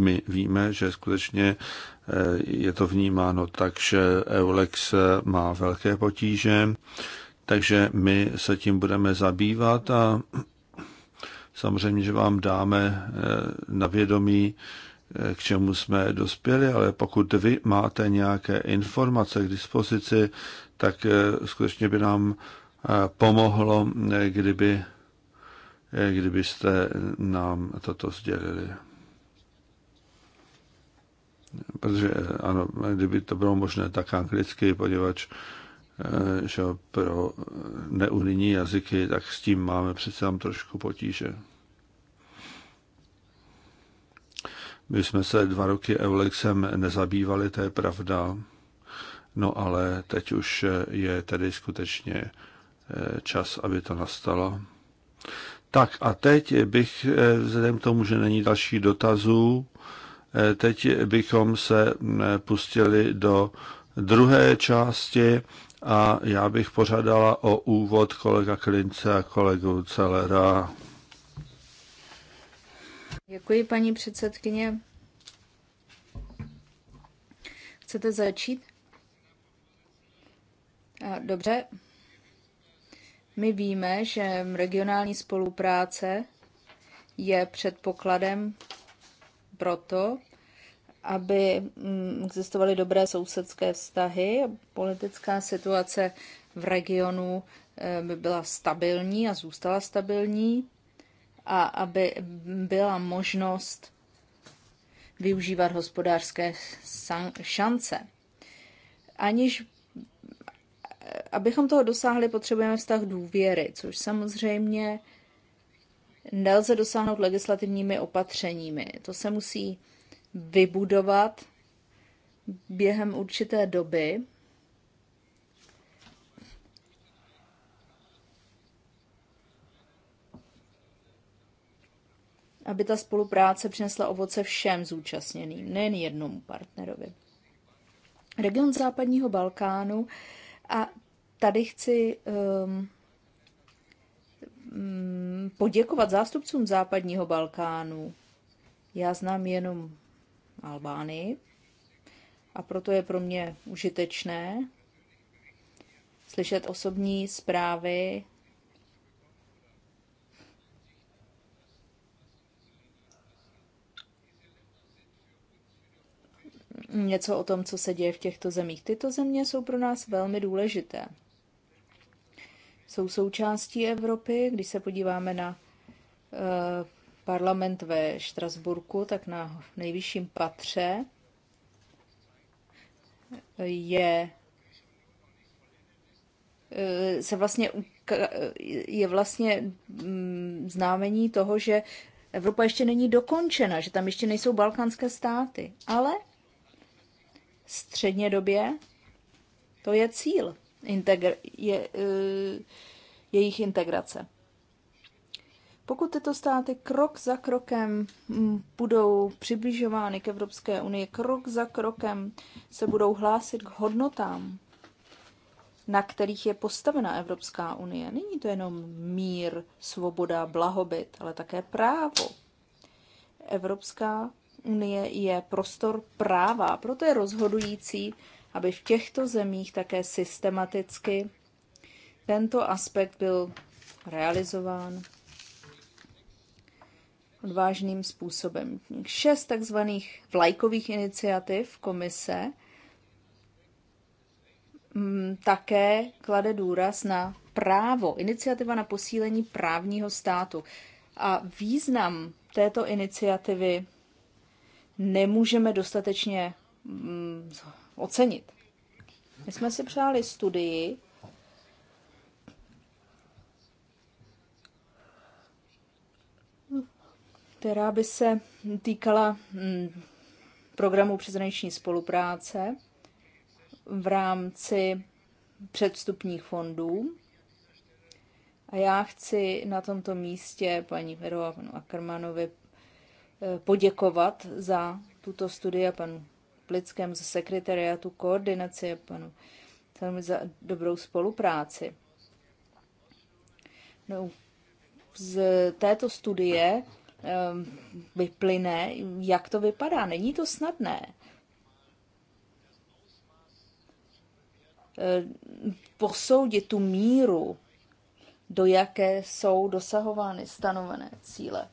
My víme, že skutečně eh, je to vnímáno tak, že Eulex má velké potíže takže my se tím budeme zabývat a samozřejmě, že vám dáme eh, na vědomí, eh, k čemu jsme dospěli, ale pokud vy máte nějaké informace k dispozici, tak eh, skutečně by nám pomohlo, kdyby, kdybyste nám toto sdělili. Protože ano, kdyby to bylo možné tak anglicky, poněvadž Eh, že pro neunijní jazyky, tak s tím máme přece tam trošku potíže. My jsme se dva roky Eulexem nezabývali, to je pravda, no ale teď už je tedy skutečně eh, čas, aby to nastalo. Tak a teď bych, eh, vzhledem k tomu, že není další dotazů, teď bychom se mm, pustili do druhé části a já bych požádala o úvod kolega Klince a kolegu Celera. Děkuji, paní předsedkyně. Chcete začít? Dobře. My víme, že regionální spolupráce je předpokladem pro to, aby mm, existovaly dobré sousedské vztahy, politická situace v regionu eh, by byla stabilní a zůstala stabilní a aby byla možnost využívat hospodářské šance. Aniž eh, abychom toho dosáhli, potřebujeme vztah důvěry, což samozřejmě nelze dosáhnout legislativními opatřeními. To se musí vybudovat během určité doby. aby ta spolupráce přinesla ovoce všem zúčastněným, nejen jednomu partnerovi. Region západního Balkánu a tady chci um, um poděkovat zástupcům západního Balkánu. Já znám jenom Albánii. A proto je pro mě užitečné slyšet osobní zprávy něco o tom, co se děje v těchto zemích. Tyto země jsou pro nás velmi důležité. Jsou součástí Evropy, když se podíváme na eh, parlament ve Štrasburku, tak na nejvyšším patře je eh, se vlastně je vlastně mm, známení toho, že Evropa ještě není dokončena, že tam ještě nejsou balkánské státy, ale středně době to je cíl integr- je, eh, jejich integrace. Pokud tyto státy krok za krokem mm, budou přibližovány k Evropské unii, krok za krokem se budou hlásit k hodnotám, na kterých je postavena Evropská unie. Není to jenom mír, svoboda, blahobyt, ale také právo. Evropská unie je prostor práva, proto je rozhodující, aby v těchto zemích také systematicky tento aspekt byl realizován odvážným způsobem. Šest takzvaných vlajkových iniciativ komise mm, také klade důraz na právo, iniciativa na posílení právního státu. A význam této iniciativy nemůžeme dostatečně mm, ocenit. My jsme si přáli studii, která by se týkala mm, programu přeshraniční spolupráce v rámci předstupních fondů. A já chci na tomto místě paní Vero a panu Ackermanovi eh, poděkovat za tuto studii a panu Plickému ze sekretariátu koordinaci a panu velmi za dobrou spolupráci. No, z této studie Ehm, vyplyne, jak to vypadá. Není to snadné. Ehm, posoudit tu míru, do jaké jsou dosahovány stanovené cíle.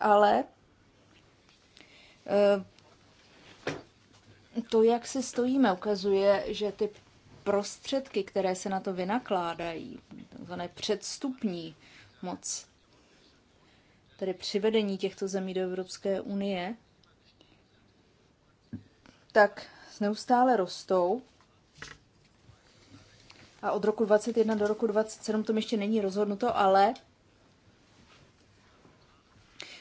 Ale ehm, to, jak si stojíme, ukazuje, že ty prostředky, které se na to vynakládají, takzvané předstupní moc, tedy přivedení těchto zemí do Evropské unie, tak neustále rostou. A od roku 21 do roku 27 to ještě není rozhodnuto, ale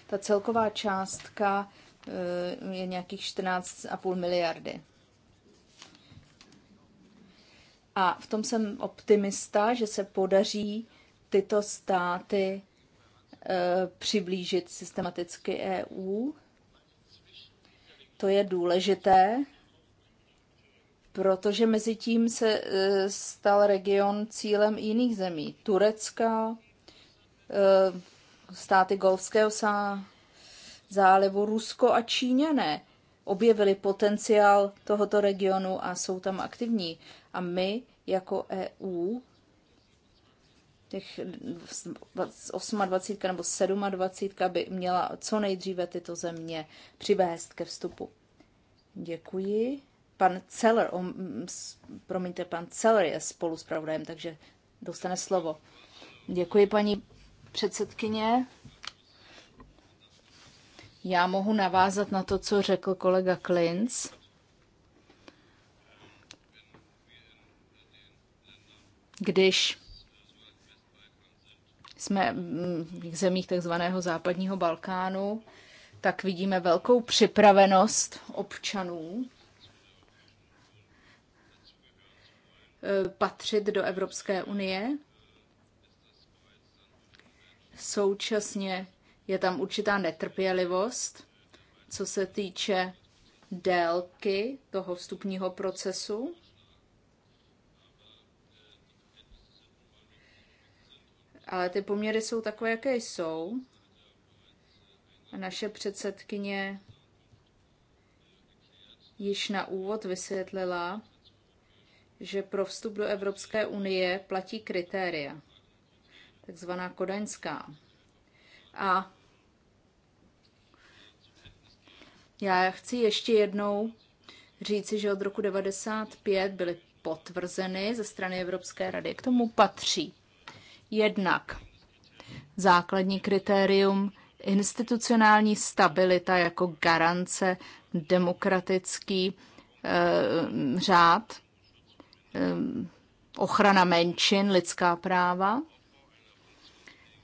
ta celková částka eh, je nějakých 14,5 miliardy. A v tom jsem optimista, že se podaří tyto státy Eh, přiblížit systematicky EU. To je důležité, protože mezi tím se eh, stal region cílem jiných zemí. Turecka, eh, státy Golfského zálivu, Rusko a Číňané objevili potenciál tohoto regionu a jsou tam aktivní. A my jako EU těch 28 nebo 27 by měla co nejdříve tyto země přivést ke vstupu. Děkuji. Pan Celer, on, promiňte, pan Celer je spolu s pravdajem, takže dostane slovo. Děkuji, paní předsedkyně. Já mohu navázat na to, co řekl kolega Klinc. Když jsme v zemích takzvaného západního Balkánu, tak vidíme velkou připravenost občanů eh, patřit do Evropské unie. Současně je tam určitá netrpělivost, co se týče délky toho vstupního procesu. Ale ty poměry jsou takové, jaké jsou. A naše předsedkyně již na úvod vysvětlila, že pro vstup do Evropské unie platí kritéria, takzvaná kodaňská. A já chci ještě jednou říci, že od roku 1995 byly potvrzeny ze strany Evropské rady. K tomu patří Jednak základní kritérium institucionální stabilita jako garance demokratický e, řád, e, ochrana menšin, lidská práva,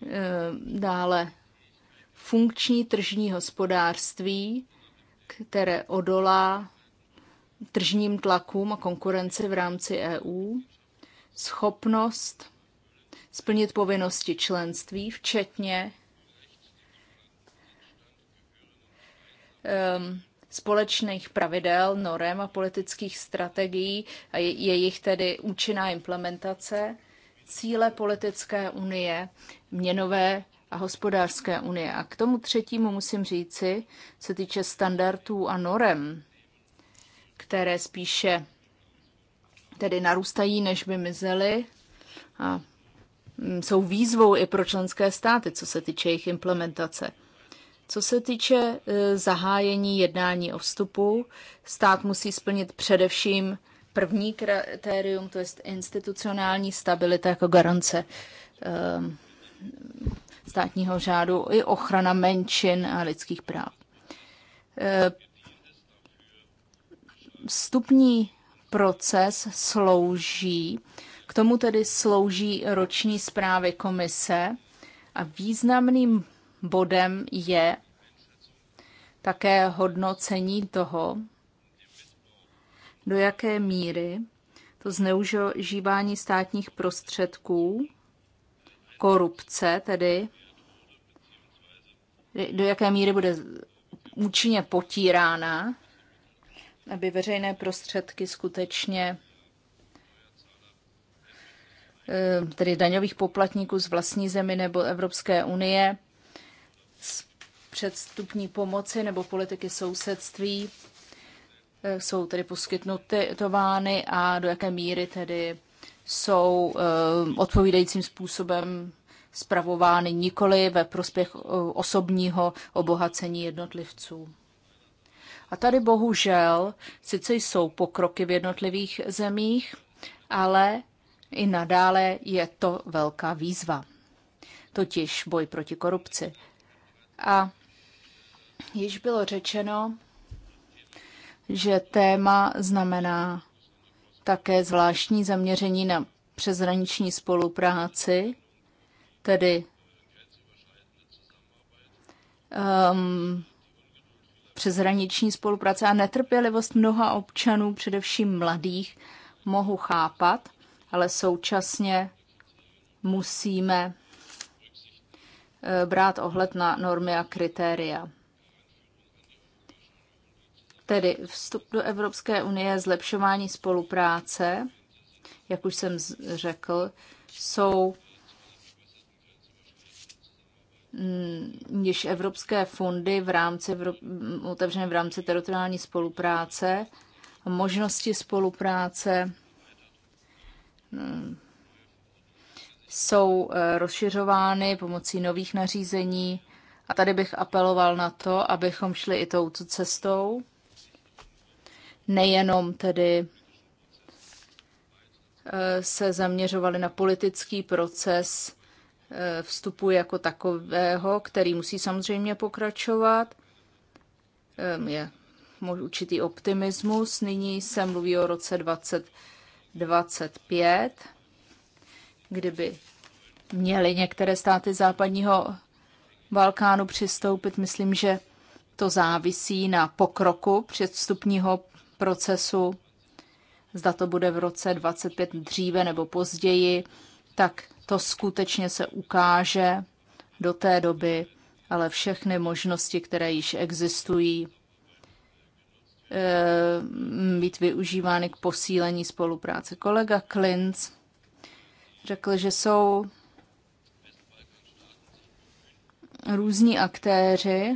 e, dále funkční tržní hospodářství, které odolá tržním tlakům a konkurenci v rámci EU, schopnost splnit povinnosti členství, včetně um, společných pravidel, norem a politických strategií a jejich tedy účinná implementace, cíle politické unie, měnové a hospodářské unie. A k tomu třetímu musím říci, se týče standardů a norem, které spíše tedy narůstají, než by mizely. A Mm, jsou výzvou i pro členské státy, co se týče jejich implementace. Co se týče e, zahájení jednání o vstupu, stát musí splnit především první kritérium, to je institucionální stabilita jako garance e, státního řádu i ochrana menšin a lidských práv. E, vstupní proces slouží tomu tedy slouží roční zprávy komise a významným bodem je také hodnocení toho, do jaké míry to zneužívání státních prostředků, korupce tedy, do jaké míry bude účinně potírána, aby veřejné prostředky skutečně Eh, tedy daňových poplatníků z vlastní zemi nebo Evropské unie, z předstupní pomoci nebo politiky sousedství eh, jsou tedy poskytnutovány a do jaké míry tedy jsou eh, odpovídajícím způsobem spravovány nikoli ve prospěch osobního obohacení jednotlivců. A tady bohužel sice jsou pokroky v jednotlivých zemích, ale i nadále je to velká výzva, totiž boj proti korupci. A již bylo řečeno, že téma znamená také zvláštní zaměření na přeshraniční spolupráci, tedy um, přeshraniční spolupráce a netrpělivost mnoha občanů, především mladých, mohu chápat, ale současně musíme eh, brát ohled na normy a kritéria. Tedy vstup do Evropské unie, zlepšování spolupráce, jak už jsem řekl, jsou mm, již evropské fondy v rámci, mm, otevřené v rámci teritoriální spolupráce, možnosti spolupráce, Hmm. jsou eh, rozšiřovány pomocí nových nařízení. A tady bych apeloval na to, abychom šli i touto cestou, nejenom tedy eh, se zaměřovali na politický proces eh, vstupu jako takového, který musí samozřejmě pokračovat. Ehm, je určitý optimismus. Nyní se mluví o roce 20 25, kdyby měly některé státy západního Balkánu přistoupit, myslím, že to závisí na pokroku předstupního procesu. Zda to bude v roce 25 dříve nebo později, tak to skutečně se ukáže do té doby, ale všechny možnosti, které již existují, Eh, být využívány k posílení spolupráce. Kolega Klinc řekl, že jsou různí aktéři,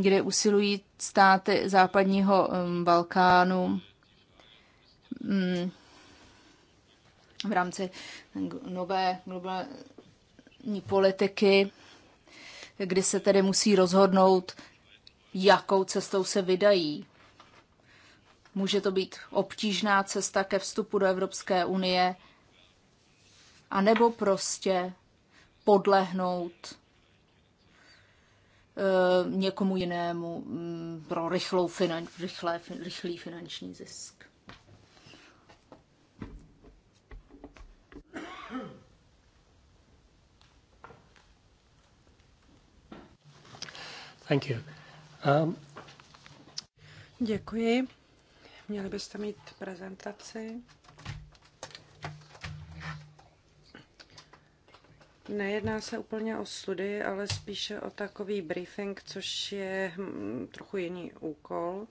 kde usilují státy západního eh, Balkánu mm, v rámci nové globální politiky, kdy se tedy musí rozhodnout, jakou cestou se vydají. Může to být obtížná cesta ke vstupu do Evropské unie, anebo prostě podlehnout eh, někomu jinému mm, pro rychlou finan, rychlé, rychlý finanční zisk. Thank you. Um, Děkuji. Měli byste mít prezentaci. Nejedná se úplně o studii, ale spíše o takový briefing, což je hm, trochu jiný úkol.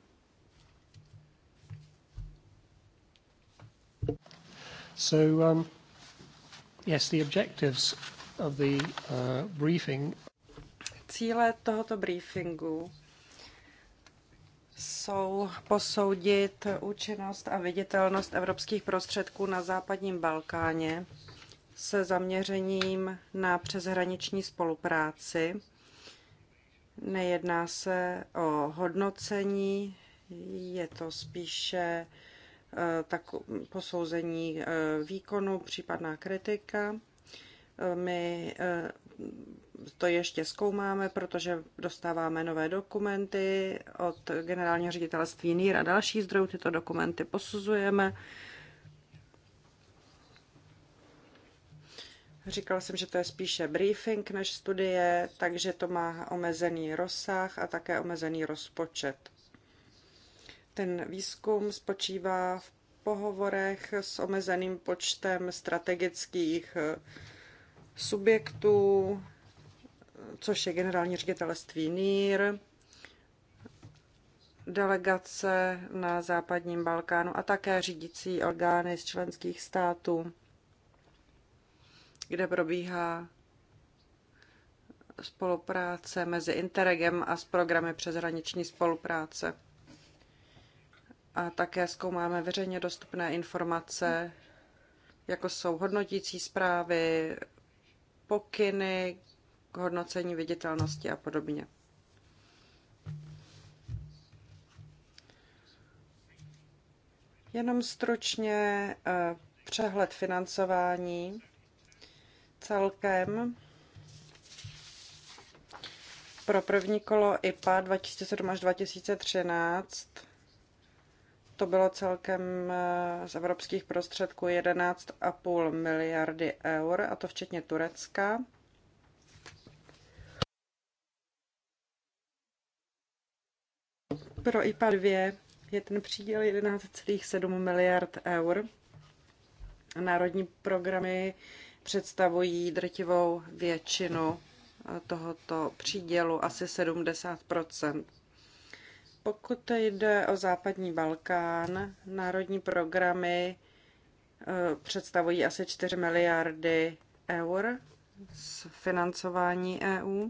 So, um, yes, the objectives of the uh, briefing. Cíle tohoto briefingu jsou posoudit účinnost a viditelnost evropských prostředků na západním Balkáně se zaměřením na přeshraniční spolupráci. Nejedná se o hodnocení, je to spíše eh, tak posouzení eh, výkonu, případná kritika. Eh, my to ještě zkoumáme, protože dostáváme nové dokumenty od generálního ředitelství NIR a další zdrojů. Tyto dokumenty posuzujeme. Říkal jsem, že to je spíše briefing než studie, takže to má omezený rozsah a také omezený rozpočet. Ten výzkum spočívá v pohovorech s omezeným počtem strategických subjektů, což je generální ředitelství NIR, delegace na západním Balkánu a také řídící orgány z členských států, kde probíhá spolupráce mezi Interregem a s programy přeshraniční spolupráce. A také zkoumáme veřejně dostupné informace, jako jsou hodnotící zprávy, pokyny k hodnocení viditelnosti a podobně. Jenom stručně eh, přehled financování celkem pro první kolo IPA 2007 až 2013 to bylo celkem eh, z evropských prostředků 11,5 miliardy eur, a to včetně Turecka. Pro IPA 2 je ten příděl 11,7 miliard eur. Národní programy představují drtivou většinu tohoto přídělu, asi 70 Pokud jde o západní Balkán, národní programy eh, představují asi 4 miliardy eur z financování EU.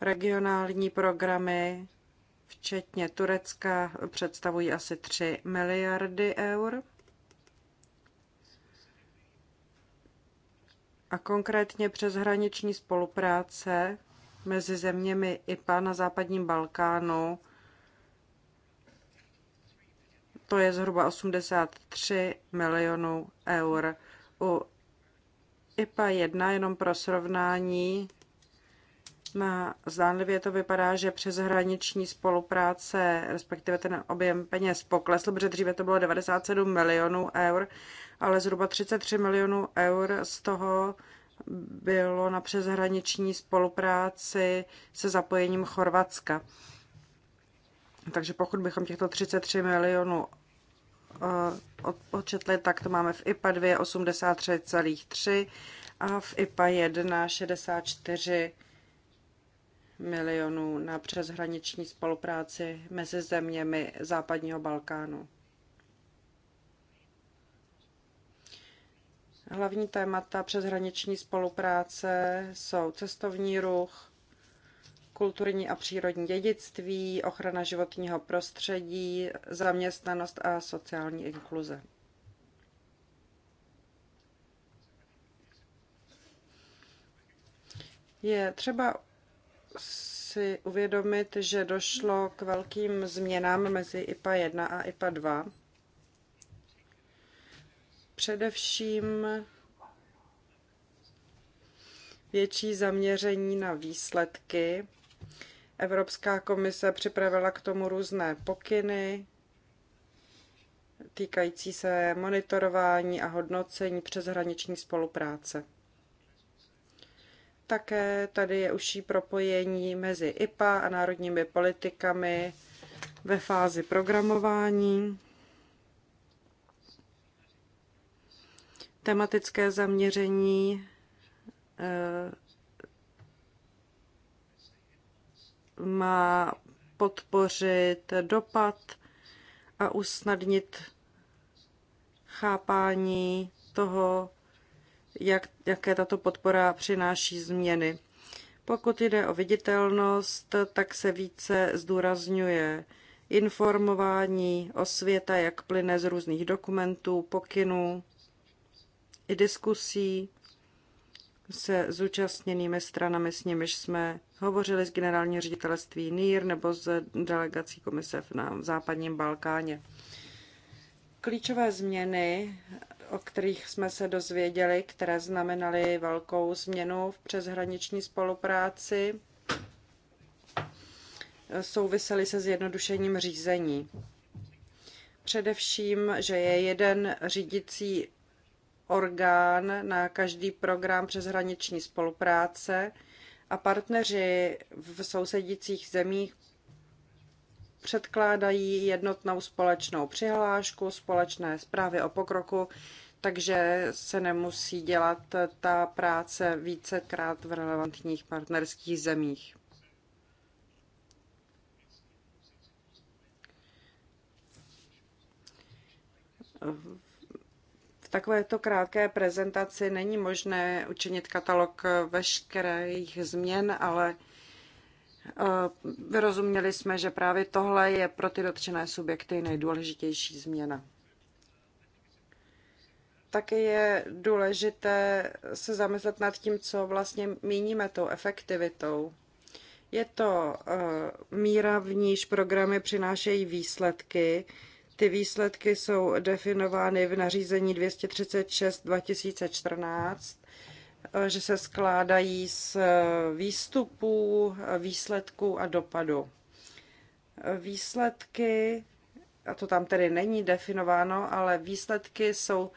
Regionální programy včetně Turecka, představují asi 3 miliardy eur. A konkrétně přeshraniční spolupráce mezi zeměmi IPA na západním Balkánu, to je zhruba 83 milionů eur. U IPA 1 jenom pro srovnání jsme, zdánlivě to vypadá, že přes hraniční spolupráce, respektive ten objem peněz poklesl, protože dříve to bylo 97 milionů eur, ale zhruba 33 milionů eur z toho bylo na přeshraniční spolupráci se zapojením Chorvatska. Takže pokud bychom těchto 33 milionů eh, odpočetli, tak to máme v IPA 2 83,3 a v IPA 1 64 milionů na přeshraniční spolupráci mezi zeměmi západního Balkánu. Hlavní témata přeshraniční spolupráce jsou cestovní ruch, kulturní a přírodní dědictví, ochrana životního prostředí, zaměstnanost a sociální inkluze. Je třeba si uvědomit, že došlo k velkým změnám mezi IPA 1 a IPA 2. Především větší zaměření na výsledky. Evropská komise připravila k tomu různé pokyny týkající se monitorování a hodnocení přeshraniční spolupráce. Také tady je užší propojení mezi IPA a národními politikami ve fázi programování. Tematické zaměření eh, má podpořit dopad a usnadnit chápání toho, jak, jaké tato podpora přináší změny. Pokud jde o viditelnost, tak se více zdůrazňuje informování, světa, jak plyne z různých dokumentů, pokynů i diskusí se zúčastněnými stranami, s nimiž jsme hovořili z generálního ředitelství NIR nebo z delegací komise na západním Balkáně. Klíčové změny o kterých jsme se dozvěděli, které znamenaly velkou změnu v přeshraniční spolupráci, souvisely se zjednodušením řízení. Především, že je jeden řídící orgán na každý program přeshraniční spolupráce a partneři v sousedících zemích předkládají jednotnou společnou přihlášku, společné zprávy o pokroku takže se nemusí dělat ta práce vícekrát v relevantních partnerských zemích. V takovéto krátké prezentaci není možné učinit katalog veškerých změn, ale eh, vyrozuměli jsme, že právě tohle je pro ty dotčené subjekty nejdůležitější změna také je důležité se zamyslet nad tím, co vlastně míníme tou efektivitou. Je to eh, míra, v níž programy přinášejí výsledky. Ty výsledky jsou definovány v nařízení 236 2014 eh, že se skládají z eh, výstupů, výsledků a dopadu. Výsledky, a to tam tedy není definováno, ale výsledky jsou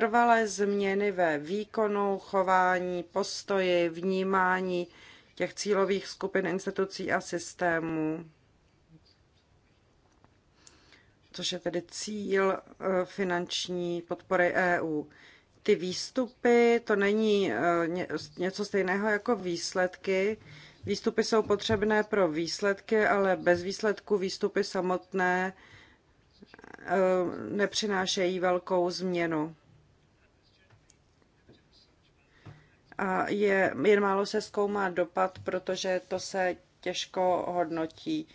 trvalé změny ve výkonu, chování, postoji, vnímání těch cílových skupin institucí a systémů, což je tedy cíl eh, finanční podpory EU. Ty výstupy, to není eh, něco stejného jako výsledky. Výstupy jsou potřebné pro výsledky, ale bez výsledku výstupy samotné eh, nepřinášejí velkou změnu. a je, jen málo se zkoumá dopad, protože to se těžko hodnotí.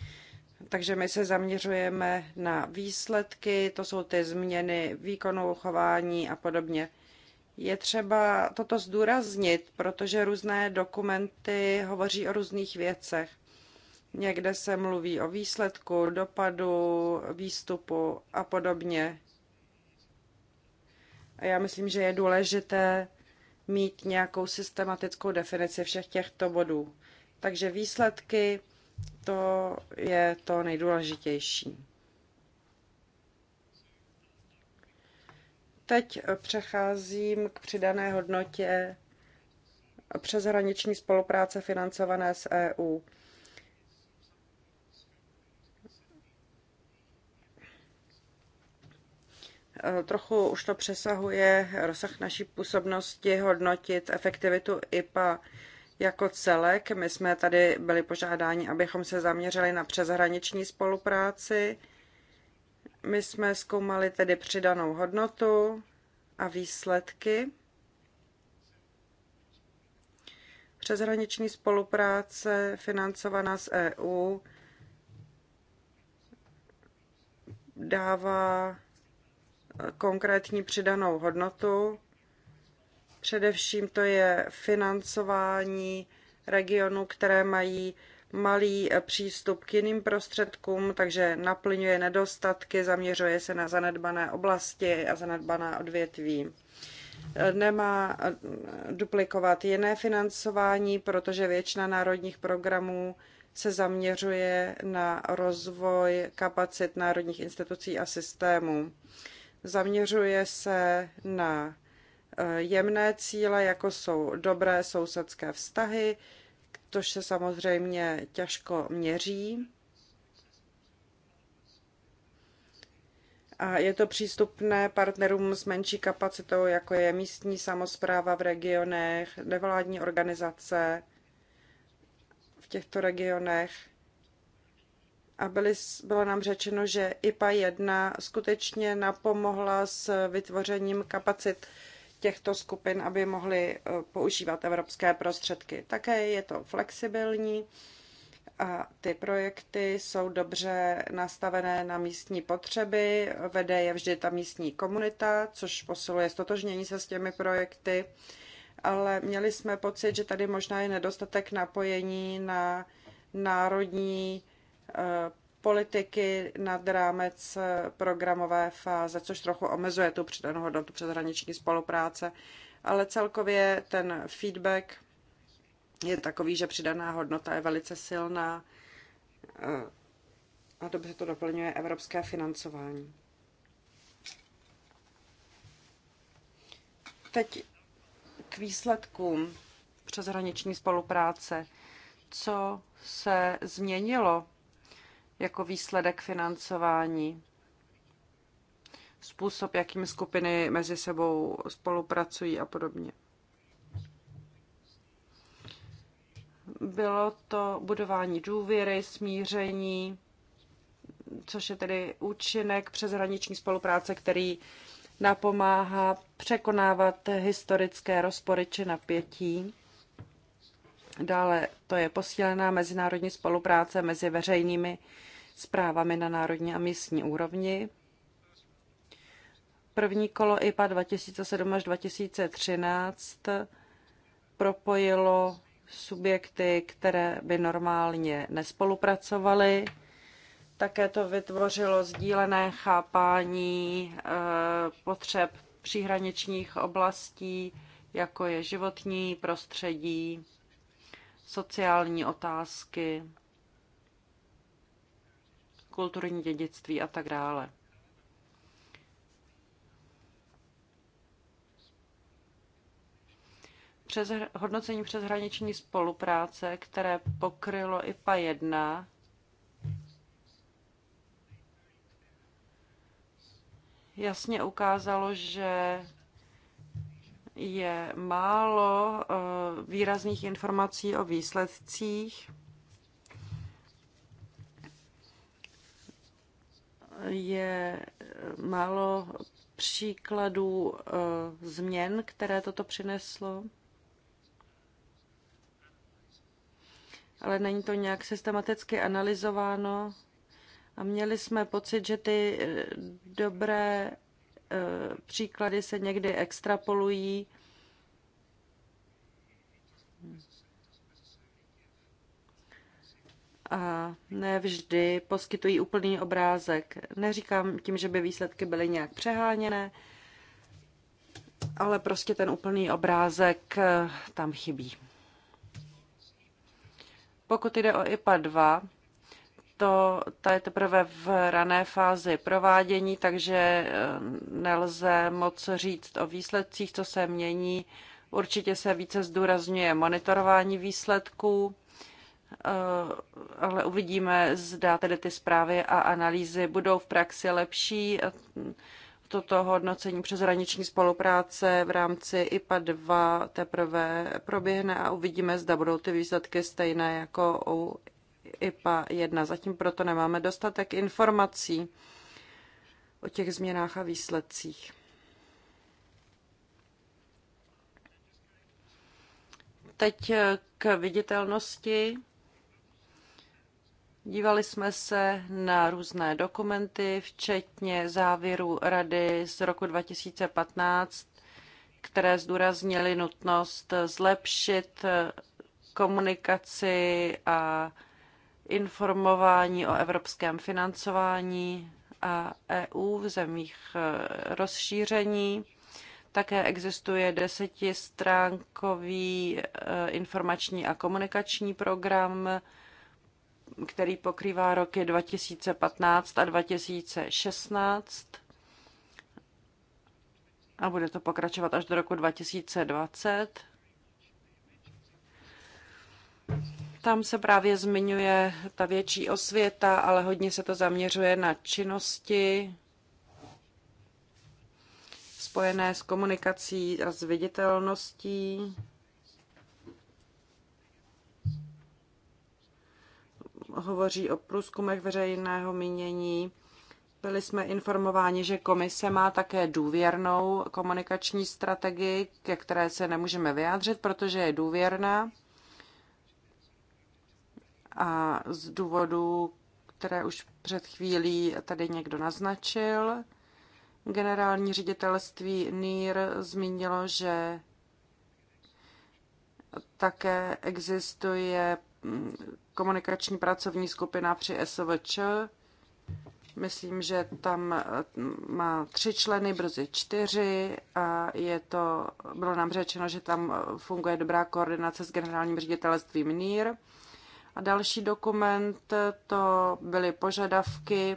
Takže my se zaměřujeme na výsledky, to jsou ty změny výkonu, chování a podobně. Je třeba toto zdůraznit, protože různé dokumenty hovoří o různých věcech. Někde se mluví o výsledku, dopadu, výstupu a podobně. A já myslím, že je důležité mít nějakou systematickou definici všech těchto bodů. Takže výsledky, to je to nejdůležitější. Teď přecházím k přidané hodnotě přeshraniční spolupráce financované z EU. Eh, trochu už to přesahuje rozsah naší působnosti hodnotit efektivitu IPA jako celek. My jsme tady byli požádáni, abychom se zaměřili na přeshraniční spolupráci. My jsme zkoumali tedy přidanou hodnotu a výsledky. Přeshraniční spolupráce financovaná z EU dává konkrétní přidanou hodnotu. Především to je financování regionů, které mají malý přístup k jiným prostředkům, takže naplňuje nedostatky, zaměřuje se na zanedbané oblasti a zanedbaná odvětví. Nemá duplikovat jiné financování, protože většina národních programů se zaměřuje na rozvoj kapacit národních institucí a systémů. Zaměřuje se na eh, jemné cíle, jako jsou dobré sousedské vztahy, což se samozřejmě těžko měří. A je to přístupné partnerům s menší kapacitou, jako je místní samozpráva v regionech, nevládní organizace v těchto regionech a byly, bylo nám řečeno, že IPA 1 skutečně napomohla s vytvořením kapacit těchto skupin, aby mohly eh, používat evropské prostředky. Také je to flexibilní a ty projekty jsou dobře nastavené na místní potřeby, vede je vždy ta místní komunita, což posiluje stotožnění se s těmi projekty, ale měli jsme pocit, že tady možná je nedostatek napojení na národní Eh, politiky nad rámec eh, programové fáze, což trochu omezuje tu přidanou hodnotu přeshraniční spolupráce. Ale celkově ten feedback je takový, že přidaná hodnota je velice silná eh, a dobře to doplňuje evropské financování. Teď k výsledkům přeshraniční spolupráce. Co se změnilo jako výsledek financování, způsob, jakým skupiny mezi sebou spolupracují a podobně. Bylo to budování důvěry, smíření, což je tedy účinek přeshraniční spolupráce, který napomáhá překonávat historické rozpory či napětí Dále to je posílená mezinárodní spolupráce mezi veřejnými zprávami na národní a místní úrovni. První kolo IPA 2007 až 2013 propojilo subjekty, které by normálně nespolupracovaly. Také to vytvořilo sdílené chápání eh, potřeb příhraničních oblastí, jako je životní prostředí, sociální otázky, kulturní dědictví a tak dále. Přes, hodnocení přeshraniční spolupráce, které pokrylo IPA 1, jasně ukázalo, že je málo eh, výrazných informací o výsledcích. Je eh, málo příkladů eh, změn, které toto přineslo. Ale není to nějak systematicky analyzováno. A měli jsme pocit, že ty dobré Eh, příklady se někdy extrapolují. A ne vždy poskytují úplný obrázek. Neříkám tím, že by výsledky byly nějak přeháněné, ale prostě ten úplný obrázek eh, tam chybí. Pokud jde o IPA 2, to, ta je teprve v rané fázi provádění, takže eh, nelze moc říct o výsledcích, co se mění. Určitě se více zdůrazňuje monitorování výsledků, eh, ale uvidíme, zda tedy ty zprávy a analýzy budou v praxi lepší. Toto hodnocení přeshraniční spolupráce v rámci IPA 2 teprve proběhne a uvidíme, zda budou ty výsledky stejné jako u IPA 1. Zatím proto nemáme dostatek informací o těch změnách a výsledcích. Teď eh, k viditelnosti. Dívali jsme se na různé dokumenty, včetně závěru Rady z roku 2015, které zdůraznily nutnost zlepšit eh, komunikaci a informování o evropském financování a EU v zemích eh, rozšíření. Také existuje desetistránkový eh, informační a komunikační program, který pokrývá roky 2015 a 2016 a bude to pokračovat až do roku 2020. Tam se právě zmiňuje ta větší osvěta, ale hodně se to zaměřuje na činnosti spojené s komunikací a s viditelností. Hovoří o průzkumech veřejného mínění. Byli jsme informováni, že komise má také důvěrnou komunikační strategii, ke které se nemůžeme vyjádřit, protože je důvěrná a z důvodu, které už před chvílí tady někdo naznačil, generální ředitelství NIR zmínilo, že také existuje mm, komunikační pracovní skupina při SVČ. Myslím, že tam mm, má tři členy, brzy čtyři a je to, bylo nám řečeno, že tam funguje dobrá koordinace s generálním ředitelstvím NIR. A další dokument to byly požadavky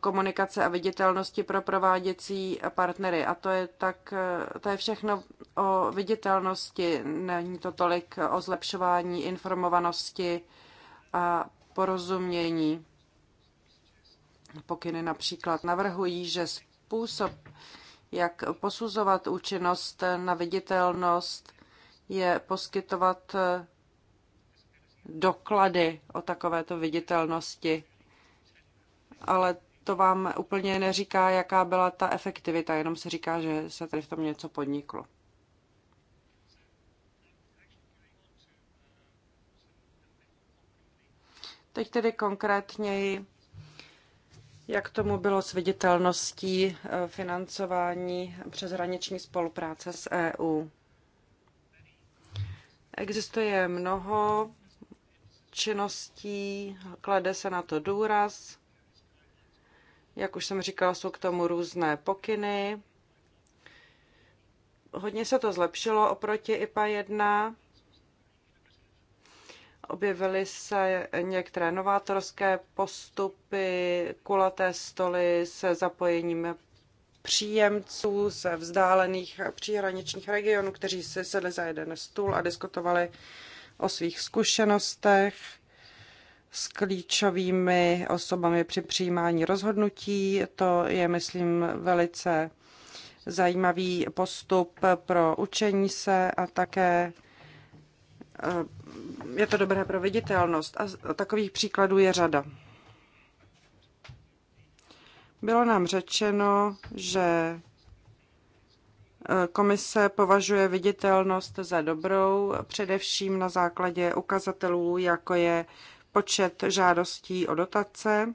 komunikace a viditelnosti pro prováděcí partnery. A to je tak, to je všechno o viditelnosti, není to tolik o zlepšování informovanosti a porozumění. Pokyny například navrhují, že způsob, jak posuzovat účinnost na viditelnost, je poskytovat doklady o takovéto viditelnosti. Ale to vám úplně neříká, jaká byla ta efektivita, jenom se říká, že se tady v tom něco podniklo. Teď tedy konkrétněji, jak tomu bylo s viditelností eh, financování hraniční spolupráce s EU. Existuje mnoho činností, klade se na to důraz. Jak už jsem říkala, jsou k tomu různé pokyny. Hodně se to zlepšilo oproti IPA 1. Objevily se některé novátorské postupy, kulaté stoly se zapojením příjemců ze vzdálených příhraničních regionů, kteří si sedli za jeden stůl a diskutovali o svých zkušenostech s klíčovými osobami při přijímání rozhodnutí. To je, myslím, velice zajímavý postup pro učení se a také eh, je to dobré pro viditelnost. A takových příkladů je řada. Bylo nám řečeno, že Komise považuje viditelnost za dobrou, především na základě ukazatelů, jako je počet žádostí o dotace,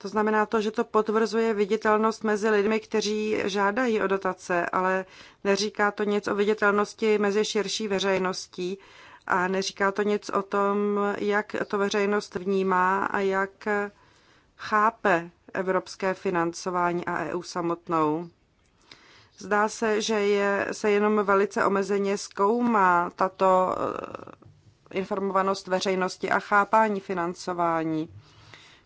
To znamená to, že to potvrzuje viditelnost mezi lidmi, kteří žádají o dotace, ale neříká to nic o viditelnosti mezi širší veřejností a neříká to nic o tom, jak to veřejnost vnímá a jak chápe evropské financování a EU samotnou. Zdá se, že je, se jenom velice omezeně zkoumá tato eh, informovanost veřejnosti a chápání financování.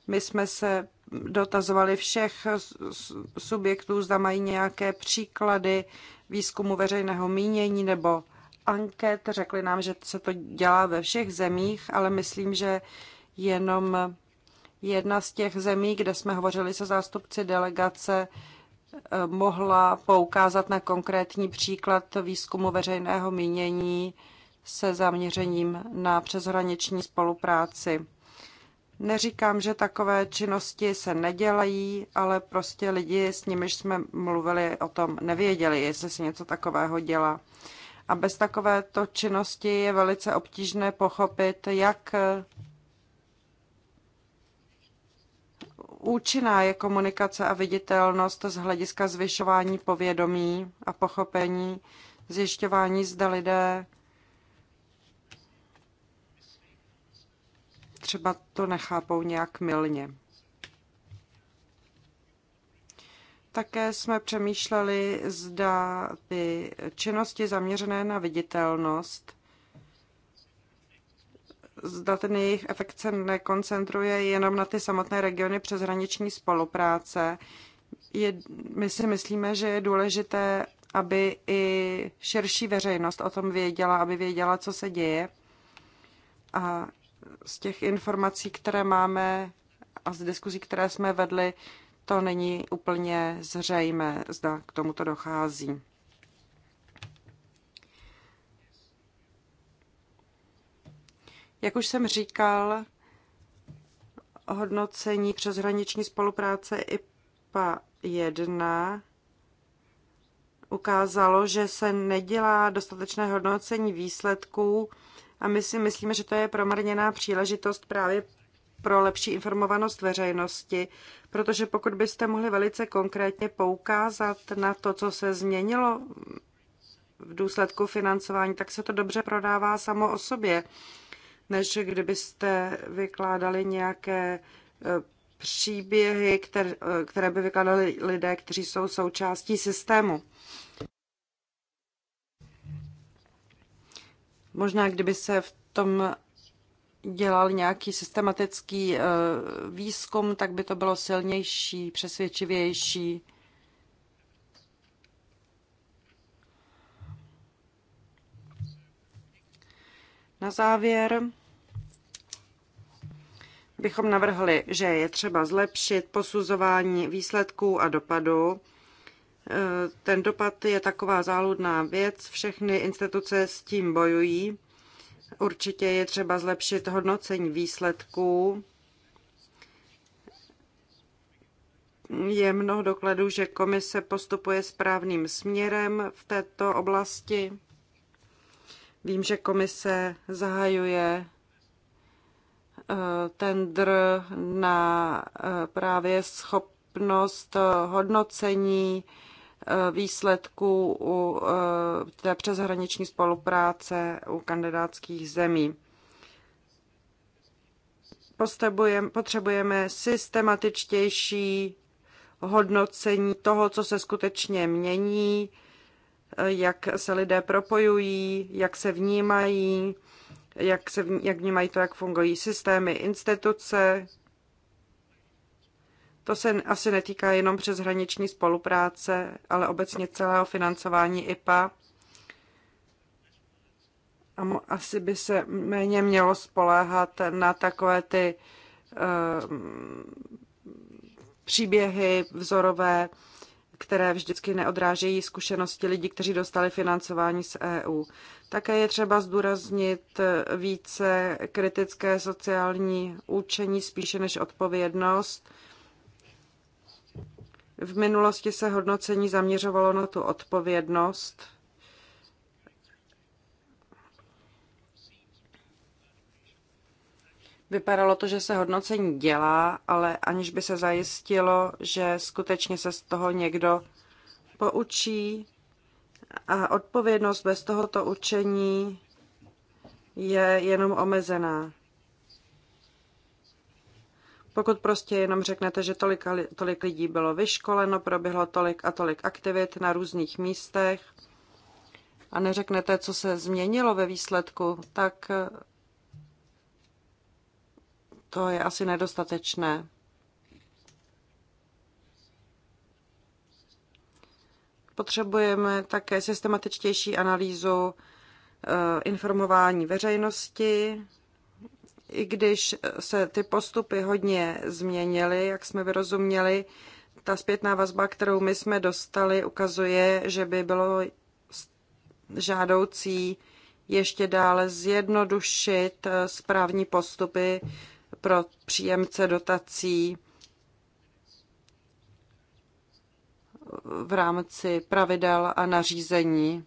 My jsme se dotazovali všech subjektů, zda mají nějaké příklady výzkumu veřejného mínění nebo anket. Řekli nám, že se to dělá ve všech zemích, ale myslím, že jenom Jedna z těch zemí, kde jsme hovořili se zástupci delegace, eh, mohla poukázat na konkrétní příklad výzkumu veřejného mínění se zaměřením na přeshraniční spolupráci. Neříkám, že takové činnosti se nedělají, ale prostě lidi, s nimiž jsme mluvili o tom, nevěděli, jestli se něco takového dělá. A bez takovéto činnosti je velice obtížné pochopit, jak Účinná je komunikace a viditelnost z hlediska zvyšování povědomí a pochopení, zjišťování, zda lidé třeba to nechápou nějak milně. Také jsme přemýšleli, zda ty činnosti zaměřené na viditelnost zda ten jejich efekt se nekoncentruje jenom na ty samotné regiony přeshraniční spolupráce. Je, my si myslíme, že je důležité, aby i širší veřejnost o tom věděla, aby věděla, co se děje. A z těch informací, které máme a z diskuzí, které jsme vedli, to není úplně zřejmé, zda k tomuto dochází. Jak už jsem říkal, hodnocení přeshraniční spolupráce IPA 1 ukázalo, že se nedělá dostatečné hodnocení výsledků a my si myslíme, že to je promarněná příležitost právě pro lepší informovanost veřejnosti, protože pokud byste mohli velice konkrétně poukázat na to, co se změnilo v důsledku financování, tak se to dobře prodává samo o sobě než kdybyste vykládali nějaké e, příběhy, e, které, by vykládali lidé, kteří jsou součástí systému. Možná kdyby se v tom dělal nějaký systematický e, výzkum, tak by to bylo silnější, přesvědčivější. Na závěr bychom navrhli, že je třeba zlepšit posuzování výsledků a dopadu. Eh, ten dopad je taková záludná věc, všechny instituce s tím bojují. Určitě je třeba zlepšit hodnocení výsledků. Je mnoho dokladů, že komise postupuje správným směrem v této oblasti. Vím, že komise zahajuje eh, tender na eh, právě schopnost eh, hodnocení výsledků u té přeshraniční spolupráce u kandidátských zemí. Potřebujeme systematičtější hodnocení toho, co se skutečně mění, jak se lidé propojují, jak se vnímají, jak, se, jak vnímají to, jak fungují systémy, instituce. To se asi netýká jenom hraniční spolupráce, ale obecně celého financování IPA. A asi by se méně mělo spoléhat na takové ty uh, příběhy vzorové, které vždycky neodrážejí zkušenosti lidí, kteří dostali financování z EU. Také je třeba zdůraznit více kritické sociální účení spíše než odpovědnost. V minulosti se hodnocení zaměřovalo na tu odpovědnost, Vypadalo to, že se hodnocení dělá, ale aniž by se zajistilo, že skutečně se z toho někdo poučí. A odpovědnost bez tohoto učení je jenom omezená. Pokud prostě jenom řeknete, že tolik, tolik lidí bylo vyškoleno, proběhlo tolik a tolik aktivit na různých místech a neřeknete, co se změnilo ve výsledku, tak to je asi nedostatečné. Potřebujeme také systematičtější analýzu eh, informování veřejnosti, i když se ty postupy hodně změnily, jak jsme vyrozuměli, ta zpětná vazba, kterou my jsme dostali, ukazuje, že by bylo žádoucí ještě dále zjednodušit eh, správní postupy pro příjemce dotací v rámci pravidel a nařízení.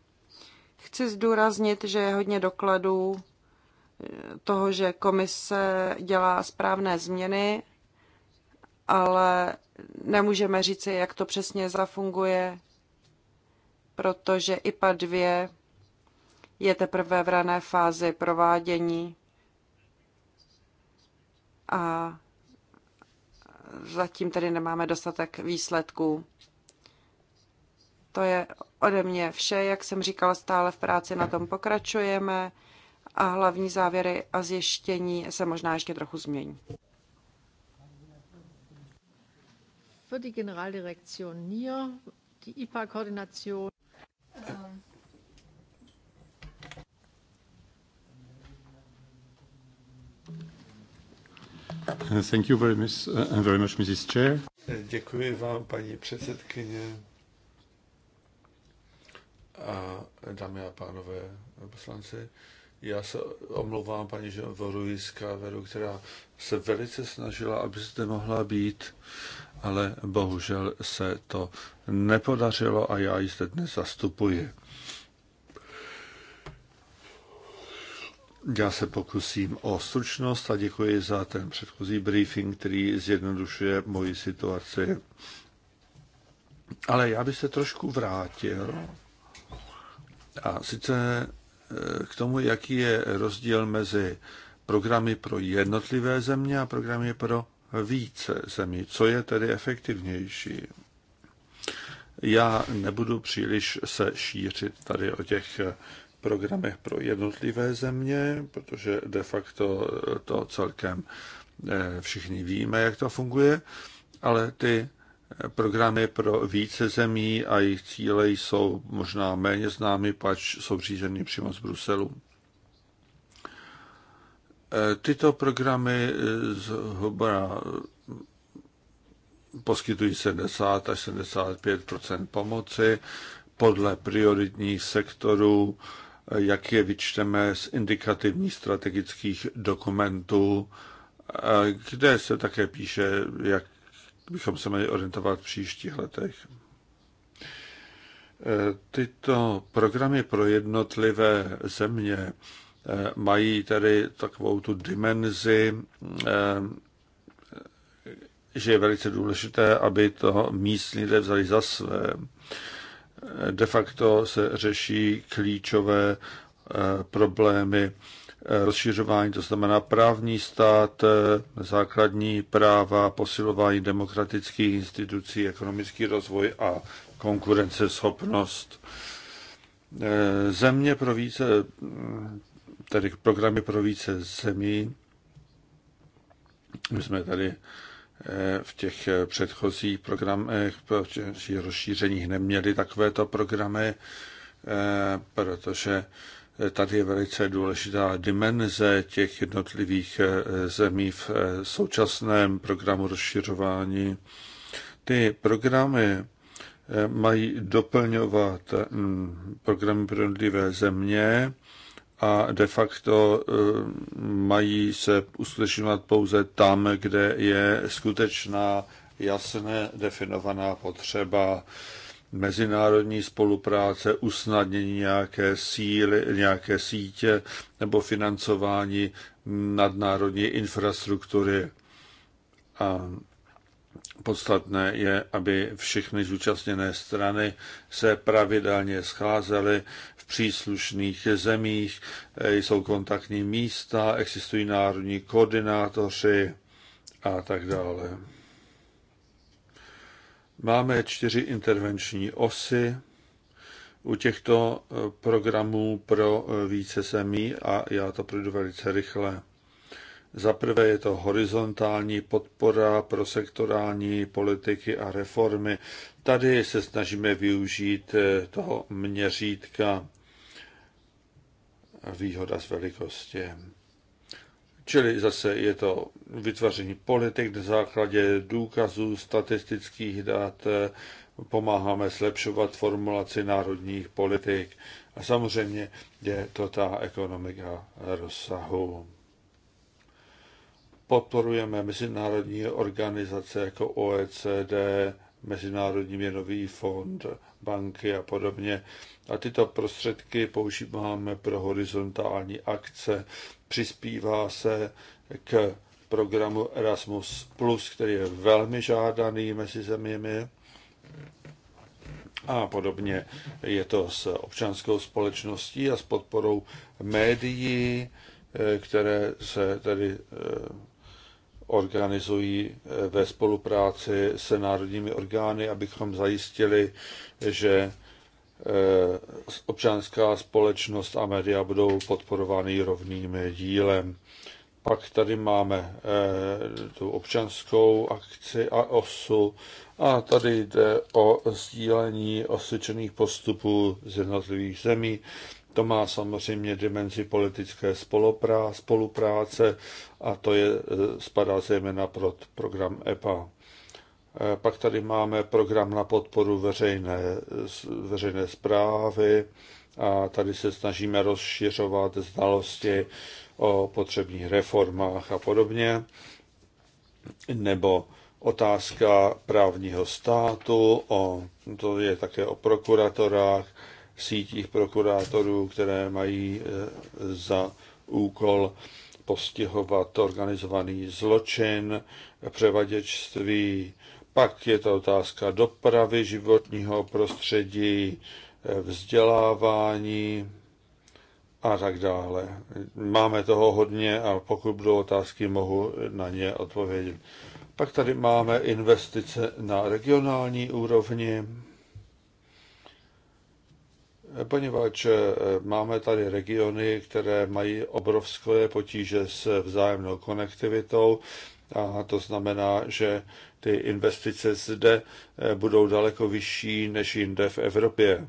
Chci zdůraznit, že je hodně dokladů toho, že komise dělá správné změny, ale nemůžeme říci, jak to přesně zafunguje, protože IPA 2 je teprve v rané fázi provádění a zatím tady nemáme dostatek výsledků. To je ode mě vše. Jak jsem říkala, stále v práci na tom pokračujeme a hlavní závěry a zjištění se možná ještě trochu změní. Für die Generaldirektion NIR, die IPA-Koordination. Um, Thank you very much, very much, Mrs. Chair. Děkuji vám, paní předsedkyně. A dámy a pánové poslanci, já se omlouvám paní Voruji z Káveru, která se velice snažila, aby zde mohla být, ale bohužel se to nepodařilo a já ji zde dnes zastupuji. Já se pokusím o stručnost a děkuji za ten předchozí briefing, který zjednodušuje moji situaci. Ale já bych se trošku vrátil. A sice e, k tomu, jaký je rozdíl mezi programy pro jednotlivé země a programy pro více zemí. Co je tedy efektivnější? Já nebudu příliš se šířit tady o těch programech pro jednotlivé země, protože de facto eh, to celkem eh, všichni víme, jak to funguje, ale ty eh, programy pro více zemí a jejich cíle jsou možná méně známy, pač jsou řízeny přímo z Bruselu. Tyto programy zhruba poskytují 70 až 75 pomoci podle prioritních sektorů jak je vyčteme z indikativních strategických dokumentů, kde se také píše, jak bychom se měli orientovat v příštích letech. E, tyto programy pro jednotlivé země e, mají tedy takovou tu dimenzi, e, že je velice důležité, aby to místní lidé vzali za své de facto se řeší klíčové eh, problémy eh, rozšiřování, to znamená právní stát, eh, základní práva, posilování demokratických institucí, ekonomický rozvoj a konkurenceschopnost. Země pro více, tedy programy pro více zemí, my jsme tady Eh, v těch eh, předchozích programech, protože rozšířeních neměli takovéto programy, eh, protože tady je velice důležitá dimenze těch jednotlivých zemí v současném programu rozšiřování. Ty programy mají doplňovat mm, programy pro jednotlivé země a de facto eh, mají se uskutečňovat pouze tam, kde je skutečná jasně definovaná potřeba mezinárodní spolupráce, usnadnění nějaké síly, nějaké sítě nebo financování nadnárodní infrastruktury. A Podstatné je, aby všechny zúčastněné strany se pravidelně scházely v příslušných zemích, jsou kontaktní místa, existují národní koordinátoři a tak dále. Máme čtyři intervenční osy u těchto programů pro více zemí a já to projdu velice rychle. Za prvé je to horizontální podpora pro sektorální politiky a reformy. Tady se snažíme využít eh, toho měřítka výhoda z velikosti. Čili zase je to vytvoření politik na základě důkazů, statistických dat, eh, pomáháme zlepšovat formulaci národních politik a samozřejmě je to ta ekonomika rozsahu. Podporujeme mezinárodní organizace jako OECD, Mezinárodní měnový fond, banky a podobně. A tyto prostředky používáme pro horizontální akce. Přispívá se k programu Erasmus+, který je velmi žádaný mezi zeměmi a podobně. Je to s občanskou společností a s podporou médií, eh, které se tedy eh, organizují eh, ve spolupráci s národními orgány, abychom zajistili, že eh, občanská společnost a média budou podporovány rovným dílem. Pak tady máme eh, tu občanskou akci a osu a tady jde o sdílení osvědčených postupů z jednotlivých zemí. To má samozřejmě dimenzi politické spolupráce a to je, e, spadá zejména pro program EPA. E, pak tady máme program na podporu veřejné, veřejné zprávy a tady se snažíme rozšiřovat znalosti o potřebných reformách a podobně. Nebo otázka právního státu, o, to je také o prokuratorách, sítích prokurátorů, které mají e, za úkol postihovat organizovaný zločin, převaděčství, pak je to otázka dopravy, životního prostředí, e, vzdělávání a tak dále. Máme toho hodně a pokud budou otázky, mohu na ně odpovědět. Pak tady máme investice na regionální úrovni poněvadž eh, máme tady regiony, které mají obrovské potíže s vzájemnou konektivitou a to znamená, že ty investice zde eh, budou daleko vyšší než jinde v Evropě.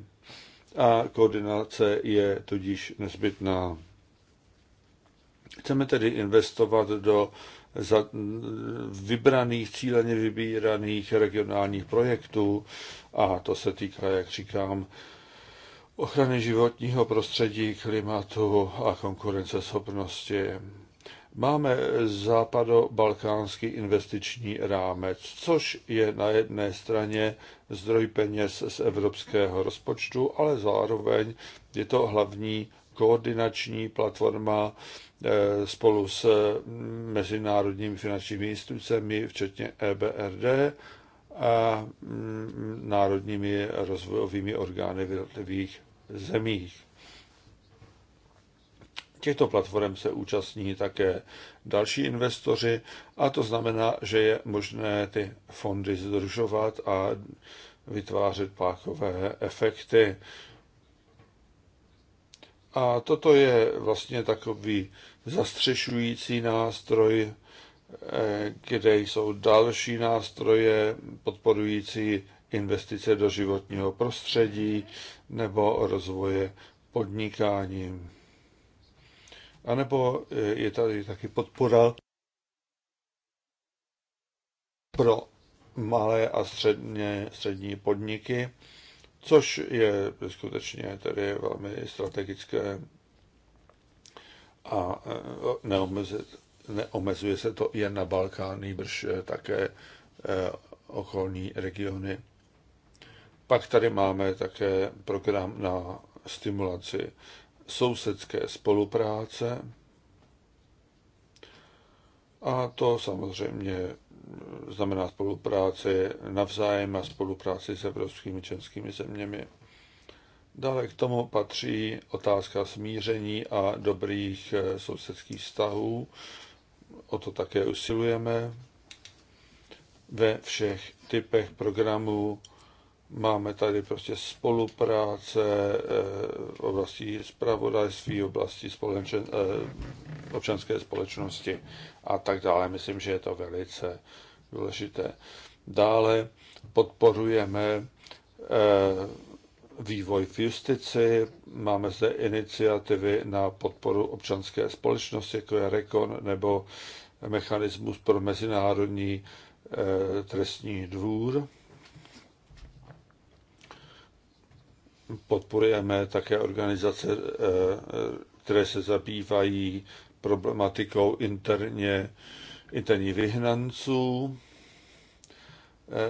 A koordinace je tudíž nezbytná. Chceme tedy investovat do za vybraných, cíleně vybíraných regionálních projektů a to se týká, jak říkám, ochrany životního prostředí, klimatu a konkurenceschopnosti. Máme západo-balkánský investiční rámec, což je na jedné straně zdroj peněz z evropského rozpočtu, ale zároveň je to hlavní koordinační platforma eh, spolu s mm, mezinárodními finančními institucemi, včetně EBRD a mm, národními rozvojovými orgány v jednotlivých zemích. Těchto platform se účastní také další investoři a to znamená, že je možné ty fondy zdržovat a vytvářet pákové efekty. A toto je vlastně takový zastřešující nástroj, eh, kde jsou další nástroje podporující investice do životního prostředí, nebo rozvoje podnikání. A nebo e, je tady taky podpora pro malé a středně, střední podniky, což je skutečně tedy velmi strategické a e, neomezit, neomezuje se to jen na Balkán, nejbrž také e, okolní regiony. Pak tady máme také program na stimulaci sousedské spolupráce. A to samozřejmě znamená spolupráci navzájem a spolupráci s evropskými českými zeměmi. Dále k tomu patří otázka smíření a dobrých eh, sousedských vztahů. O to také usilujeme ve všech typech programů Máme tady prostě spolupráce eh, v oblasti zpravodajství, v oblasti společen, eh, občanské společnosti a tak dále. Myslím, že je to velice důležité. Dále podporujeme eh, vývoj v justici, máme zde iniciativy na podporu občanské společnosti, jako je REKON nebo mechanismus pro mezinárodní trestní dvůr. podporujeme také organizace, eh, které se zabývají problematikou interně, interní vyhnanců.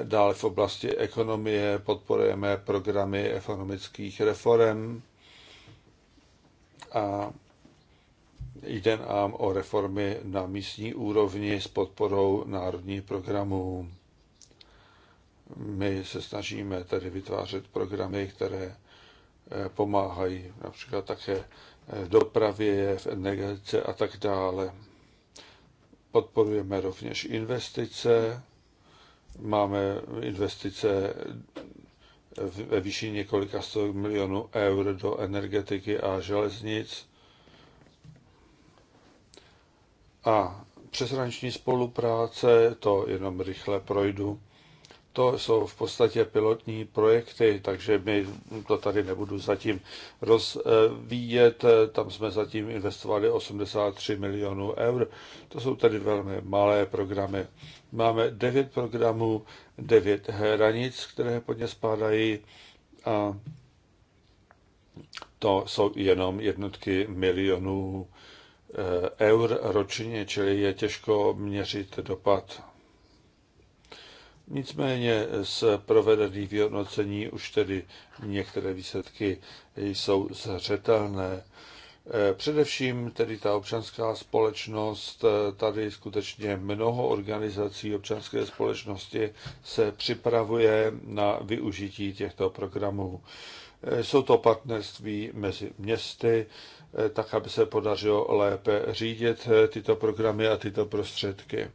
Eh, dále v oblasti ekonomie podporujeme programy ekonomických reform a jde nám o reformy na místní úrovni s podporou národních programů. My se snažíme tedy vytvářet programy, které Eh, pomáhají, například také eh, v dopravě, v energetice a tak dále. Podporujeme rovněž investice, máme investice ve výši několika stovek milionů eur do energetiky a železnic. A přeshraniční spolupráce, to jenom rychle projdu, to jsou v podstatě pilotní projekty, takže my to tady nebudu zatím rozvíjet. Tam jsme zatím investovali 83 milionů eur. To jsou tady velmi malé programy. Máme 9 programů, 9 hranic, které pod ně spádají a to jsou jenom jednotky milionů eh, eur ročně, čili je těžko měřit dopad Nicméně z provedených vyhodnocení už tedy některé výsledky jsou zřetelné. Především tedy ta občanská společnost, tady skutečně mnoho organizací občanské společnosti se připravuje na využití těchto programů. Jsou to partnerství mezi městy, tak aby se podařilo lépe řídit tyto programy a tyto prostředky.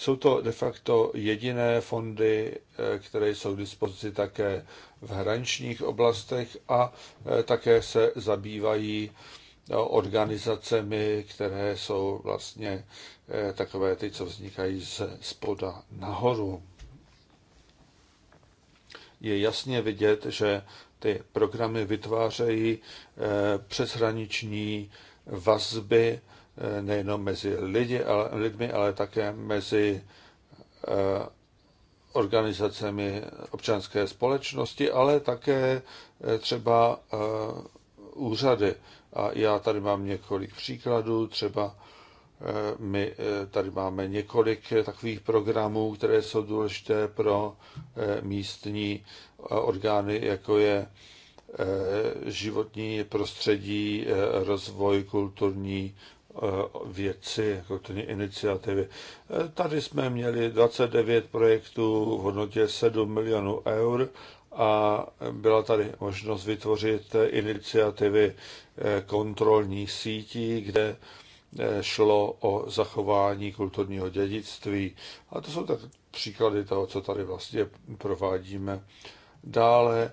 Jsou to de facto jediné fondy, eh, které jsou k dispozici také v hraničních oblastech a eh, také se zabývají eh, organizacemi, které jsou vlastně takové ty, co vznikají z spoda nahoru. Je jasně vidět, že ty programy vytvářejí přeshraniční vazby Eh, nejenom mezi lidi, ale, lidmi, ale také mezi eh, organizacemi občanské společnosti, ale také eh, třeba úřady. A já tady mám několik příkladů, třeba my tady máme několik takových programů, které jsou důležité pro místní orgány, jako je životní prostředí, rozvoj kulturní Eh, věci, jako kulturní iniciativy. Eh, tady jsme měli 29 projektů v hodnotě 7 milionů eur a byla tady možnost vytvořit iniciativy eh, kontrolní sítí, kde šlo o zachování kulturního dědictví. A to jsou tak příklady toho, co tady vlastně provádíme. Dále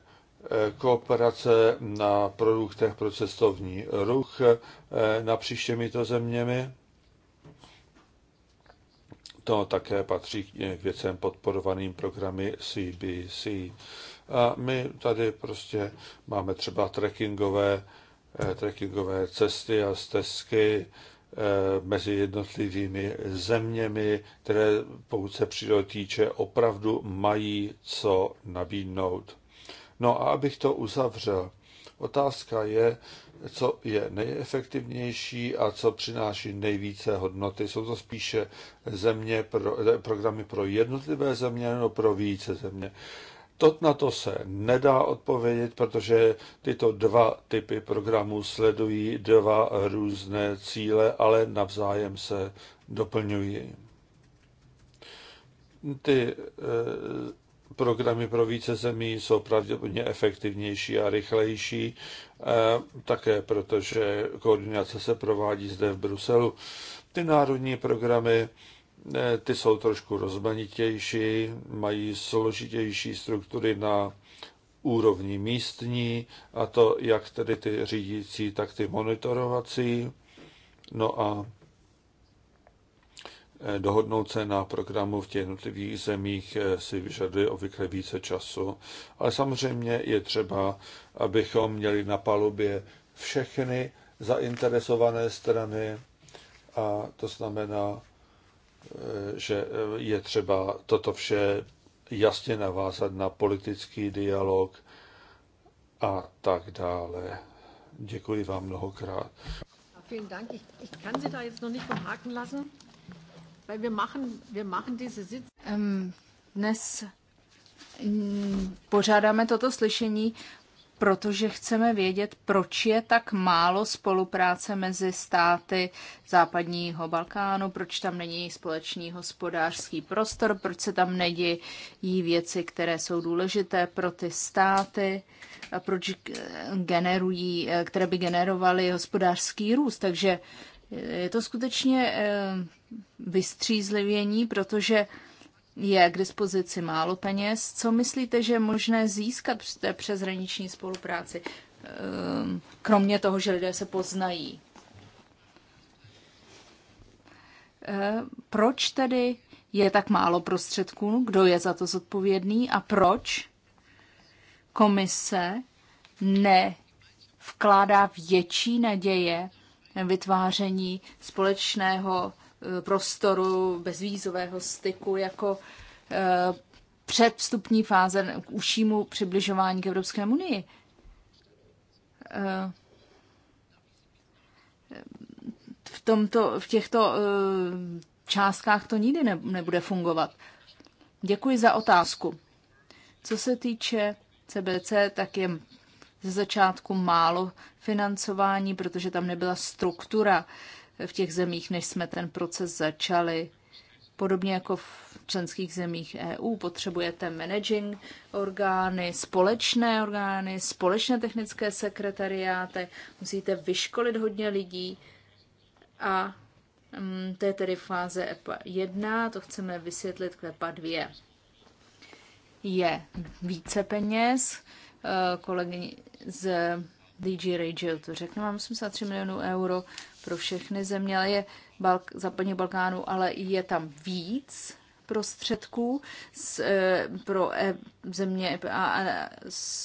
kooperace na produktech pro cestovní ruch eh, napříč těmito zeměmi. To také patří k věcem podporovaným programy CBC. A my tady prostě máme třeba trekkingové, eh, trekkingové cesty a stezky eh, mezi jednotlivými zeměmi, které pokud se přírody týče, opravdu mají co nabídnout. No a abych to uzavřel, otázka je, co je nejefektivnější a co přináší nejvíce hodnoty. Jsou to spíše země pro, eh, programy pro jednotlivé země nebo pro více země. To na to se nedá odpovědět, protože tyto dva typy programů sledují dva různé cíle, ale navzájem se doplňují. Ty eh, Programy pro více zemí jsou pravděpodobně efektivnější a rychlejší, eh, také protože koordinace se provádí zde v Bruselu. Ty národní programy eh, ty jsou trošku rozmanitější, mají složitější struktury na úrovni místní, a to jak tedy ty řídící, tak ty monitorovací. No a Eh, dohodnout se na programu v těch jednotlivých zemích eh, si vyžaduje obvykle více času. Ale samozřejmě je třeba, abychom měli na palubě všechny zainteresované strany a to znamená, eh, že je třeba toto vše jasně navázat na politický dialog a tak dále. Děkuji vám mnohokrát. Vielen Dank. Ich, ich kann Sie da jetzt noch nicht vom Haken lassen. Dnes pořádáme toto slyšení, protože chceme vědět, proč je tak málo spolupráce mezi státy západního Balkánu, proč tam není společný hospodářský prostor, proč se tam nedějí věci, které jsou důležité pro ty státy, a proč generují, které by generovaly hospodářský růst. Takže je to skutečně vystřízlivění, protože je k dispozici málo peněz. Co myslíte, že je možné získat při té přeshraniční spolupráci, ehm, kromě toho, že lidé se poznají? Eh, proč tedy je tak málo prostředků? Kdo je za to zodpovědný? A proč komise ne vkládá větší naděje vytváření společného Eh, prostoru bezvízového styku jako eh, předvstupní fáze k užšímu přibližování k Evropské unii. Eh, v, tomto, v těchto částkách to nikdy ne, nebude fungovat. Děkuji za otázku. Co se týče CBC, tak je ze začátku málo financování, protože tam nebyla struktura v těch zemích, než jsme ten proces začali. Podobně jako v členských zemích EU potřebujete managing orgány, společné orgány, společné technické sekretariáty, musíte vyškolit hodně lidí a mm, to je tedy fáze EPA 1, to chceme vysvětlit k EPA 2. Je více peněz, eh, kolegy z DG Radio to řekne, mám 83 milionů euro, pro všechny země, ale je Balk- západní Balkánu, ale je tam víc prostředků z, eh, pro e, země a, a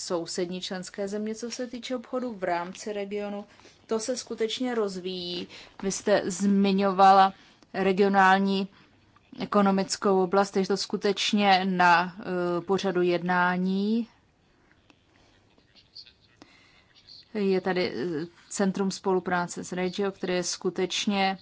sousední členské země, co se týče obchodu v rámci regionu. To se skutečně rozvíjí. Vy jste zmiňovala regionální ekonomickou oblast, takže to skutečně na e, pořadu jednání. Je tady Centrum spolupráce s Regio, které je skutečně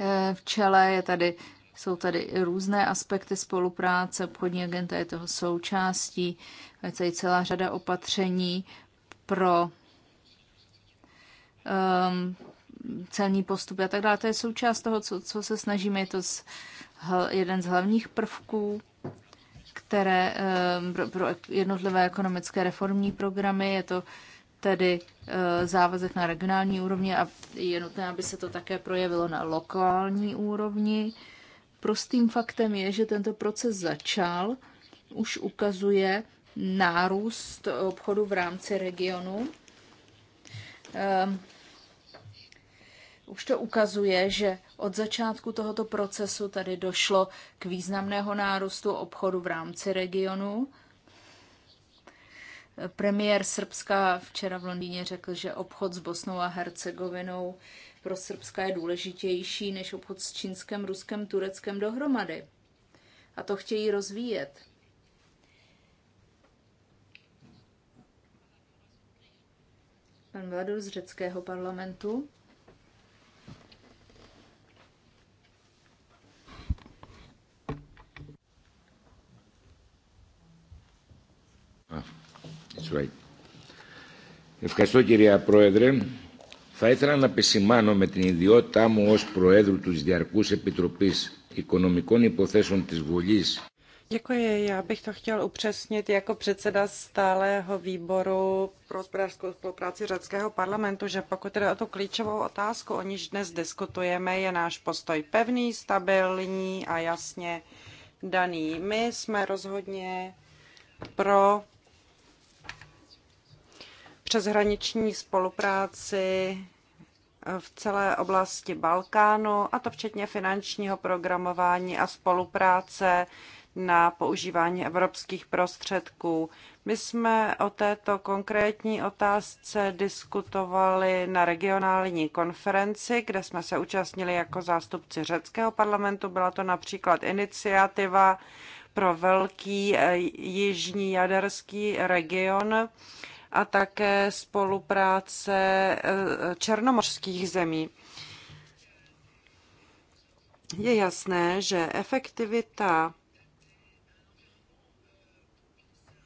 eh, v čele. Je tady, jsou tady různé aspekty spolupráce, obchodní agenta je toho součástí, je tady celá řada opatření pro um, celní postup a tak dále. To je součást toho, co, co se snažíme. Je to z, hl, jeden z hlavních prvků, které um, pro, pro jednotlivé ekonomické reformní programy je to tedy eh, závazek na regionální úrovni a je nutné, aby se to také projevilo na lokální úrovni. Prostým faktem je, že tento proces začal, už ukazuje nárůst obchodu v rámci regionu. Ehm, už to ukazuje, že od začátku tohoto procesu tady došlo k významného nárůstu obchodu v rámci regionu Premiér Srbska včera v Londýně řekl, že obchod s Bosnou a Hercegovinou pro Srbska je důležitější než obchod s Čínskem, Ruskem, Tureckem dohromady. A to chtějí rozvíjet. Pan Vladu z řeckého parlamentu. Ah. That's right. Ευχαριστώ κυρία Πρόεδρε. Θα ήθελα να επισημάνω με την ιδιότητά μου ως Προέδρου της Διαρκούς Επιτροπής Οικονομικών Υποθέσεων της Βουλής Děkuji. Já bych to chtěl upřesnit jako předseda stáleho výboru pro hospodářskou spolupráci řeckého parlamentu, že pokud jde o tu klíčovou otázku, o níž dnes diskutujeme, je náš postoj pevný, stabilní a jasně daný. My jsme rozhodně pro přeshraniční spolupráci v celé oblasti Balkánu, a to včetně finančního programování a spolupráce na používání evropských prostředků. My jsme o této konkrétní otázce diskutovali na regionální konferenci, kde jsme se účastnili jako zástupci řeckého parlamentu. Byla to například iniciativa pro velký eh, jižní jaderský region a také spolupráce eh, černomořských zemí. Je jasné, že efektivita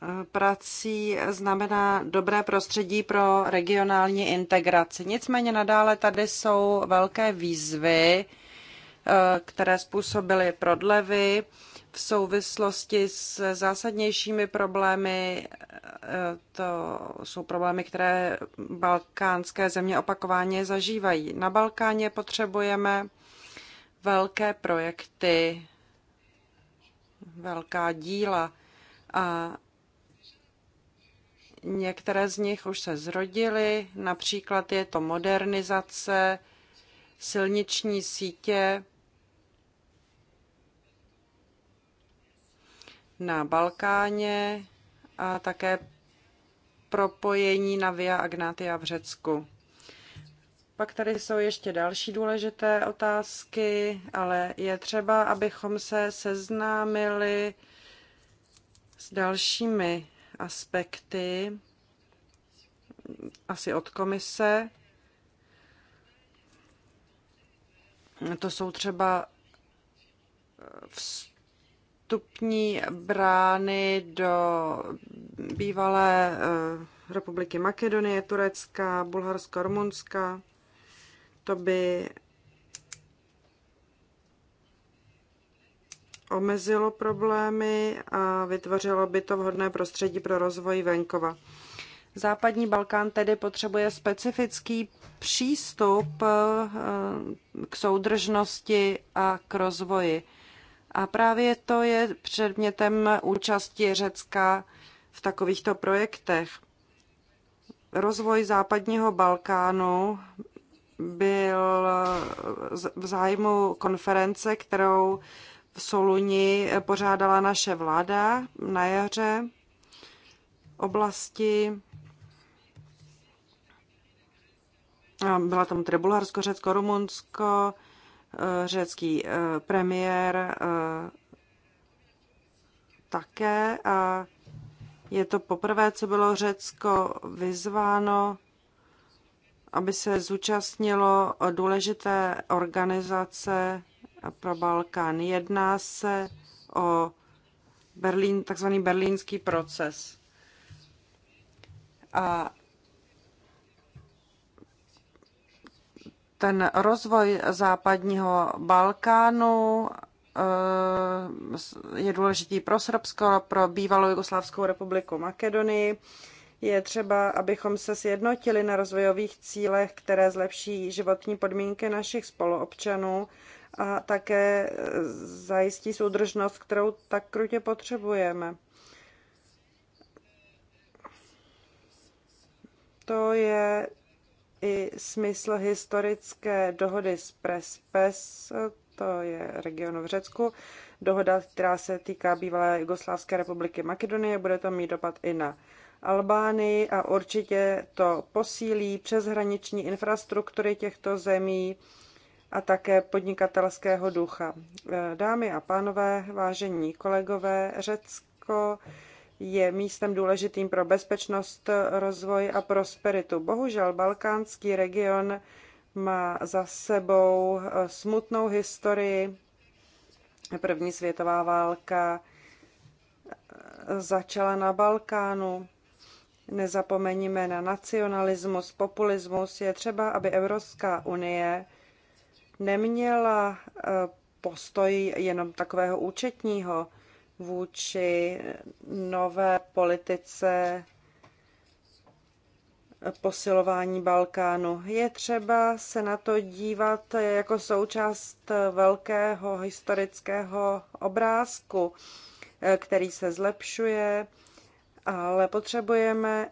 eh, prací znamená dobré prostředí pro regionální integraci. Nicméně nadále tady jsou velké výzvy, eh, které způsobily prodlevy souvislosti s zásadnějšími problémy. To jsou problémy, které balkánské země opakovaně zažívají. Na Balkáně potřebujeme velké projekty, velká díla a některé z nich už se zrodily, například je to modernizace silniční sítě, na Balkáně a také propojení na Via Agnatia v Řecku. Pak tady jsou ještě další důležité otázky, ale je třeba, abychom se seznámili s dalšími aspekty, asi od komise. To jsou třeba vstupy vstupní brány do bývalé eh, republiky Makedonie, Turecka, Bulharska, Rumunska. To by omezilo problémy a vytvořilo by to vhodné prostředí pro rozvoj venkova. Západní Balkán tedy potřebuje specifický přístup eh, k soudržnosti a k rozvoji. A právě to je předmětem účasti Řecka v takovýchto projektech. Rozvoj západního Balkánu byl v zájmu konference, kterou v Soluni pořádala naše vláda na jaře. Oblasti byla tam tedy Bulharsko, Řecko, Rumunsko, Eh, řecký eh, premiér eh, také a je to poprvé, co bylo Řecko vyzváno, aby se zúčastnilo důležité organizace pro Balkán. Jedná se o Berlín, takzvaný berlínský proces. A ten rozvoj západního Balkánu eh, je důležitý pro Srbsko, pro bývalou Jugoslávskou republiku Makedonii. Je třeba, abychom se sjednotili na rozvojových cílech, které zlepší životní podmínky našich spoluobčanů a také eh, zajistí soudržnost, kterou tak krutě potřebujeme. To je i smysl historické dohody s Prespes, to je region v Řecku, dohoda, která se týká bývalé Jugoslávské republiky Makedonie, bude to mít dopad i na Albánii a určitě to posílí přeshraniční infrastruktury těchto zemí a také podnikatelského ducha. Dámy a pánové, vážení kolegové, Řecko je místem důležitým pro bezpečnost, rozvoj a prosperitu. Bohužel balkánský region má za sebou eh, smutnou historii. První světová válka eh, začala na Balkánu. Nezapomeňme na nacionalismus, populismus. Je třeba, aby Evropská unie neměla eh, postoj jenom takového účetního, vůči nové politice posilování Balkánu. Je třeba se na to dívat jako součást velkého historického obrázku, který se zlepšuje, ale potřebujeme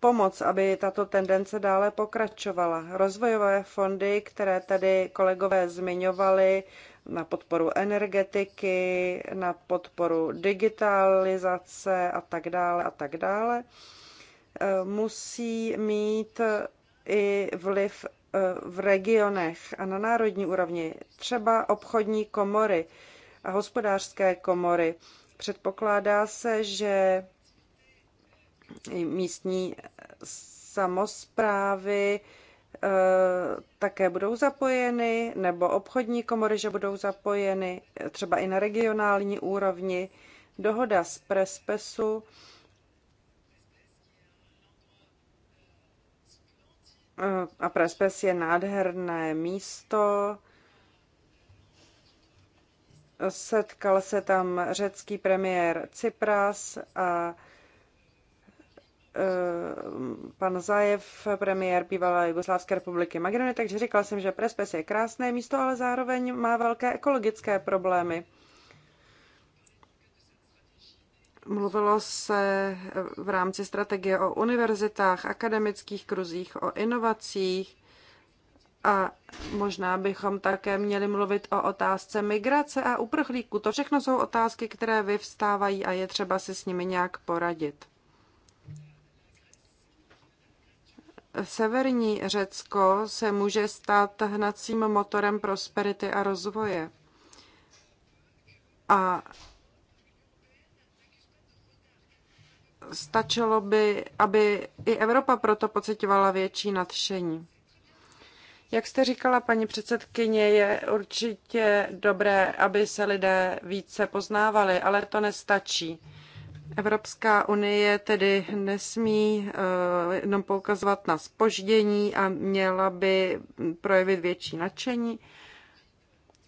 pomoc, aby tato tendence dále pokračovala. Rozvojové fondy, které tady kolegové zmiňovali, na podporu energetiky, na podporu digitalizace a tak dále a tak dále, e, musí mít i vliv e, v regionech a na národní úrovni, třeba obchodní komory a hospodářské komory. Předpokládá se, že místní samozprávy Eh, také budou zapojeny, nebo obchodní komory, že budou zapojeny, třeba i na regionální úrovni. Dohoda z Prespesu eh, a Prespes je nádherné místo. Setkal se tam řecký premiér Cypras a Eh, pan Zajev, premiér bývalé Jugoslávské republiky Makedony, takže říkala jsem, že Prespes je krásné místo, ale zároveň má velké ekologické problémy. Mluvilo se v rámci strategie o univerzitách, akademických kruzích, o inovacích a možná bychom také měli mluvit o otázce migrace a uprchlíků. To všechno jsou otázky, které vyvstávají a je třeba si s nimi nějak poradit. Severní Řecko se může stát hnacím motorem prosperity a rozvoje. A stačilo by, aby i Evropa proto pocitovala větší nadšení. Jak jste říkala, paní předsedkyně, je určitě dobré, aby se lidé více poznávali, ale to nestačí. Evropská unie tedy nesmí eh, jenom poukazovat na spoždění a měla by projevit větší nadšení,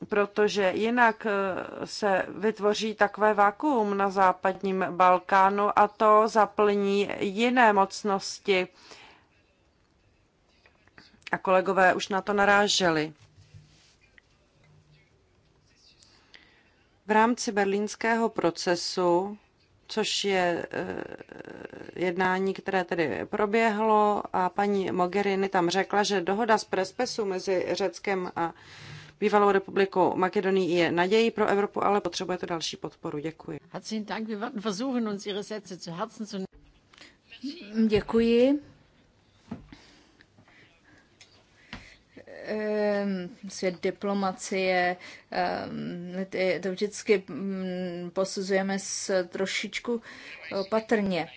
protože jinak eh, se vytvoří takové vakuum na západním Balkánu a to zaplní jiné mocnosti. A kolegové už na to naráželi. V rámci berlínského procesu což je eh, jednání, které tedy proběhlo a paní Mogherini tam řekla, že dohoda z Prespesu mezi Řeckem a bývalou republikou Makedonii je naději pro Evropu, ale potřebuje to další podporu. Děkuji. Děkuji. Ehm, svět diplomacie, ehm, to vždycky mm, posuzujeme s trošičku opatrně.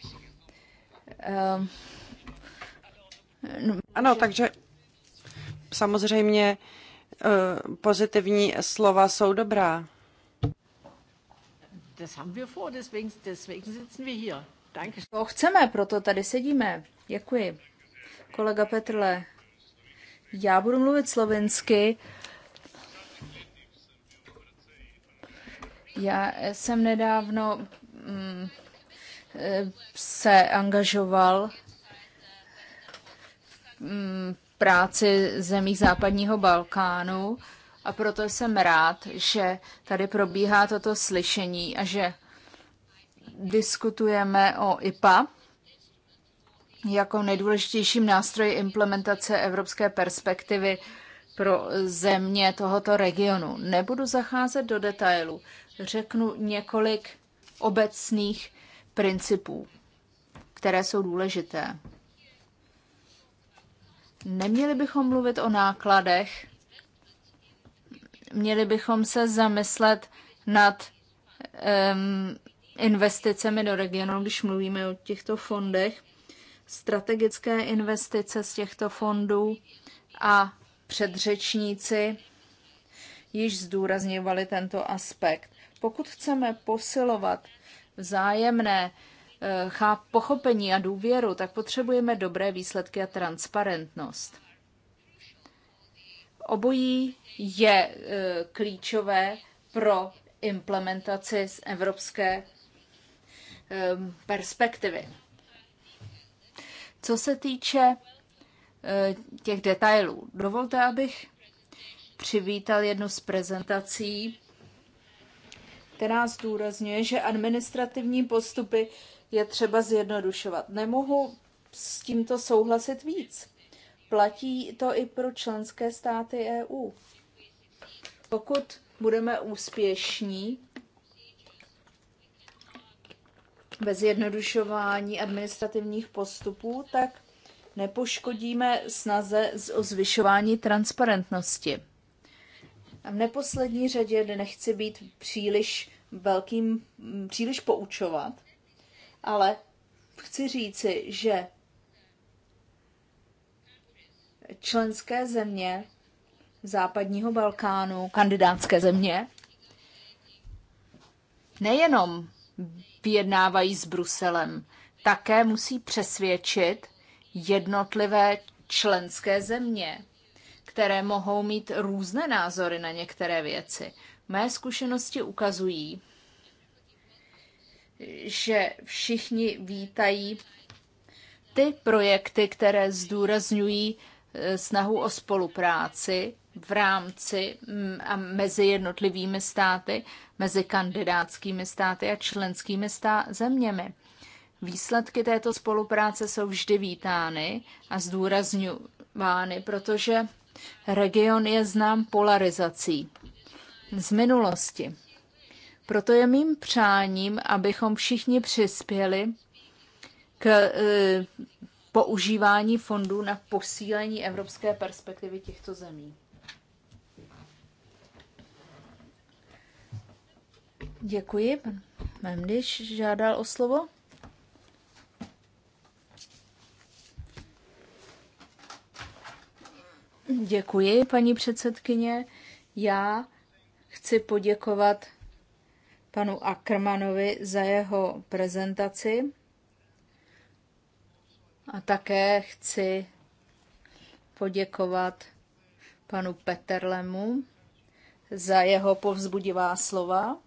Ehm, no, ano, takže samozřejmě eh, pozitivní slova jsou dobrá. Das haben wir vor, deswegen, deswegen sitzen wir hier. Danke. To chceme, proto tady sedíme. Děkuji. Kolega Petrle, já budu mluvit slovensky. Já jsem nedávno mm, eh, se angažoval mm, v práci zemí západního Balkánu a proto jsem rád, že tady probíhá toto slyšení a že diskutujeme o IPA jako nejdůležitějším nástroji implementace evropské perspektivy pro země tohoto regionu. Nebudu zacházet do detailu. řeknu několik obecných principů, které jsou důležité. Neměli bychom mluvit o nákladech, měli bychom se zamyslet nad um, investicemi do regionu, když mluvíme o těchto fondech strategické investice z těchto fondů a předřečníci již zdůrazňovali tento aspekt. Pokud chceme posilovat vzájemné eh, pochopení a důvěru, tak potřebujeme dobré výsledky a transparentnost. Obojí je eh, klíčové pro implementaci z evropské eh, perspektivy. Co se týče eh, těch detailů, dovolte, abych přivítal jednu z prezentací, která zdůrazňuje, že administrativní postupy je třeba zjednodušovat. Nemohu s tímto souhlasit víc. Platí to i pro členské státy EU. Pokud budeme úspěšní ve zjednodušování administrativních postupů, tak nepoškodíme snaze o zvyšování transparentnosti. A v neposlední řadě nechci být příliš velkým, mm, příliš poučovat, ale chci říci, že členské země západního Balkánu, kandidátské země, nejenom vyjednávají s Bruselem. Také musí přesvědčit jednotlivé členské země, které mohou mít různé názory na některé věci. Mé zkušenosti ukazují, že všichni vítají ty projekty, které zdůrazňují eh, snahu o spolupráci v rámci mm, a mezi jednotlivými státy, mezi kandidátskými státy a členskými stá- zeměmi. Výsledky této spolupráce jsou vždy vítány a zdůrazňovány, protože region je znám polarizací z minulosti. Proto je mým přáním, abychom všichni přispěli k e, používání fondů na posílení evropské perspektivy těchto zemí. Děkuji. Pan Memdiš žádal o slovo. Děkuji, paní předsedkyně. Já chci poděkovat panu Ackermanovi za jeho prezentaci a také chci poděkovat panu Peterlemu za jeho povzbudivá slova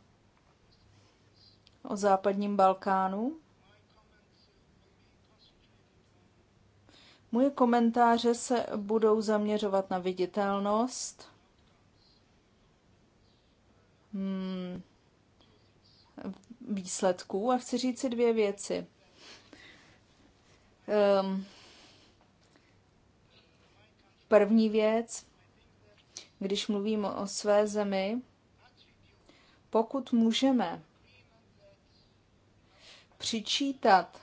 o západním Balkánu. Moje komentáře se budou zaměřovat na viditelnost, hmm, výsledků a chci říct si dvě věci. Um, první věc, když mluvím o své zemi, pokud můžeme přičítat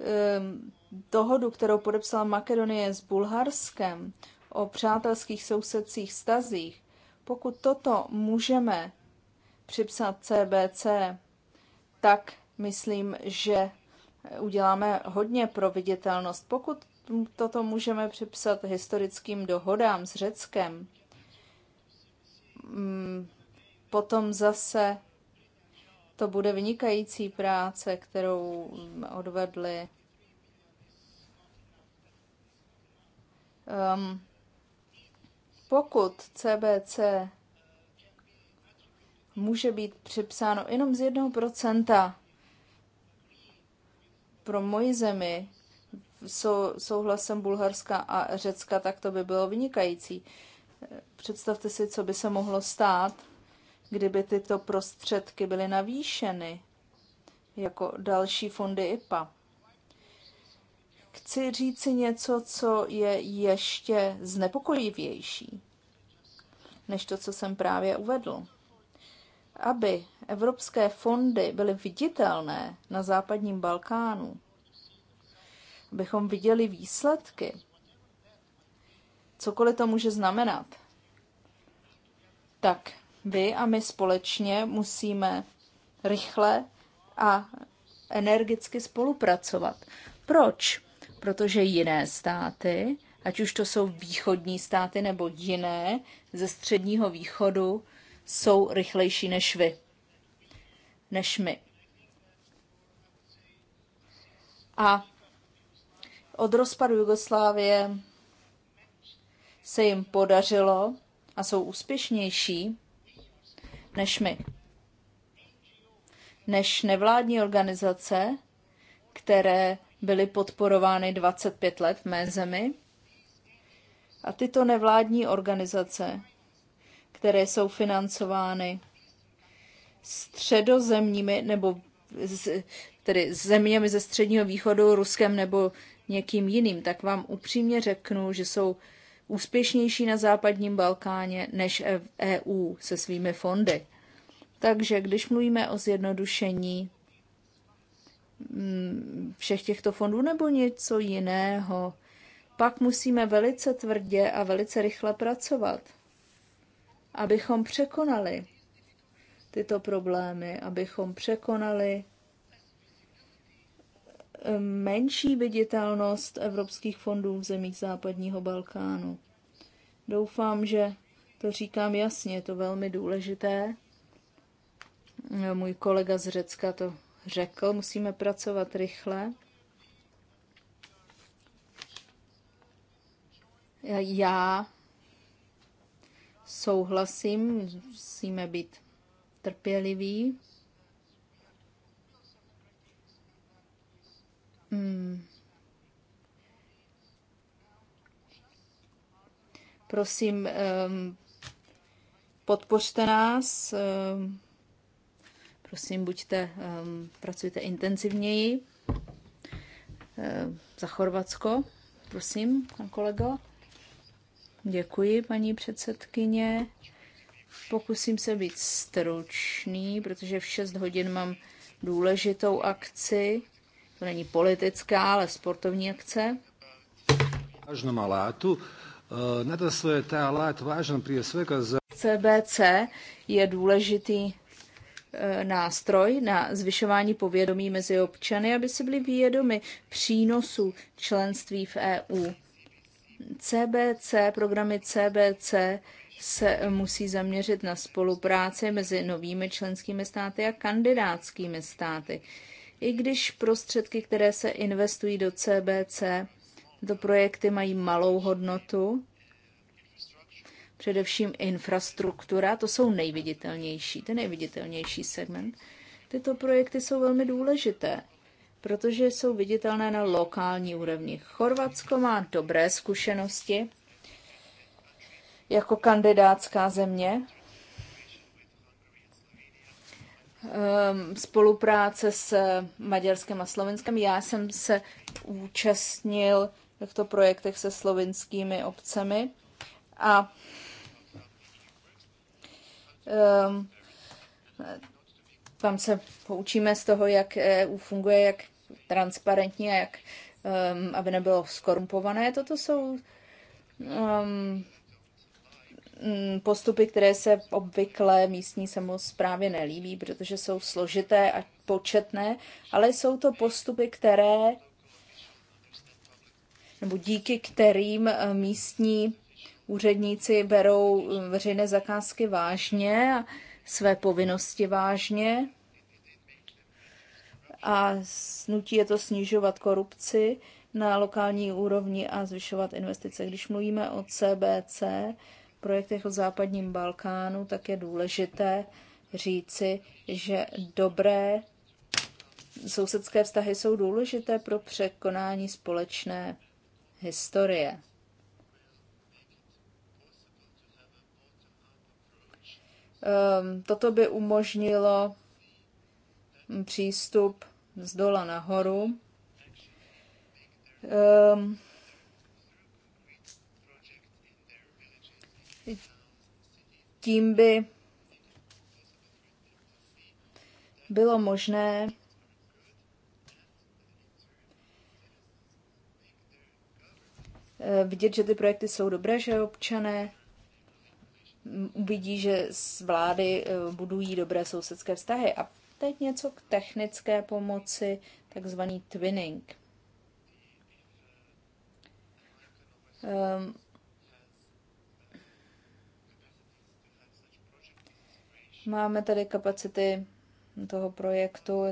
ehm, dohodu, kterou podepsala Makedonie s Bulharskem o přátelských sousedcích stazích, pokud toto můžeme připsat CBC, tak myslím, že uděláme hodně pro viditelnost. Pokud toto můžeme připsat historickým dohodám s Řeckem, mm, potom zase to bude vynikající práce, kterou odvedli. Um, pokud CBC může být připsáno jenom z 1% pro moji zemi, sou, souhlasem Bulharska a Řecka, tak to by bylo vynikající. Představte si, co by se mohlo stát, kdyby tyto prostředky byly navýšeny jako další fondy IPA. Chci říci něco, co je ještě znepokojivější než to, co jsem právě uvedl. Aby evropské fondy byly viditelné na západním Balkánu, abychom viděli výsledky, cokoliv to může znamenat, tak vy a my společně musíme rychle a energicky spolupracovat. Proč? Protože jiné státy, ať už to jsou východní státy nebo jiné ze středního východu, jsou rychlejší než vy, než my. A od rozpadu Jugoslávie se jim podařilo a jsou úspěšnější než my. Než nevládní organizace, které byly podporovány 25 let v mé zemi. A tyto nevládní organizace, které jsou financovány středozemními nebo z, tedy zeměmi ze středního východu, Ruskem nebo někým jiným, tak vám upřímně řeknu, že jsou úspěšnější na západním Balkáně než EU e se svými fondy. Takže když mluvíme o zjednodušení mm, všech těchto fondů nebo něco jiného, pak musíme velice tvrdě a velice rychle pracovat, abychom překonali tyto problémy, abychom překonali menší viditelnost evropských fondů v zemích západního Balkánu. Doufám, že to říkám jasně, je to velmi důležité. Můj kolega z Řecka to řekl, musíme pracovat rychle. Já souhlasím, musíme být trpěliví. Hmm. Prosím, ehm, podpořte nás. Ehm, prosím, buďte, ehm, pracujte intenzivněji. za Chorvatsko, prosím, pan kolego. Děkuji, paní předsedkyně. Pokusím se být stručný, protože v 6 hodin mám důležitou akci to není politická, ale sportovní akce. Vážnou malátu. Eh, Nada se ta lát vážná prije svega za... CBC je důležitý eh, nástroj na zvyšování povědomí mezi občany, aby si byli vědomi přínosu členství v EU. CBC, programy CBC se musí zaměřit na spolupráci mezi novými členskými státy a kandidátskými státy i když prostředky, které se investují do CBC, do projekty mají malou hodnotu, především infrastruktura, to jsou nejviditelnější, ten nejviditelnější segment. Tyto projekty jsou velmi důležité, protože jsou viditelné na lokální úrovni. Chorvatsko má dobré zkušenosti jako kandidátská země Ehm, spolupráce s Maďarskem a Slovenskem. Já jsem se účastnil v těchto projektech se slovinskými obcemi a um, tam se poučíme z toho, jak EU funguje, jak transparentně jak, um, aby nebylo skorumpované. Toto jsou um, Mm, postupy, které se obvykle místní samozprávě nelíbí, protože jsou složité a početné, ale jsou to postupy, které nebo díky kterým eh, místní úředníci berou eh, veřejné zakázky vážně a své povinnosti vážně a nutí je to snižovat korupci na lokální úrovni a zvyšovat investice. Když mluvíme o CBC, projektech o západním Balkánu, tak je důležité říci, že dobré sousedské vztahy jsou důležité pro překonání společné historie. Ehm, toto by umožnilo mm, přístup z dola nahoru. Ehm, tím by bylo možné eh, vidět, že ty projekty jsou dobré, že občané uvidí, že z vlády eh, budují dobré sousedské vztahy. A teď něco k technické pomoci, takzvaný twinning. Um, Máme tady kapacity toho projektu.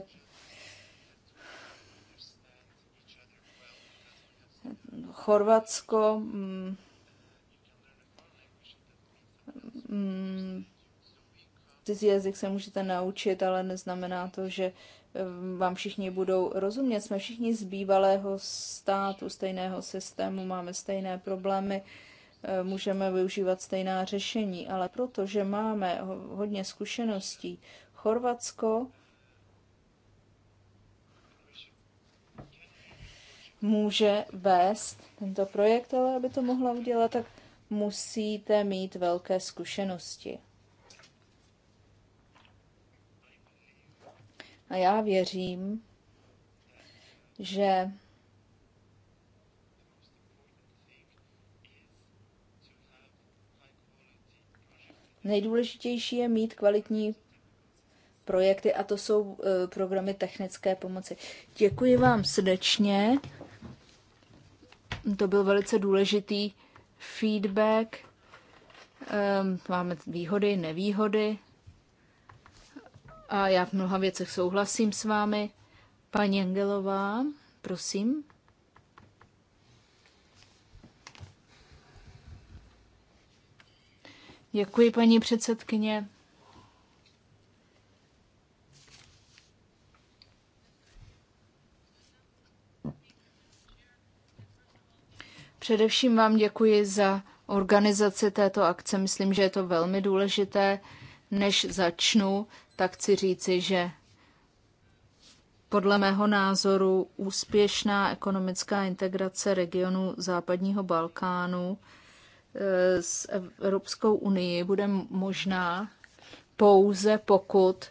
Chorvatsko mm, mm, cizí jazyk se můžete naučit, ale neznamená to, že mm, vám všichni budou rozumět. Jsme všichni z bývalého státu, stejného systému, máme stejné problémy. Eh, můžeme využívat stejná řešení, ale protože máme hodně zkušeností, Chorvatsko může vést tento projekt, ale aby to mohla udělat, tak musíte mít velké zkušenosti. A já věřím, že Nejdůležitější je mít kvalitní projekty a to jsou e, programy technické pomoci. Děkuji vám srdečně. To byl velice důležitý feedback. Ehm, máme výhody, nevýhody. A já v mnoha věcech souhlasím s vámi. Paní Angelová, prosím. Děkuji, paní předsedkyně. Především vám děkuji za organizaci této akce. Myslím, že je to velmi důležité. Než začnu, tak chci říci, že podle mého názoru úspěšná ekonomická integrace regionu západního Balkánu Eh, s Evropskou unii bude možná pouze pokud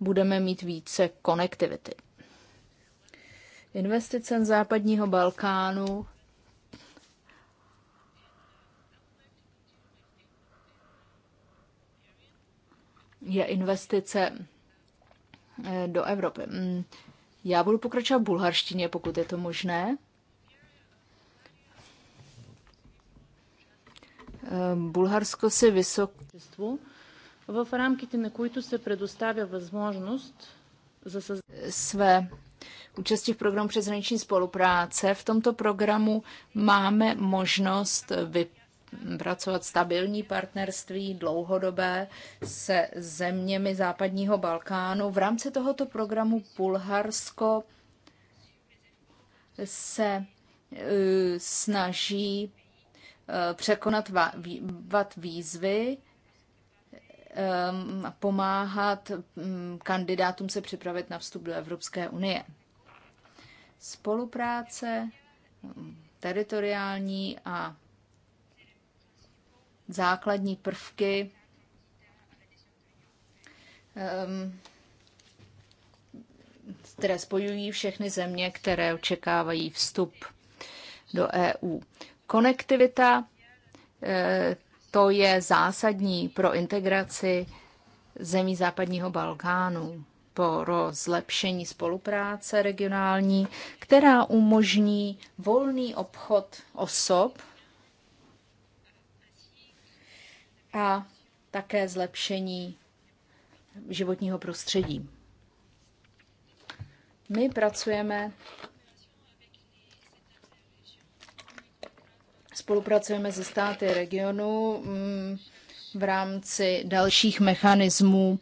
budeme mít více konektivity. Investice západního Balkánu je investice eh, do Evropy. Mm, já budu pokračovat v bulharštině, pokud je to možné. Bulharsko se vysok... V рамките na които se предоставя vzmožnost za své účasti v programu přeshraniční spolupráce. V tomto programu máme možnost vypracovat stabilní partnerství dlouhodobé se zeměmi západního Balkánu. V rámci tohoto programu Bulharsko se e, snaží Eh, překonat výzvy pomáhat mm, kandidátům se připravit na vstup do Evropské unie. Spolupráce mm, teritoriální a základní prvky které spojují všechny země, které očekávají vstup do EU. Konektivita eh, to je zásadní pro integraci zemí západního Balkánu pro zlepšení spolupráce regionální, která umožní volný obchod osob a také zlepšení životního prostředí. My pracujeme Spolupracujeme se státy regionu mm, v rámci dalších mechanismů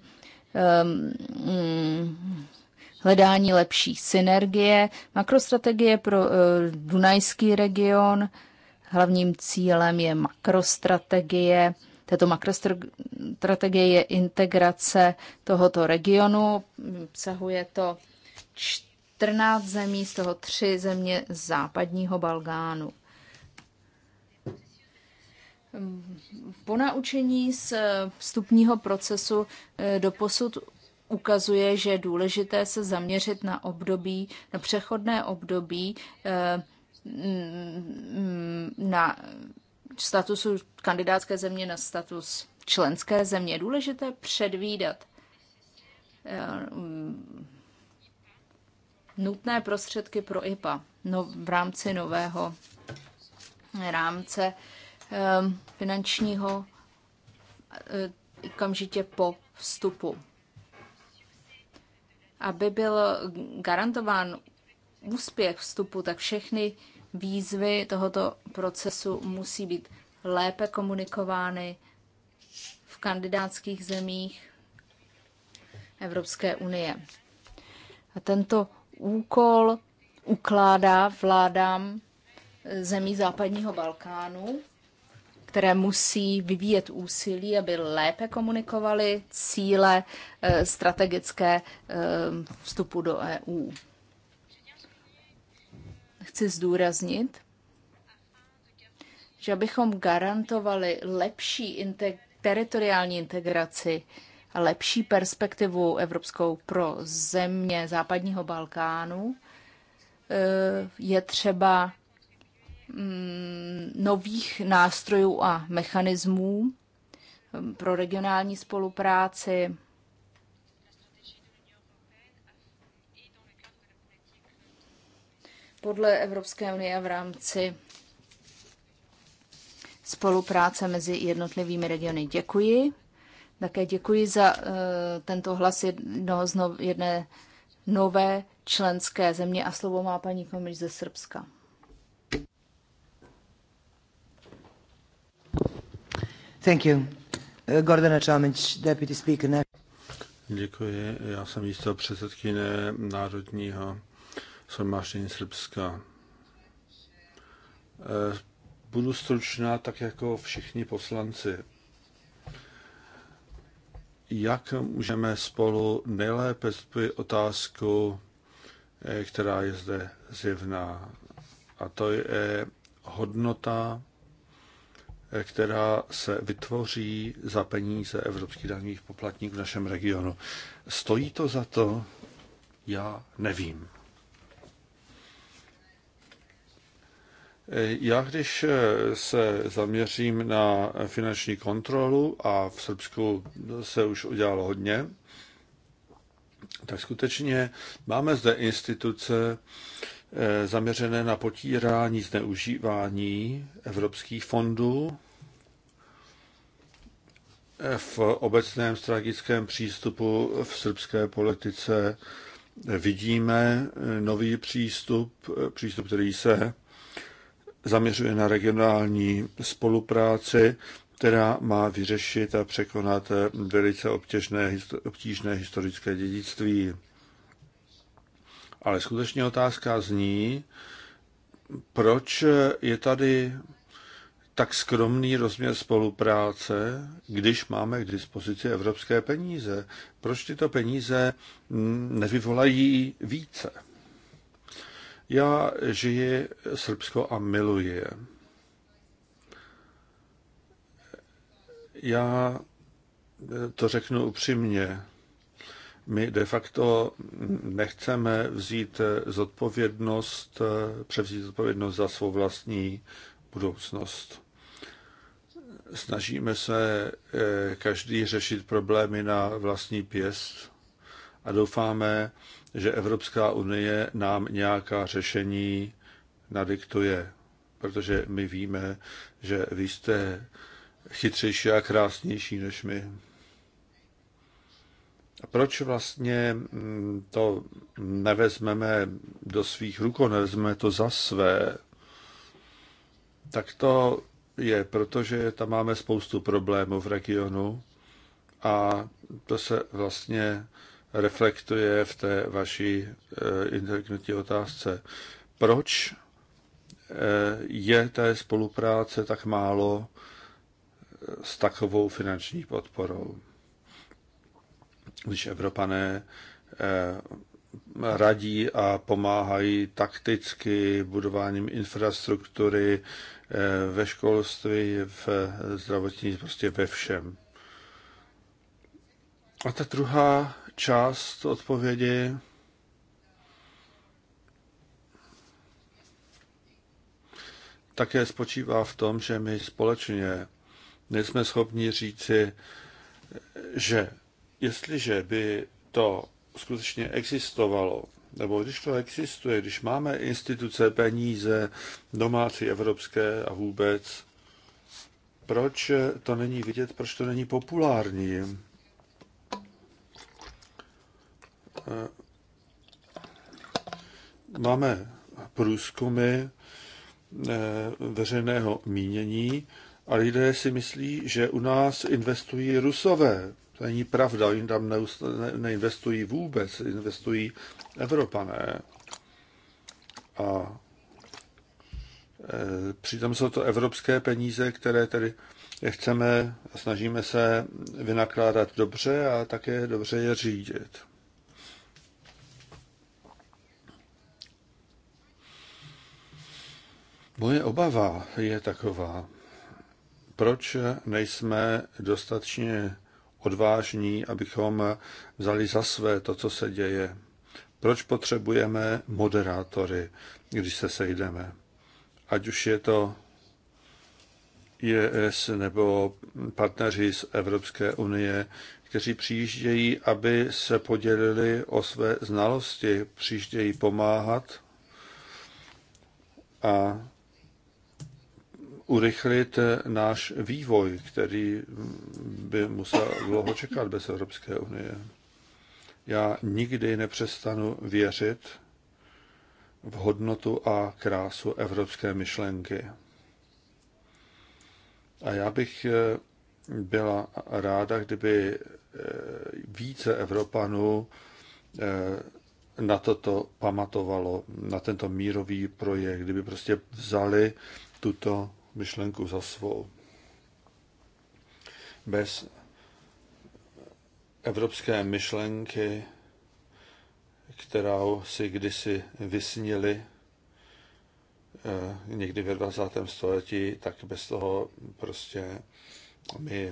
mm, hledání lepší synergie, makrostrategie pro eh, Dunajský region. Hlavním cílem je makrostrategie. Této makrostrategie je integrace tohoto regionu. Obsahuje to 14 zemí, z toho 3 země západního Balkánu. Po naučení z eh, vstupního procesu eh, do posud ukazuje, že je důležité se zaměřit na období, na přechodné období, eh, mm, na statusu kandidátské země, na status členské země. Je důležité předvídat nutné prostředky pro IPA no, v rámci nového rámce Ehm, finančního eh, okamžitě po vstupu. Aby byl garantován úspěch vstupu, tak všechny výzvy tohoto procesu musí být lépe komunikovány v kandidátských zemích Evropské unie. A tento úkol ukládá vládám eh, zemí západního Balkánu které musí vyvíjet úsilí, aby lépe komunikovaly cíle eh, strategické eh, vstupu do EU. Chci zdůraznit, že abychom garantovali lepší integ- teritoriální integraci a lepší perspektivu evropskou pro země západního Balkánu, eh, je třeba Mm, nových nástrojů a mechanismů mm, pro regionální spolupráci. Podle Evropské unie v rámci spolupráce mezi jednotlivými regiony. Děkuji. Také děkuji za uh, tento hlas jednoho z nov, jedné nové členské země a slovo má paní komisař ze Srbska. Uh, Gordana deputy speaker. Děkuji. Já jsem místo předsedkyně Národního shromáždění Srbska. Eh, budu stručná tak jako všichni poslanci. Jak můžeme spolu nejlépe zpět otázku, eh, která je zde zjevná? A to je hodnota která se vytvoří za peníze evropských daných poplatníků v našem regionu. Stojí to za to? Já nevím. Já když se zaměřím na finanční kontrolu a v Srbsku se už udělalo hodně, tak skutečně máme zde instituce, Eh, zaměřené na potírání zneužívání evropských fondů eh, v obecném strategickém přístupu v srbské politice vidíme eh, nový přístup, přístup, který se zaměřuje na regionální spolupráci, která má vyřešit a překonat velice obtížné, obtížné historické dědictví. Ale skutečně otázka zní, proč je tady tak skromný rozměr spolupráce, když máme k dispozici evropské peníze? Proč tyto peníze mm, nevyvolají více? Já žiji Srbsko a miluji je. Já to řeknu upřímně. My de facto nechceme vzít zodpovědnost, převzít zodpovědnost za svou vlastní budoucnost. Snažíme se eh, každý řešit problémy na vlastní pěst a doufáme, že Evropská unie nám nějaká řešení nadiktuje, protože my víme, že vy jste chytřejší a krásnější než my proč vlastně mm, to nevezmeme do svých rukou, nevezmeme to za své, tak to je, protože tam máme spoustu problémů v regionu a to se vlastně reflektuje v té vaší eh, inteligentní otázce. Proč eh, je té spolupráce tak málo eh, s takovou finanční podporou? když Evropané eh, radí a pomáhají takticky budováním infrastruktury eh, ve školství, v eh, zdravotní, prostě ve všem. A ta druhá část odpovědi také spočívá v tom, že my společně nejsme schopni říci, že Jestliže by to skutečně existovalo, nebo když to existuje, když máme instituce, peníze, domácí, evropské a vůbec, proč to není vidět, proč to není populární? Eh, máme průzkumy eh, veřejného mínění a lidé si myslí, že u nás investují rusové, to není pravda, oni tam neinvestují vůbec, investují Evropané. A e, přitom jsou to evropské peníze, které tedy chceme a snažíme se vynakládat dobře a také dobře je řídit. Moje obava je taková, proč nejsme dostatečně odvážní, abychom vzali za své to, co se děje. Proč potřebujeme moderátory, když se sejdeme? Ať už je to IES nebo partneři z Evropské unie, kteří přijíždějí, aby se podělili o své znalosti, přijíždějí pomáhat a urychlit náš vývoj, který by musel dlouho čekat bez Evropské unie. Já nikdy nepřestanu věřit v hodnotu a krásu evropské myšlenky. A já bych eh, byla ráda, kdyby eh, více Evropanů eh, na toto pamatovalo, na tento mírový projekt, kdyby prostě vzali tuto myšlenku za svou. Bez evropské myšlenky, kterou si kdysi vysnili eh, někdy ve 20. století, tak bez toho prostě my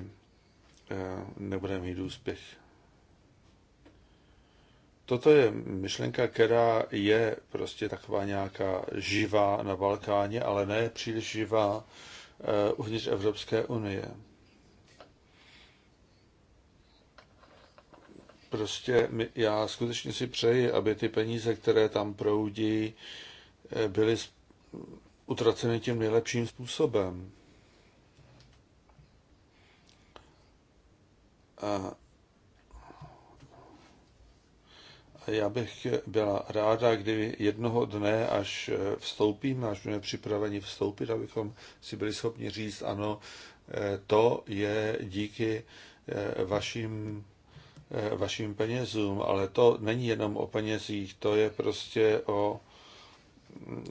eh, nebudeme mít úspěch. Toto je myšlenka, která je prostě taková nějaká živá na Balkáně, ale ne příliš živá eh, uvnitř Evropské unie. Prostě já skutečně si přeji, aby ty peníze, které tam proudí, eh, byly utraceny tím nejlepším způsobem. A já bych byla ráda, kdyby jednoho dne, až vstoupíme, až budeme připraveni vstoupit, abychom si byli schopni říct, ano, to je díky eh, vašim, eh, vašim penězům, ale to není jenom o penězích, to je prostě o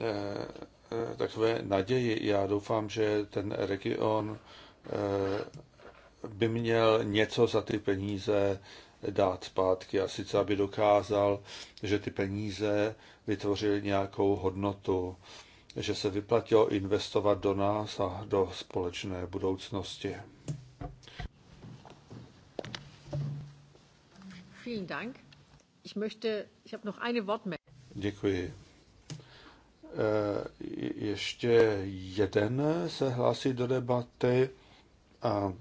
eh, takové naději. Já doufám, že ten region by měl něco za ty peníze dát zpátky a sice, aby dokázal, že ty peníze vytvořily nějakou hodnotu, že se vyplatilo investovat do nás a do společné budoucnosti. Vielen Dank. Ich möchte, ich habe noch eine Wortmeldung. Děkuji. Eh, ještě jeden se hlásí do debaty a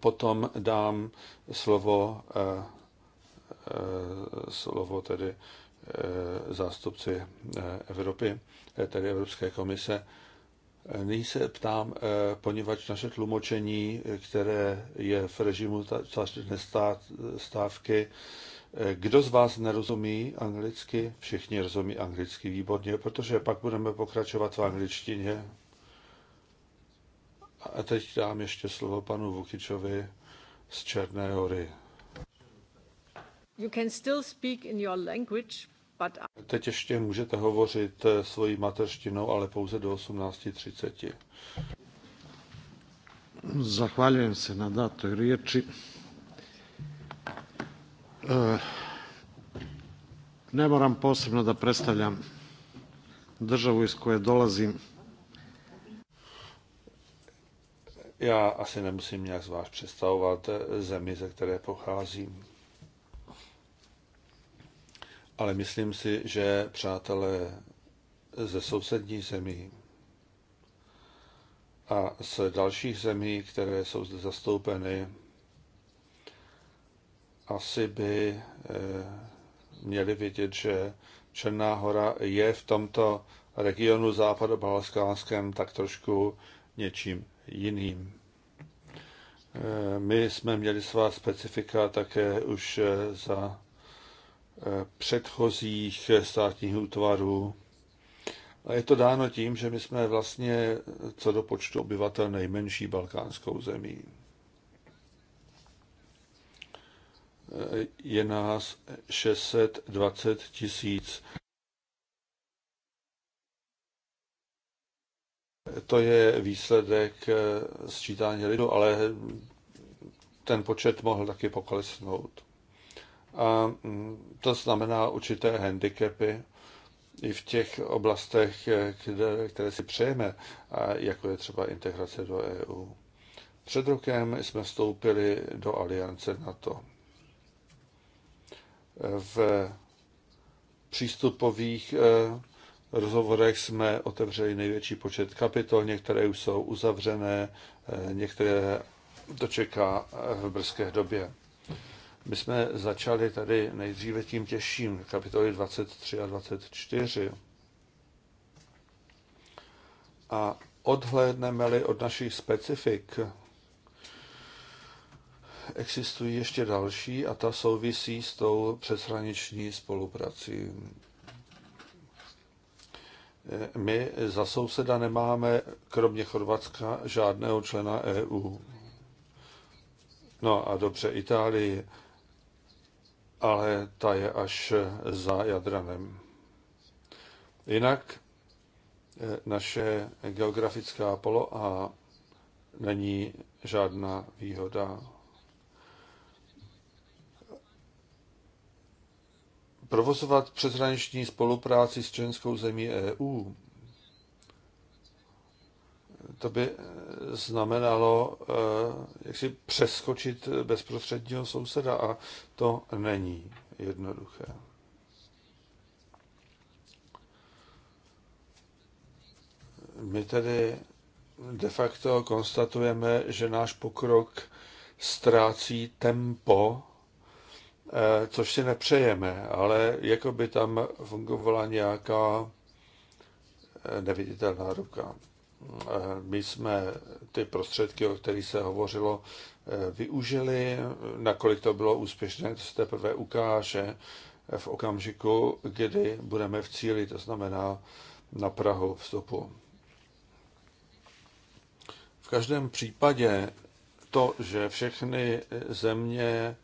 Potom dám slovo, eh, eh, slovo tedy eh, zástupci Evropy, tedy Evropské komise. Nyní se ptám, poněvadž naše tlumočení, které je v režimu zvláštní stávky, kdo z vás nerozumí anglicky? Všichni rozumí anglicky výborně, protože pak budeme pokračovat v angličtině. A teď dám ještě slovo panu Vukičovi z Černé hory. You can still speak in your language, but... Teď ještě můžete hovořit svojí mateřštinou, ale pouze do 18.30. Zahvaljujem se na datoj riječi. E, ne moram posebno da predstavljam državu iz koje dolazim, Já asi nemusím nějak zvlášť představovat zemi, ze které pocházím. Ale myslím si, že přátelé ze sousední zemí a z dalších zemí, které jsou zde zastoupeny, asi by eh, měli vědět, že Černá hora je v tomto regionu západobalskánském tak trošku něčím jiným. Eh, my jsme měli svá specifika také už eh, za eh, předchozích státních útvarů. A je to dáno tím, že my jsme vlastně co do počtu obyvatel nejmenší balkánskou zemí. Je nás 620 tisíc. To je výsledek eh, sčítání lidu, ale ten počet mohl taky poklesnout. A mm, to znamená určité handicapy i v těch oblastech, eh, kde, které si přejeme, a jako je třeba integrace do EU. Před rokem jsme vstoupili do aliance NATO. V přístupových eh, rozhovorech jsme otevřeli největší počet kapitol, některé už jsou uzavřené, eh, některé to čeká eh, v brzké době. My jsme začali tady nejdříve tím těžším, kapitoly 23 a 24. A odhlédneme-li od našich specifik, existují ještě další a ta souvisí s tou přeshraniční spoluprací my za souseda nemáme, kromě Chorvatska, žádného člena EU. No a dobře, Itálii, ale ta je až za Jadranem. Jinak eh, naše geografická polo a není žádná výhoda. provozovat přeshraniční spolupráci s členskou zemí EU, to by eh, znamenalo eh, jak si přeskočit bezprostředního souseda a to není jednoduché. My tedy de facto konstatujeme, že náš pokrok ztrácí tempo Eh, což si nepřejeme, ale jako by tam fungovala nějaká eh, neviditelná ruka. Eh, my jsme ty prostředky, o kterých se hovořilo, využili. Nakolik to bylo úspěšné, to se teprve ukáže v okamžiku, kdy budeme v cíli, to znamená na Prahu vstupu. V každém případě to, že všechny země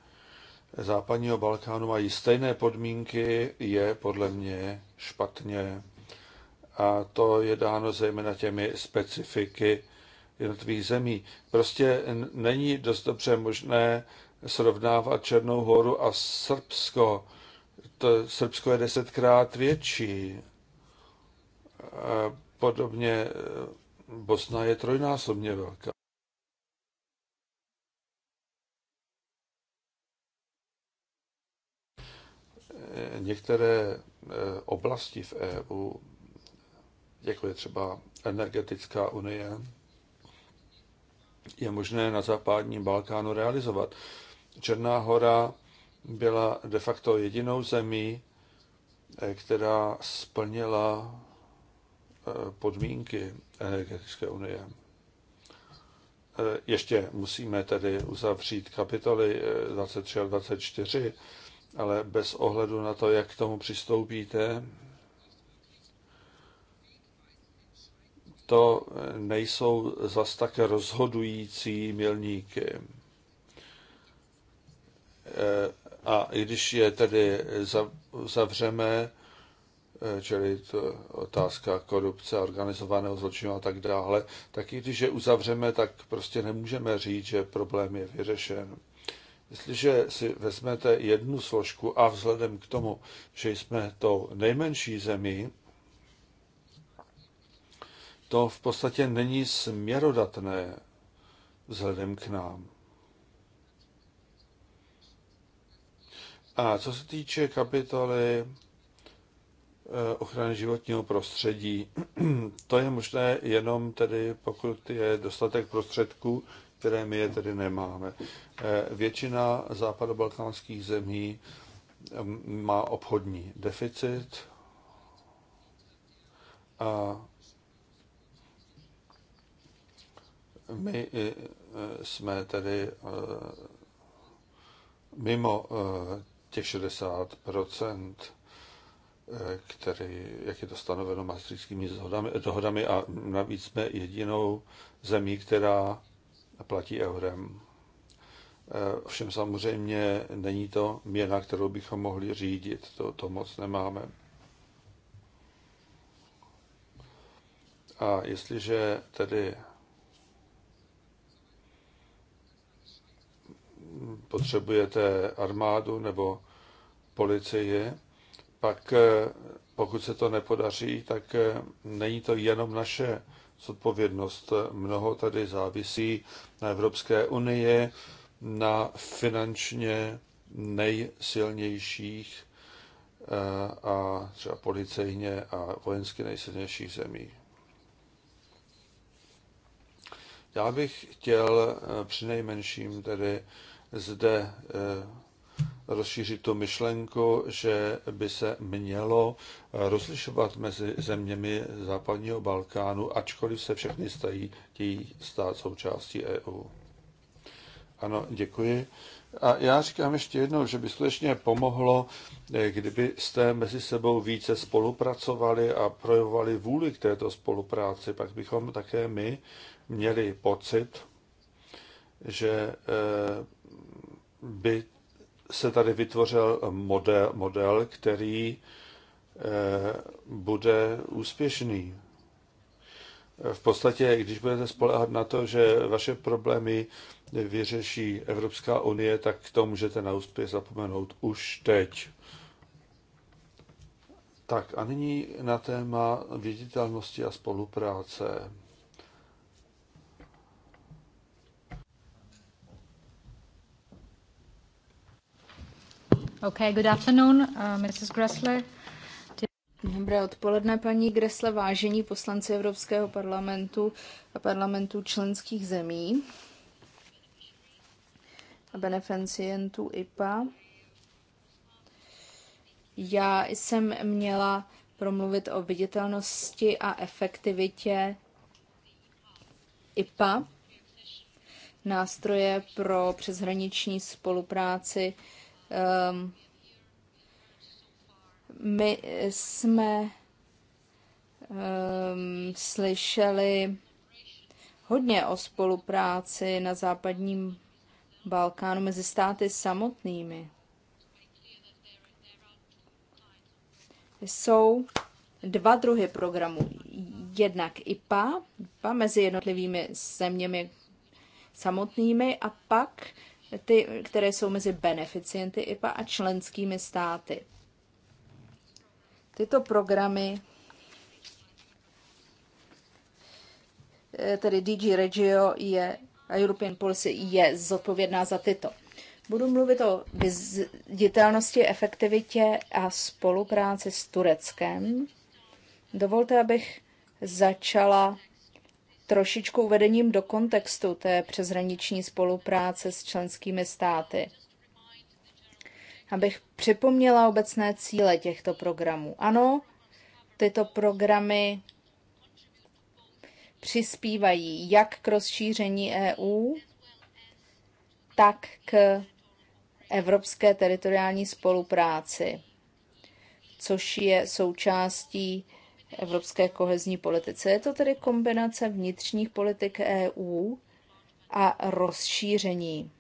západního Balkánu mají stejné podmínky, je podle mě špatně. A to je dáno zejména těmi specifiky jednotlivých zemí. Prostě není dost dobře možné srovnávat Černou horu a Srbsko. To Srbsko je desetkrát větší. Podobně e, Bosna je trojnásobně velká. některé e, oblasti v EU, jako je třeba energetická unie, je možné na západním Balkánu realizovat. Černá hora byla de facto jedinou zemí, e, která splnila e, podmínky energetické unie. Ještě musíme tedy uzavřít kapitoly 23 a 24, ale bez ohledu na to, jak k tomu přistoupíte, to nejsou zas tak rozhodující milníky. E, a i když je tedy zavřeme, e, čili to otázka korupce, organizovaného zločinu a tak dále, tak i když je uzavřeme, tak prostě nemůžeme říct, že problém je vyřešen. Jestliže si vezmete jednu složku a vzhledem k tomu, že jsme tou nejmenší zemí, to v podstatě není směrodatné vzhledem k nám. A co se týče kapitoly eh, ochrany životního prostředí, to je možné jenom tedy, pokud je dostatek prostředků které my je tedy nemáme. Eh, většina západobalkánských zemí mm, má obchodní deficit a my eh, jsme tedy eh, mimo těch 60 který, jak je to stanoveno maastrickými dohodami, dohodami a navíc jsme jedinou zemí, která platí eurem. Eh, ovšem samozřejmě není to měna, kterou bychom mohli řídit, to, to moc nemáme. A jestliže tedy potřebujete armádu nebo policii, pak eh, pokud se to nepodaří, tak eh, není to jenom naše zodpovědnost. Mnoho tady závisí na Evropské unii, na finančně nejsilnějších eh, a třeba policejně a vojensky nejsilnějších zemí. Já bych chtěl eh, přinejmenším tedy zde eh, rozšířit tu myšlenku, že by se mělo rozlišovat mezi zeměmi západního Balkánu, ačkoliv se všechny stají tí stát součástí EU. Ano, děkuji. A já říkám ještě jednou, že by skutečně pomohlo, eh, kdybyste mezi sebou více spolupracovali a projevovali vůli k této spolupráci, pak bychom také my měli pocit, že eh, by se tady vytvořil model, model který eh, bude úspěšný. V podstatě, když budete spolehat na to, že vaše problémy vyřeší Evropská unie, tak to můžete na úspěch zapomenout už teď. Tak a nyní na téma viditelnosti a spolupráce. Okay, good afternoon, uh, Mrs. Gressler. Dobré odpoledne, paní Gresle, vážení poslanci Evropského parlamentu a parlamentu členských zemí a beneficientů IPA. Já jsem měla promluvit o viditelnosti a efektivitě IPA, nástroje pro přeshraniční spolupráci Um, my jsme um, slyšeli hodně o spolupráci na západním Balkánu mezi státy samotnými. Jsou dva druhy programů. Jednak IPA, IPA mezi jednotlivými zeměmi samotnými a pak ty, které jsou mezi beneficienty IPA a členskými státy. Tyto programy, eh, tedy DG Regio je, a European Policy je zodpovědná za tyto. Budu mluvit o viditelnosti, efektivitě a spolupráci s Tureckem. Dovolte, abych začala trošičku uvedením do kontextu té přeshraniční spolupráce s členskými státy. Abych připomněla obecné cíle těchto programů. Ano, tyto programy přispívají jak k rozšíření EU, tak k evropské teritoriální spolupráci, což je součástí evropské kohezní politice. Je to tedy kombinace vnitřních politik EU a rozšíření.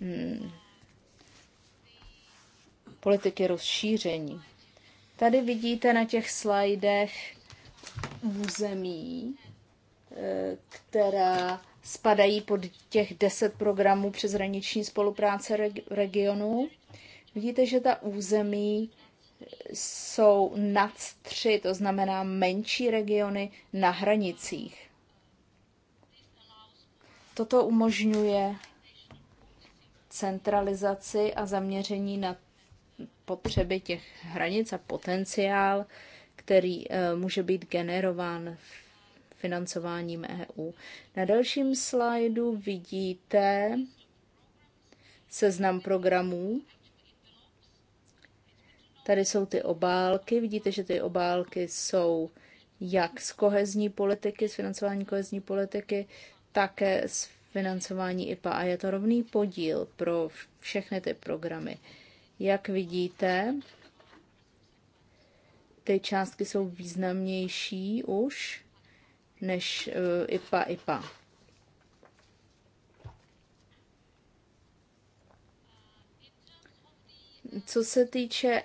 Hmm. Politiky rozšíření. Tady vidíte na těch slajdech území, eh, která spadají pod těch 10 programů přeshraniční spolupráce regionů. Vidíte, že ta území jsou nad tři, to znamená menší regiony na hranicích. Toto umožňuje centralizaci a zaměření na potřeby těch hranic a potenciál, který eh, může být generován financováním EU. Na dalším slajdu vidíte seznam programů, Tady jsou ty obálky. Vidíte, že ty obálky jsou jak z kohezní politiky, z financování kohezní politiky, také z financování IPA. A je to rovný podíl pro všechny ty programy. Jak vidíte, ty částky jsou významnější už než eh, IPA IPA. Co se týče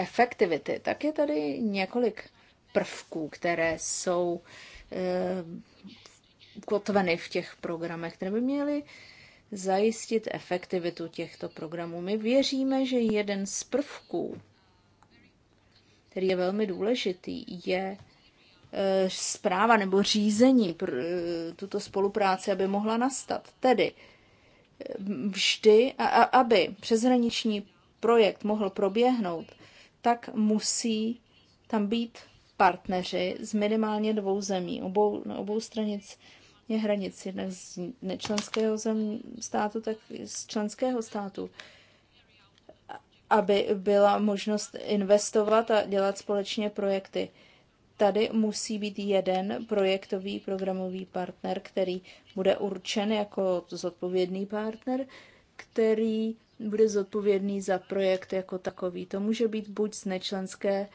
efektivity, tak je tady několik prvků, které jsou ukotveny eh, v těch programech, které by měly zajistit efektivitu těchto programů. My věříme, že jeden z prvků, který je velmi důležitý, je eh, zpráva nebo řízení pro eh, tuto spolupráci, aby mohla nastat. Tedy vždy, aby přeshraniční projekt mohl proběhnout, tak musí tam být partneři z minimálně dvou zemí, obou, na obou stranic je hranic, jednak z nečlenského zem, státu, tak z členského státu, aby byla možnost investovat a dělat společně projekty. Tady musí být jeden projektový programový partner, který bude určen jako zodpovědný partner, který bude zodpovědný za projekt jako takový. To může být buď z nečlenské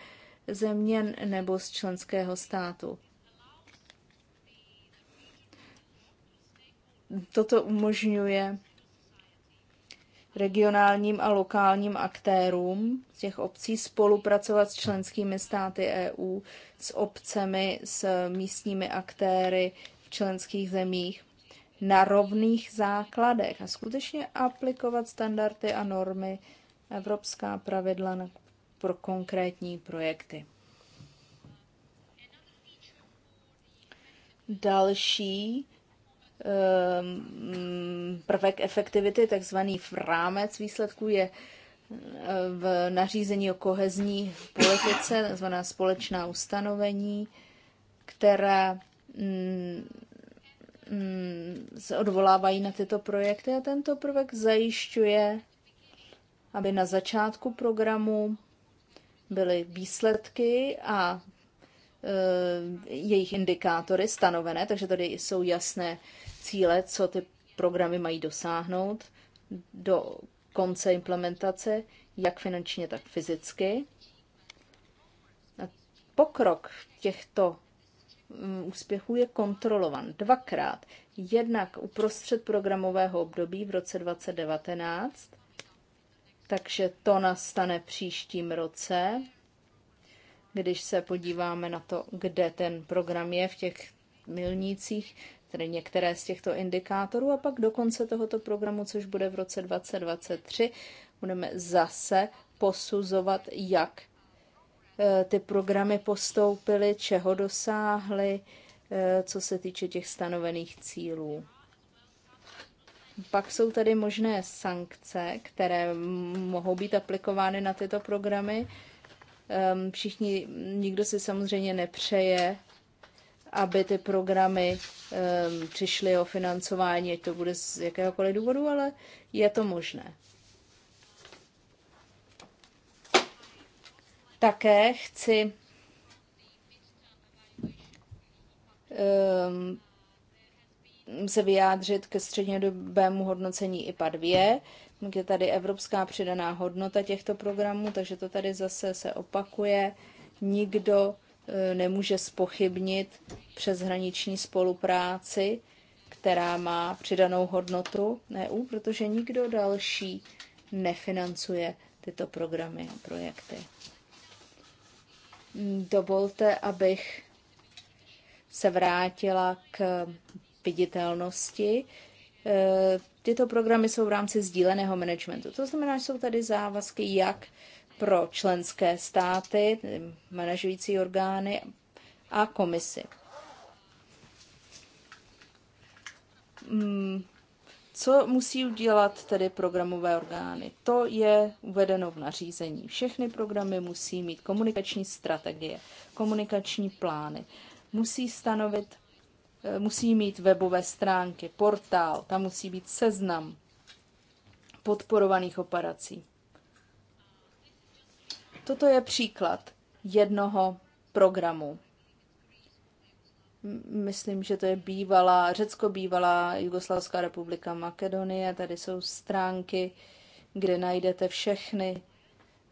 země nebo z členského státu. Toto umožňuje regionálním a lokálním aktérům z těch obcí spolupracovat s členskými státy EU, s obcemi, s místními aktéry v členských zemích na rovných základech a skutečně aplikovat standardy a normy, evropská pravidla na, pro konkrétní projekty. Další ehm, prvek efektivity, takzvaný v rámec výsledků, je ehm, v nařízení o kohezní politice, takzvaná společná ustanovení, která mm, Mm, se odvolávají na tyto projekty a tento prvek zajišťuje, aby na začátku programu byly výsledky a eh, jejich indikátory stanovené, takže tady jsou jasné cíle, co ty programy mají dosáhnout do konce implementace, jak finančně, tak fyzicky. A pokrok těchto Mm, úspěchů je kontrolovan dvakrát. Jednak uprostřed programového období v roce 2019, takže to nastane příštím roce. Když se podíváme na to, kde ten program je v těch milnících, tedy některé z těchto indikátorů, a pak do konce tohoto programu, což bude v roce 2023, budeme zase posuzovat, jak Eh, ty programy postoupily, čeho dosáhly, eh, co se týče těch stanovených cílů. Pak jsou tady možné sankce, které mohou být aplikovány na tyto programy. Ehm, všichni, nikdo si samozřejmě nepřeje, aby ty programy ehm, přišly o financování, ať to bude z jakéhokoliv důvodu, ale je to možné. Také chci ehm, se vyjádřit ke střednědobému hodnocení IPA 2, kde tady evropská přidaná hodnota těchto programů, takže to tady zase se opakuje. Nikdo e, nemůže spochybnit přeshraniční spolupráci, která má přidanou hodnotu EU, protože nikdo další nefinancuje tyto programy a projekty. Dovolte, abych se vrátila k viditelnosti. Eh, tyto programy jsou v rámci sdíleného managementu. To znamená, že jsou tady závazky jak pro členské státy, manažující orgány a komisi. Hmm, co musí udělat tedy programové orgány? To je uvedeno v nařízení. Všechny programy musí mít komunikační strategie, komunikační plány. Musí stanovit, eh, musí mít webové stránky, portál, tam musí být seznam podporovaných operací. Toto je příklad jednoho programu myslím, že to je bývalá, Řecko bývalá Jugoslavská republika Makedonie, tady jsou stránky, kde najdete všechny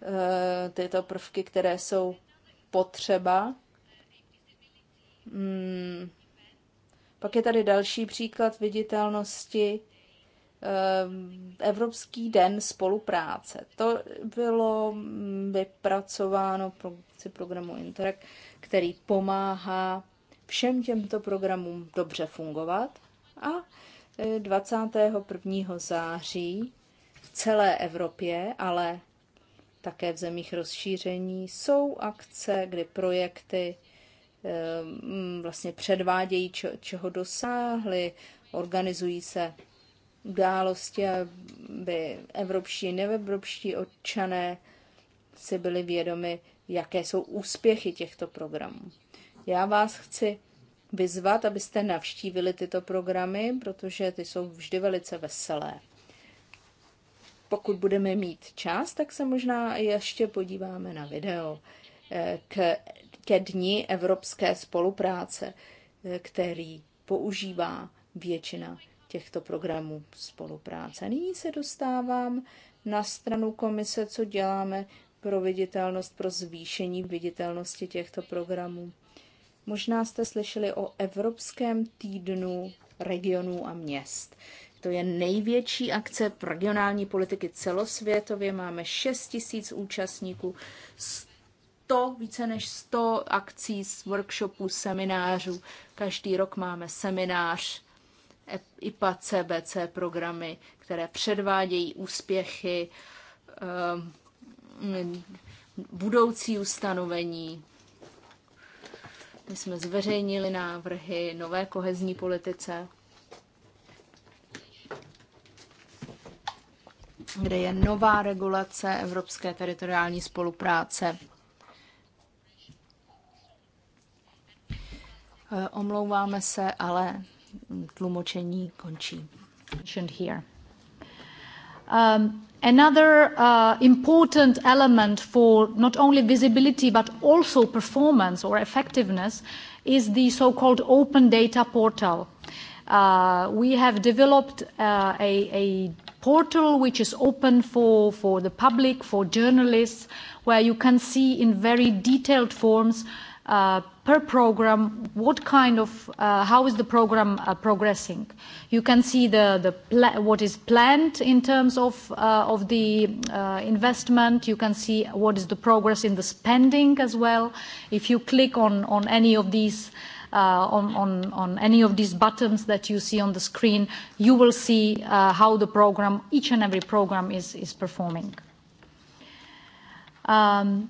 eh, tyto prvky, které jsou potřeba. Hmm. Pak je tady další příklad viditelnosti. Eh, Evropský den spolupráce. To bylo mm, vypracováno v programu Interreg, který pomáhá všem těmto programům dobře fungovat a 21. E, září v celé Evropě, ale také v zemích rozšíření jsou akce, kdy projekty e, vlastně předvádějí, čeho dosáhly, organizují se události, aby evropští i neevropští občané si byli vědomi, jaké jsou úspěchy těchto programů. Já vás chci vyzvat, abyste navštívili tyto programy, protože ty jsou vždy velice veselé. Pokud budeme mít čas, tak se možná ještě podíváme na video eh, k, ke dní evropské spolupráce, eh, který používá většina těchto programů spolupráce. Nyní se dostávám na stranu komise, co děláme pro viditelnost, pro zvýšení viditelnosti těchto programů. Možná jste slyšeli o Evropském týdnu regionů a měst. To je největší akce regionální politiky celosvětově. Máme 6 tisíc účastníků, 100, více než 100 akcí, workshopů, seminářů. Každý rok máme seminář, e IPA, CBC programy, které předvádějí úspěchy, eh, budoucí ustanovení, my jsme zveřejnili návrhy nové kohezní politice, kde je nová regulace evropské teritoriální spolupráce. Eh, omlouváme se, ale tlumočení končí. Here. Um, another uh, important element for not only visibility but also performance or effectiveness is the so-called open data portal. Uh, we have developed uh, a, a portal which is open for, for the public, for journalists, where you can see in very detailed forms uh, per program, what kind of, uh, how is the program uh, progressing? You can see the, the what is planned in terms of, uh, of the uh, investment. You can see what is the progress in the spending as well. If you click on, on any of these, uh, on, on, on any of these buttons that you see on the screen, you will see uh, how the program, each and every program is, is performing. Um,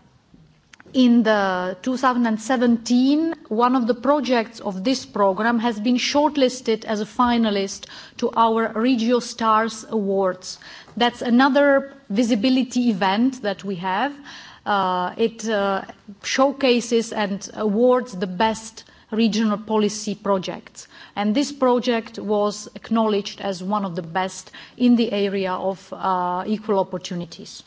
in the 2017, one of the projects of this program has been shortlisted as a finalist to our Regio Stars Awards. That's another visibility event that we have. Uh, it uh, showcases and awards the best regional policy projects. And this project was acknowledged as one of the best in the area of uh, equal opportunities.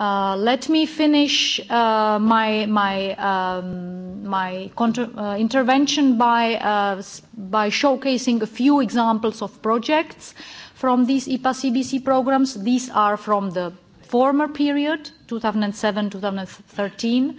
Uh, let me finish uh, my my um, my contra- uh, intervention by uh, by showcasing a few examples of projects from these IPA CBC programs. These are from the former period, 2007-2013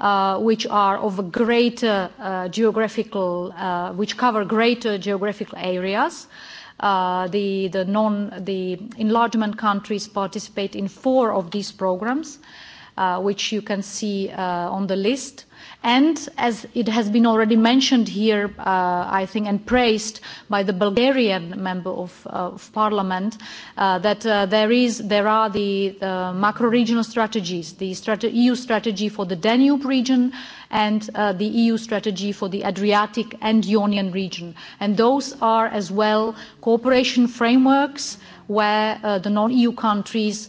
Uh, which are of greater uh, geographical, uh, which cover greater geographical areas. Uh, the, the, non, the enlargement countries participate in four of these programs, uh, which you can see uh, on the list. And as it has been already mentioned here, uh, I think, and praised by the Bulgarian member of, uh, of parliament, uh, that uh, there, is, there are the, the macro-regional strategies, the strate EU strategy for the Danube region and uh, the EU strategy for the Adriatic and Ionian region. And those are as well cooperation frameworks where uh, the non-EU countries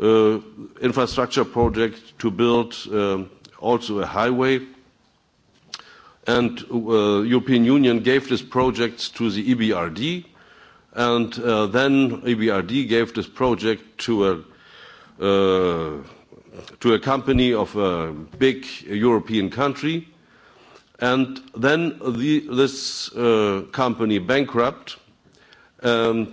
Uh, infrastructure project to build uh, also a highway. And uh, European Union gave this project to the EBRD, and uh, then EBRD gave this project uh, to a company of a big European country, and then this uh, company bankrupt, and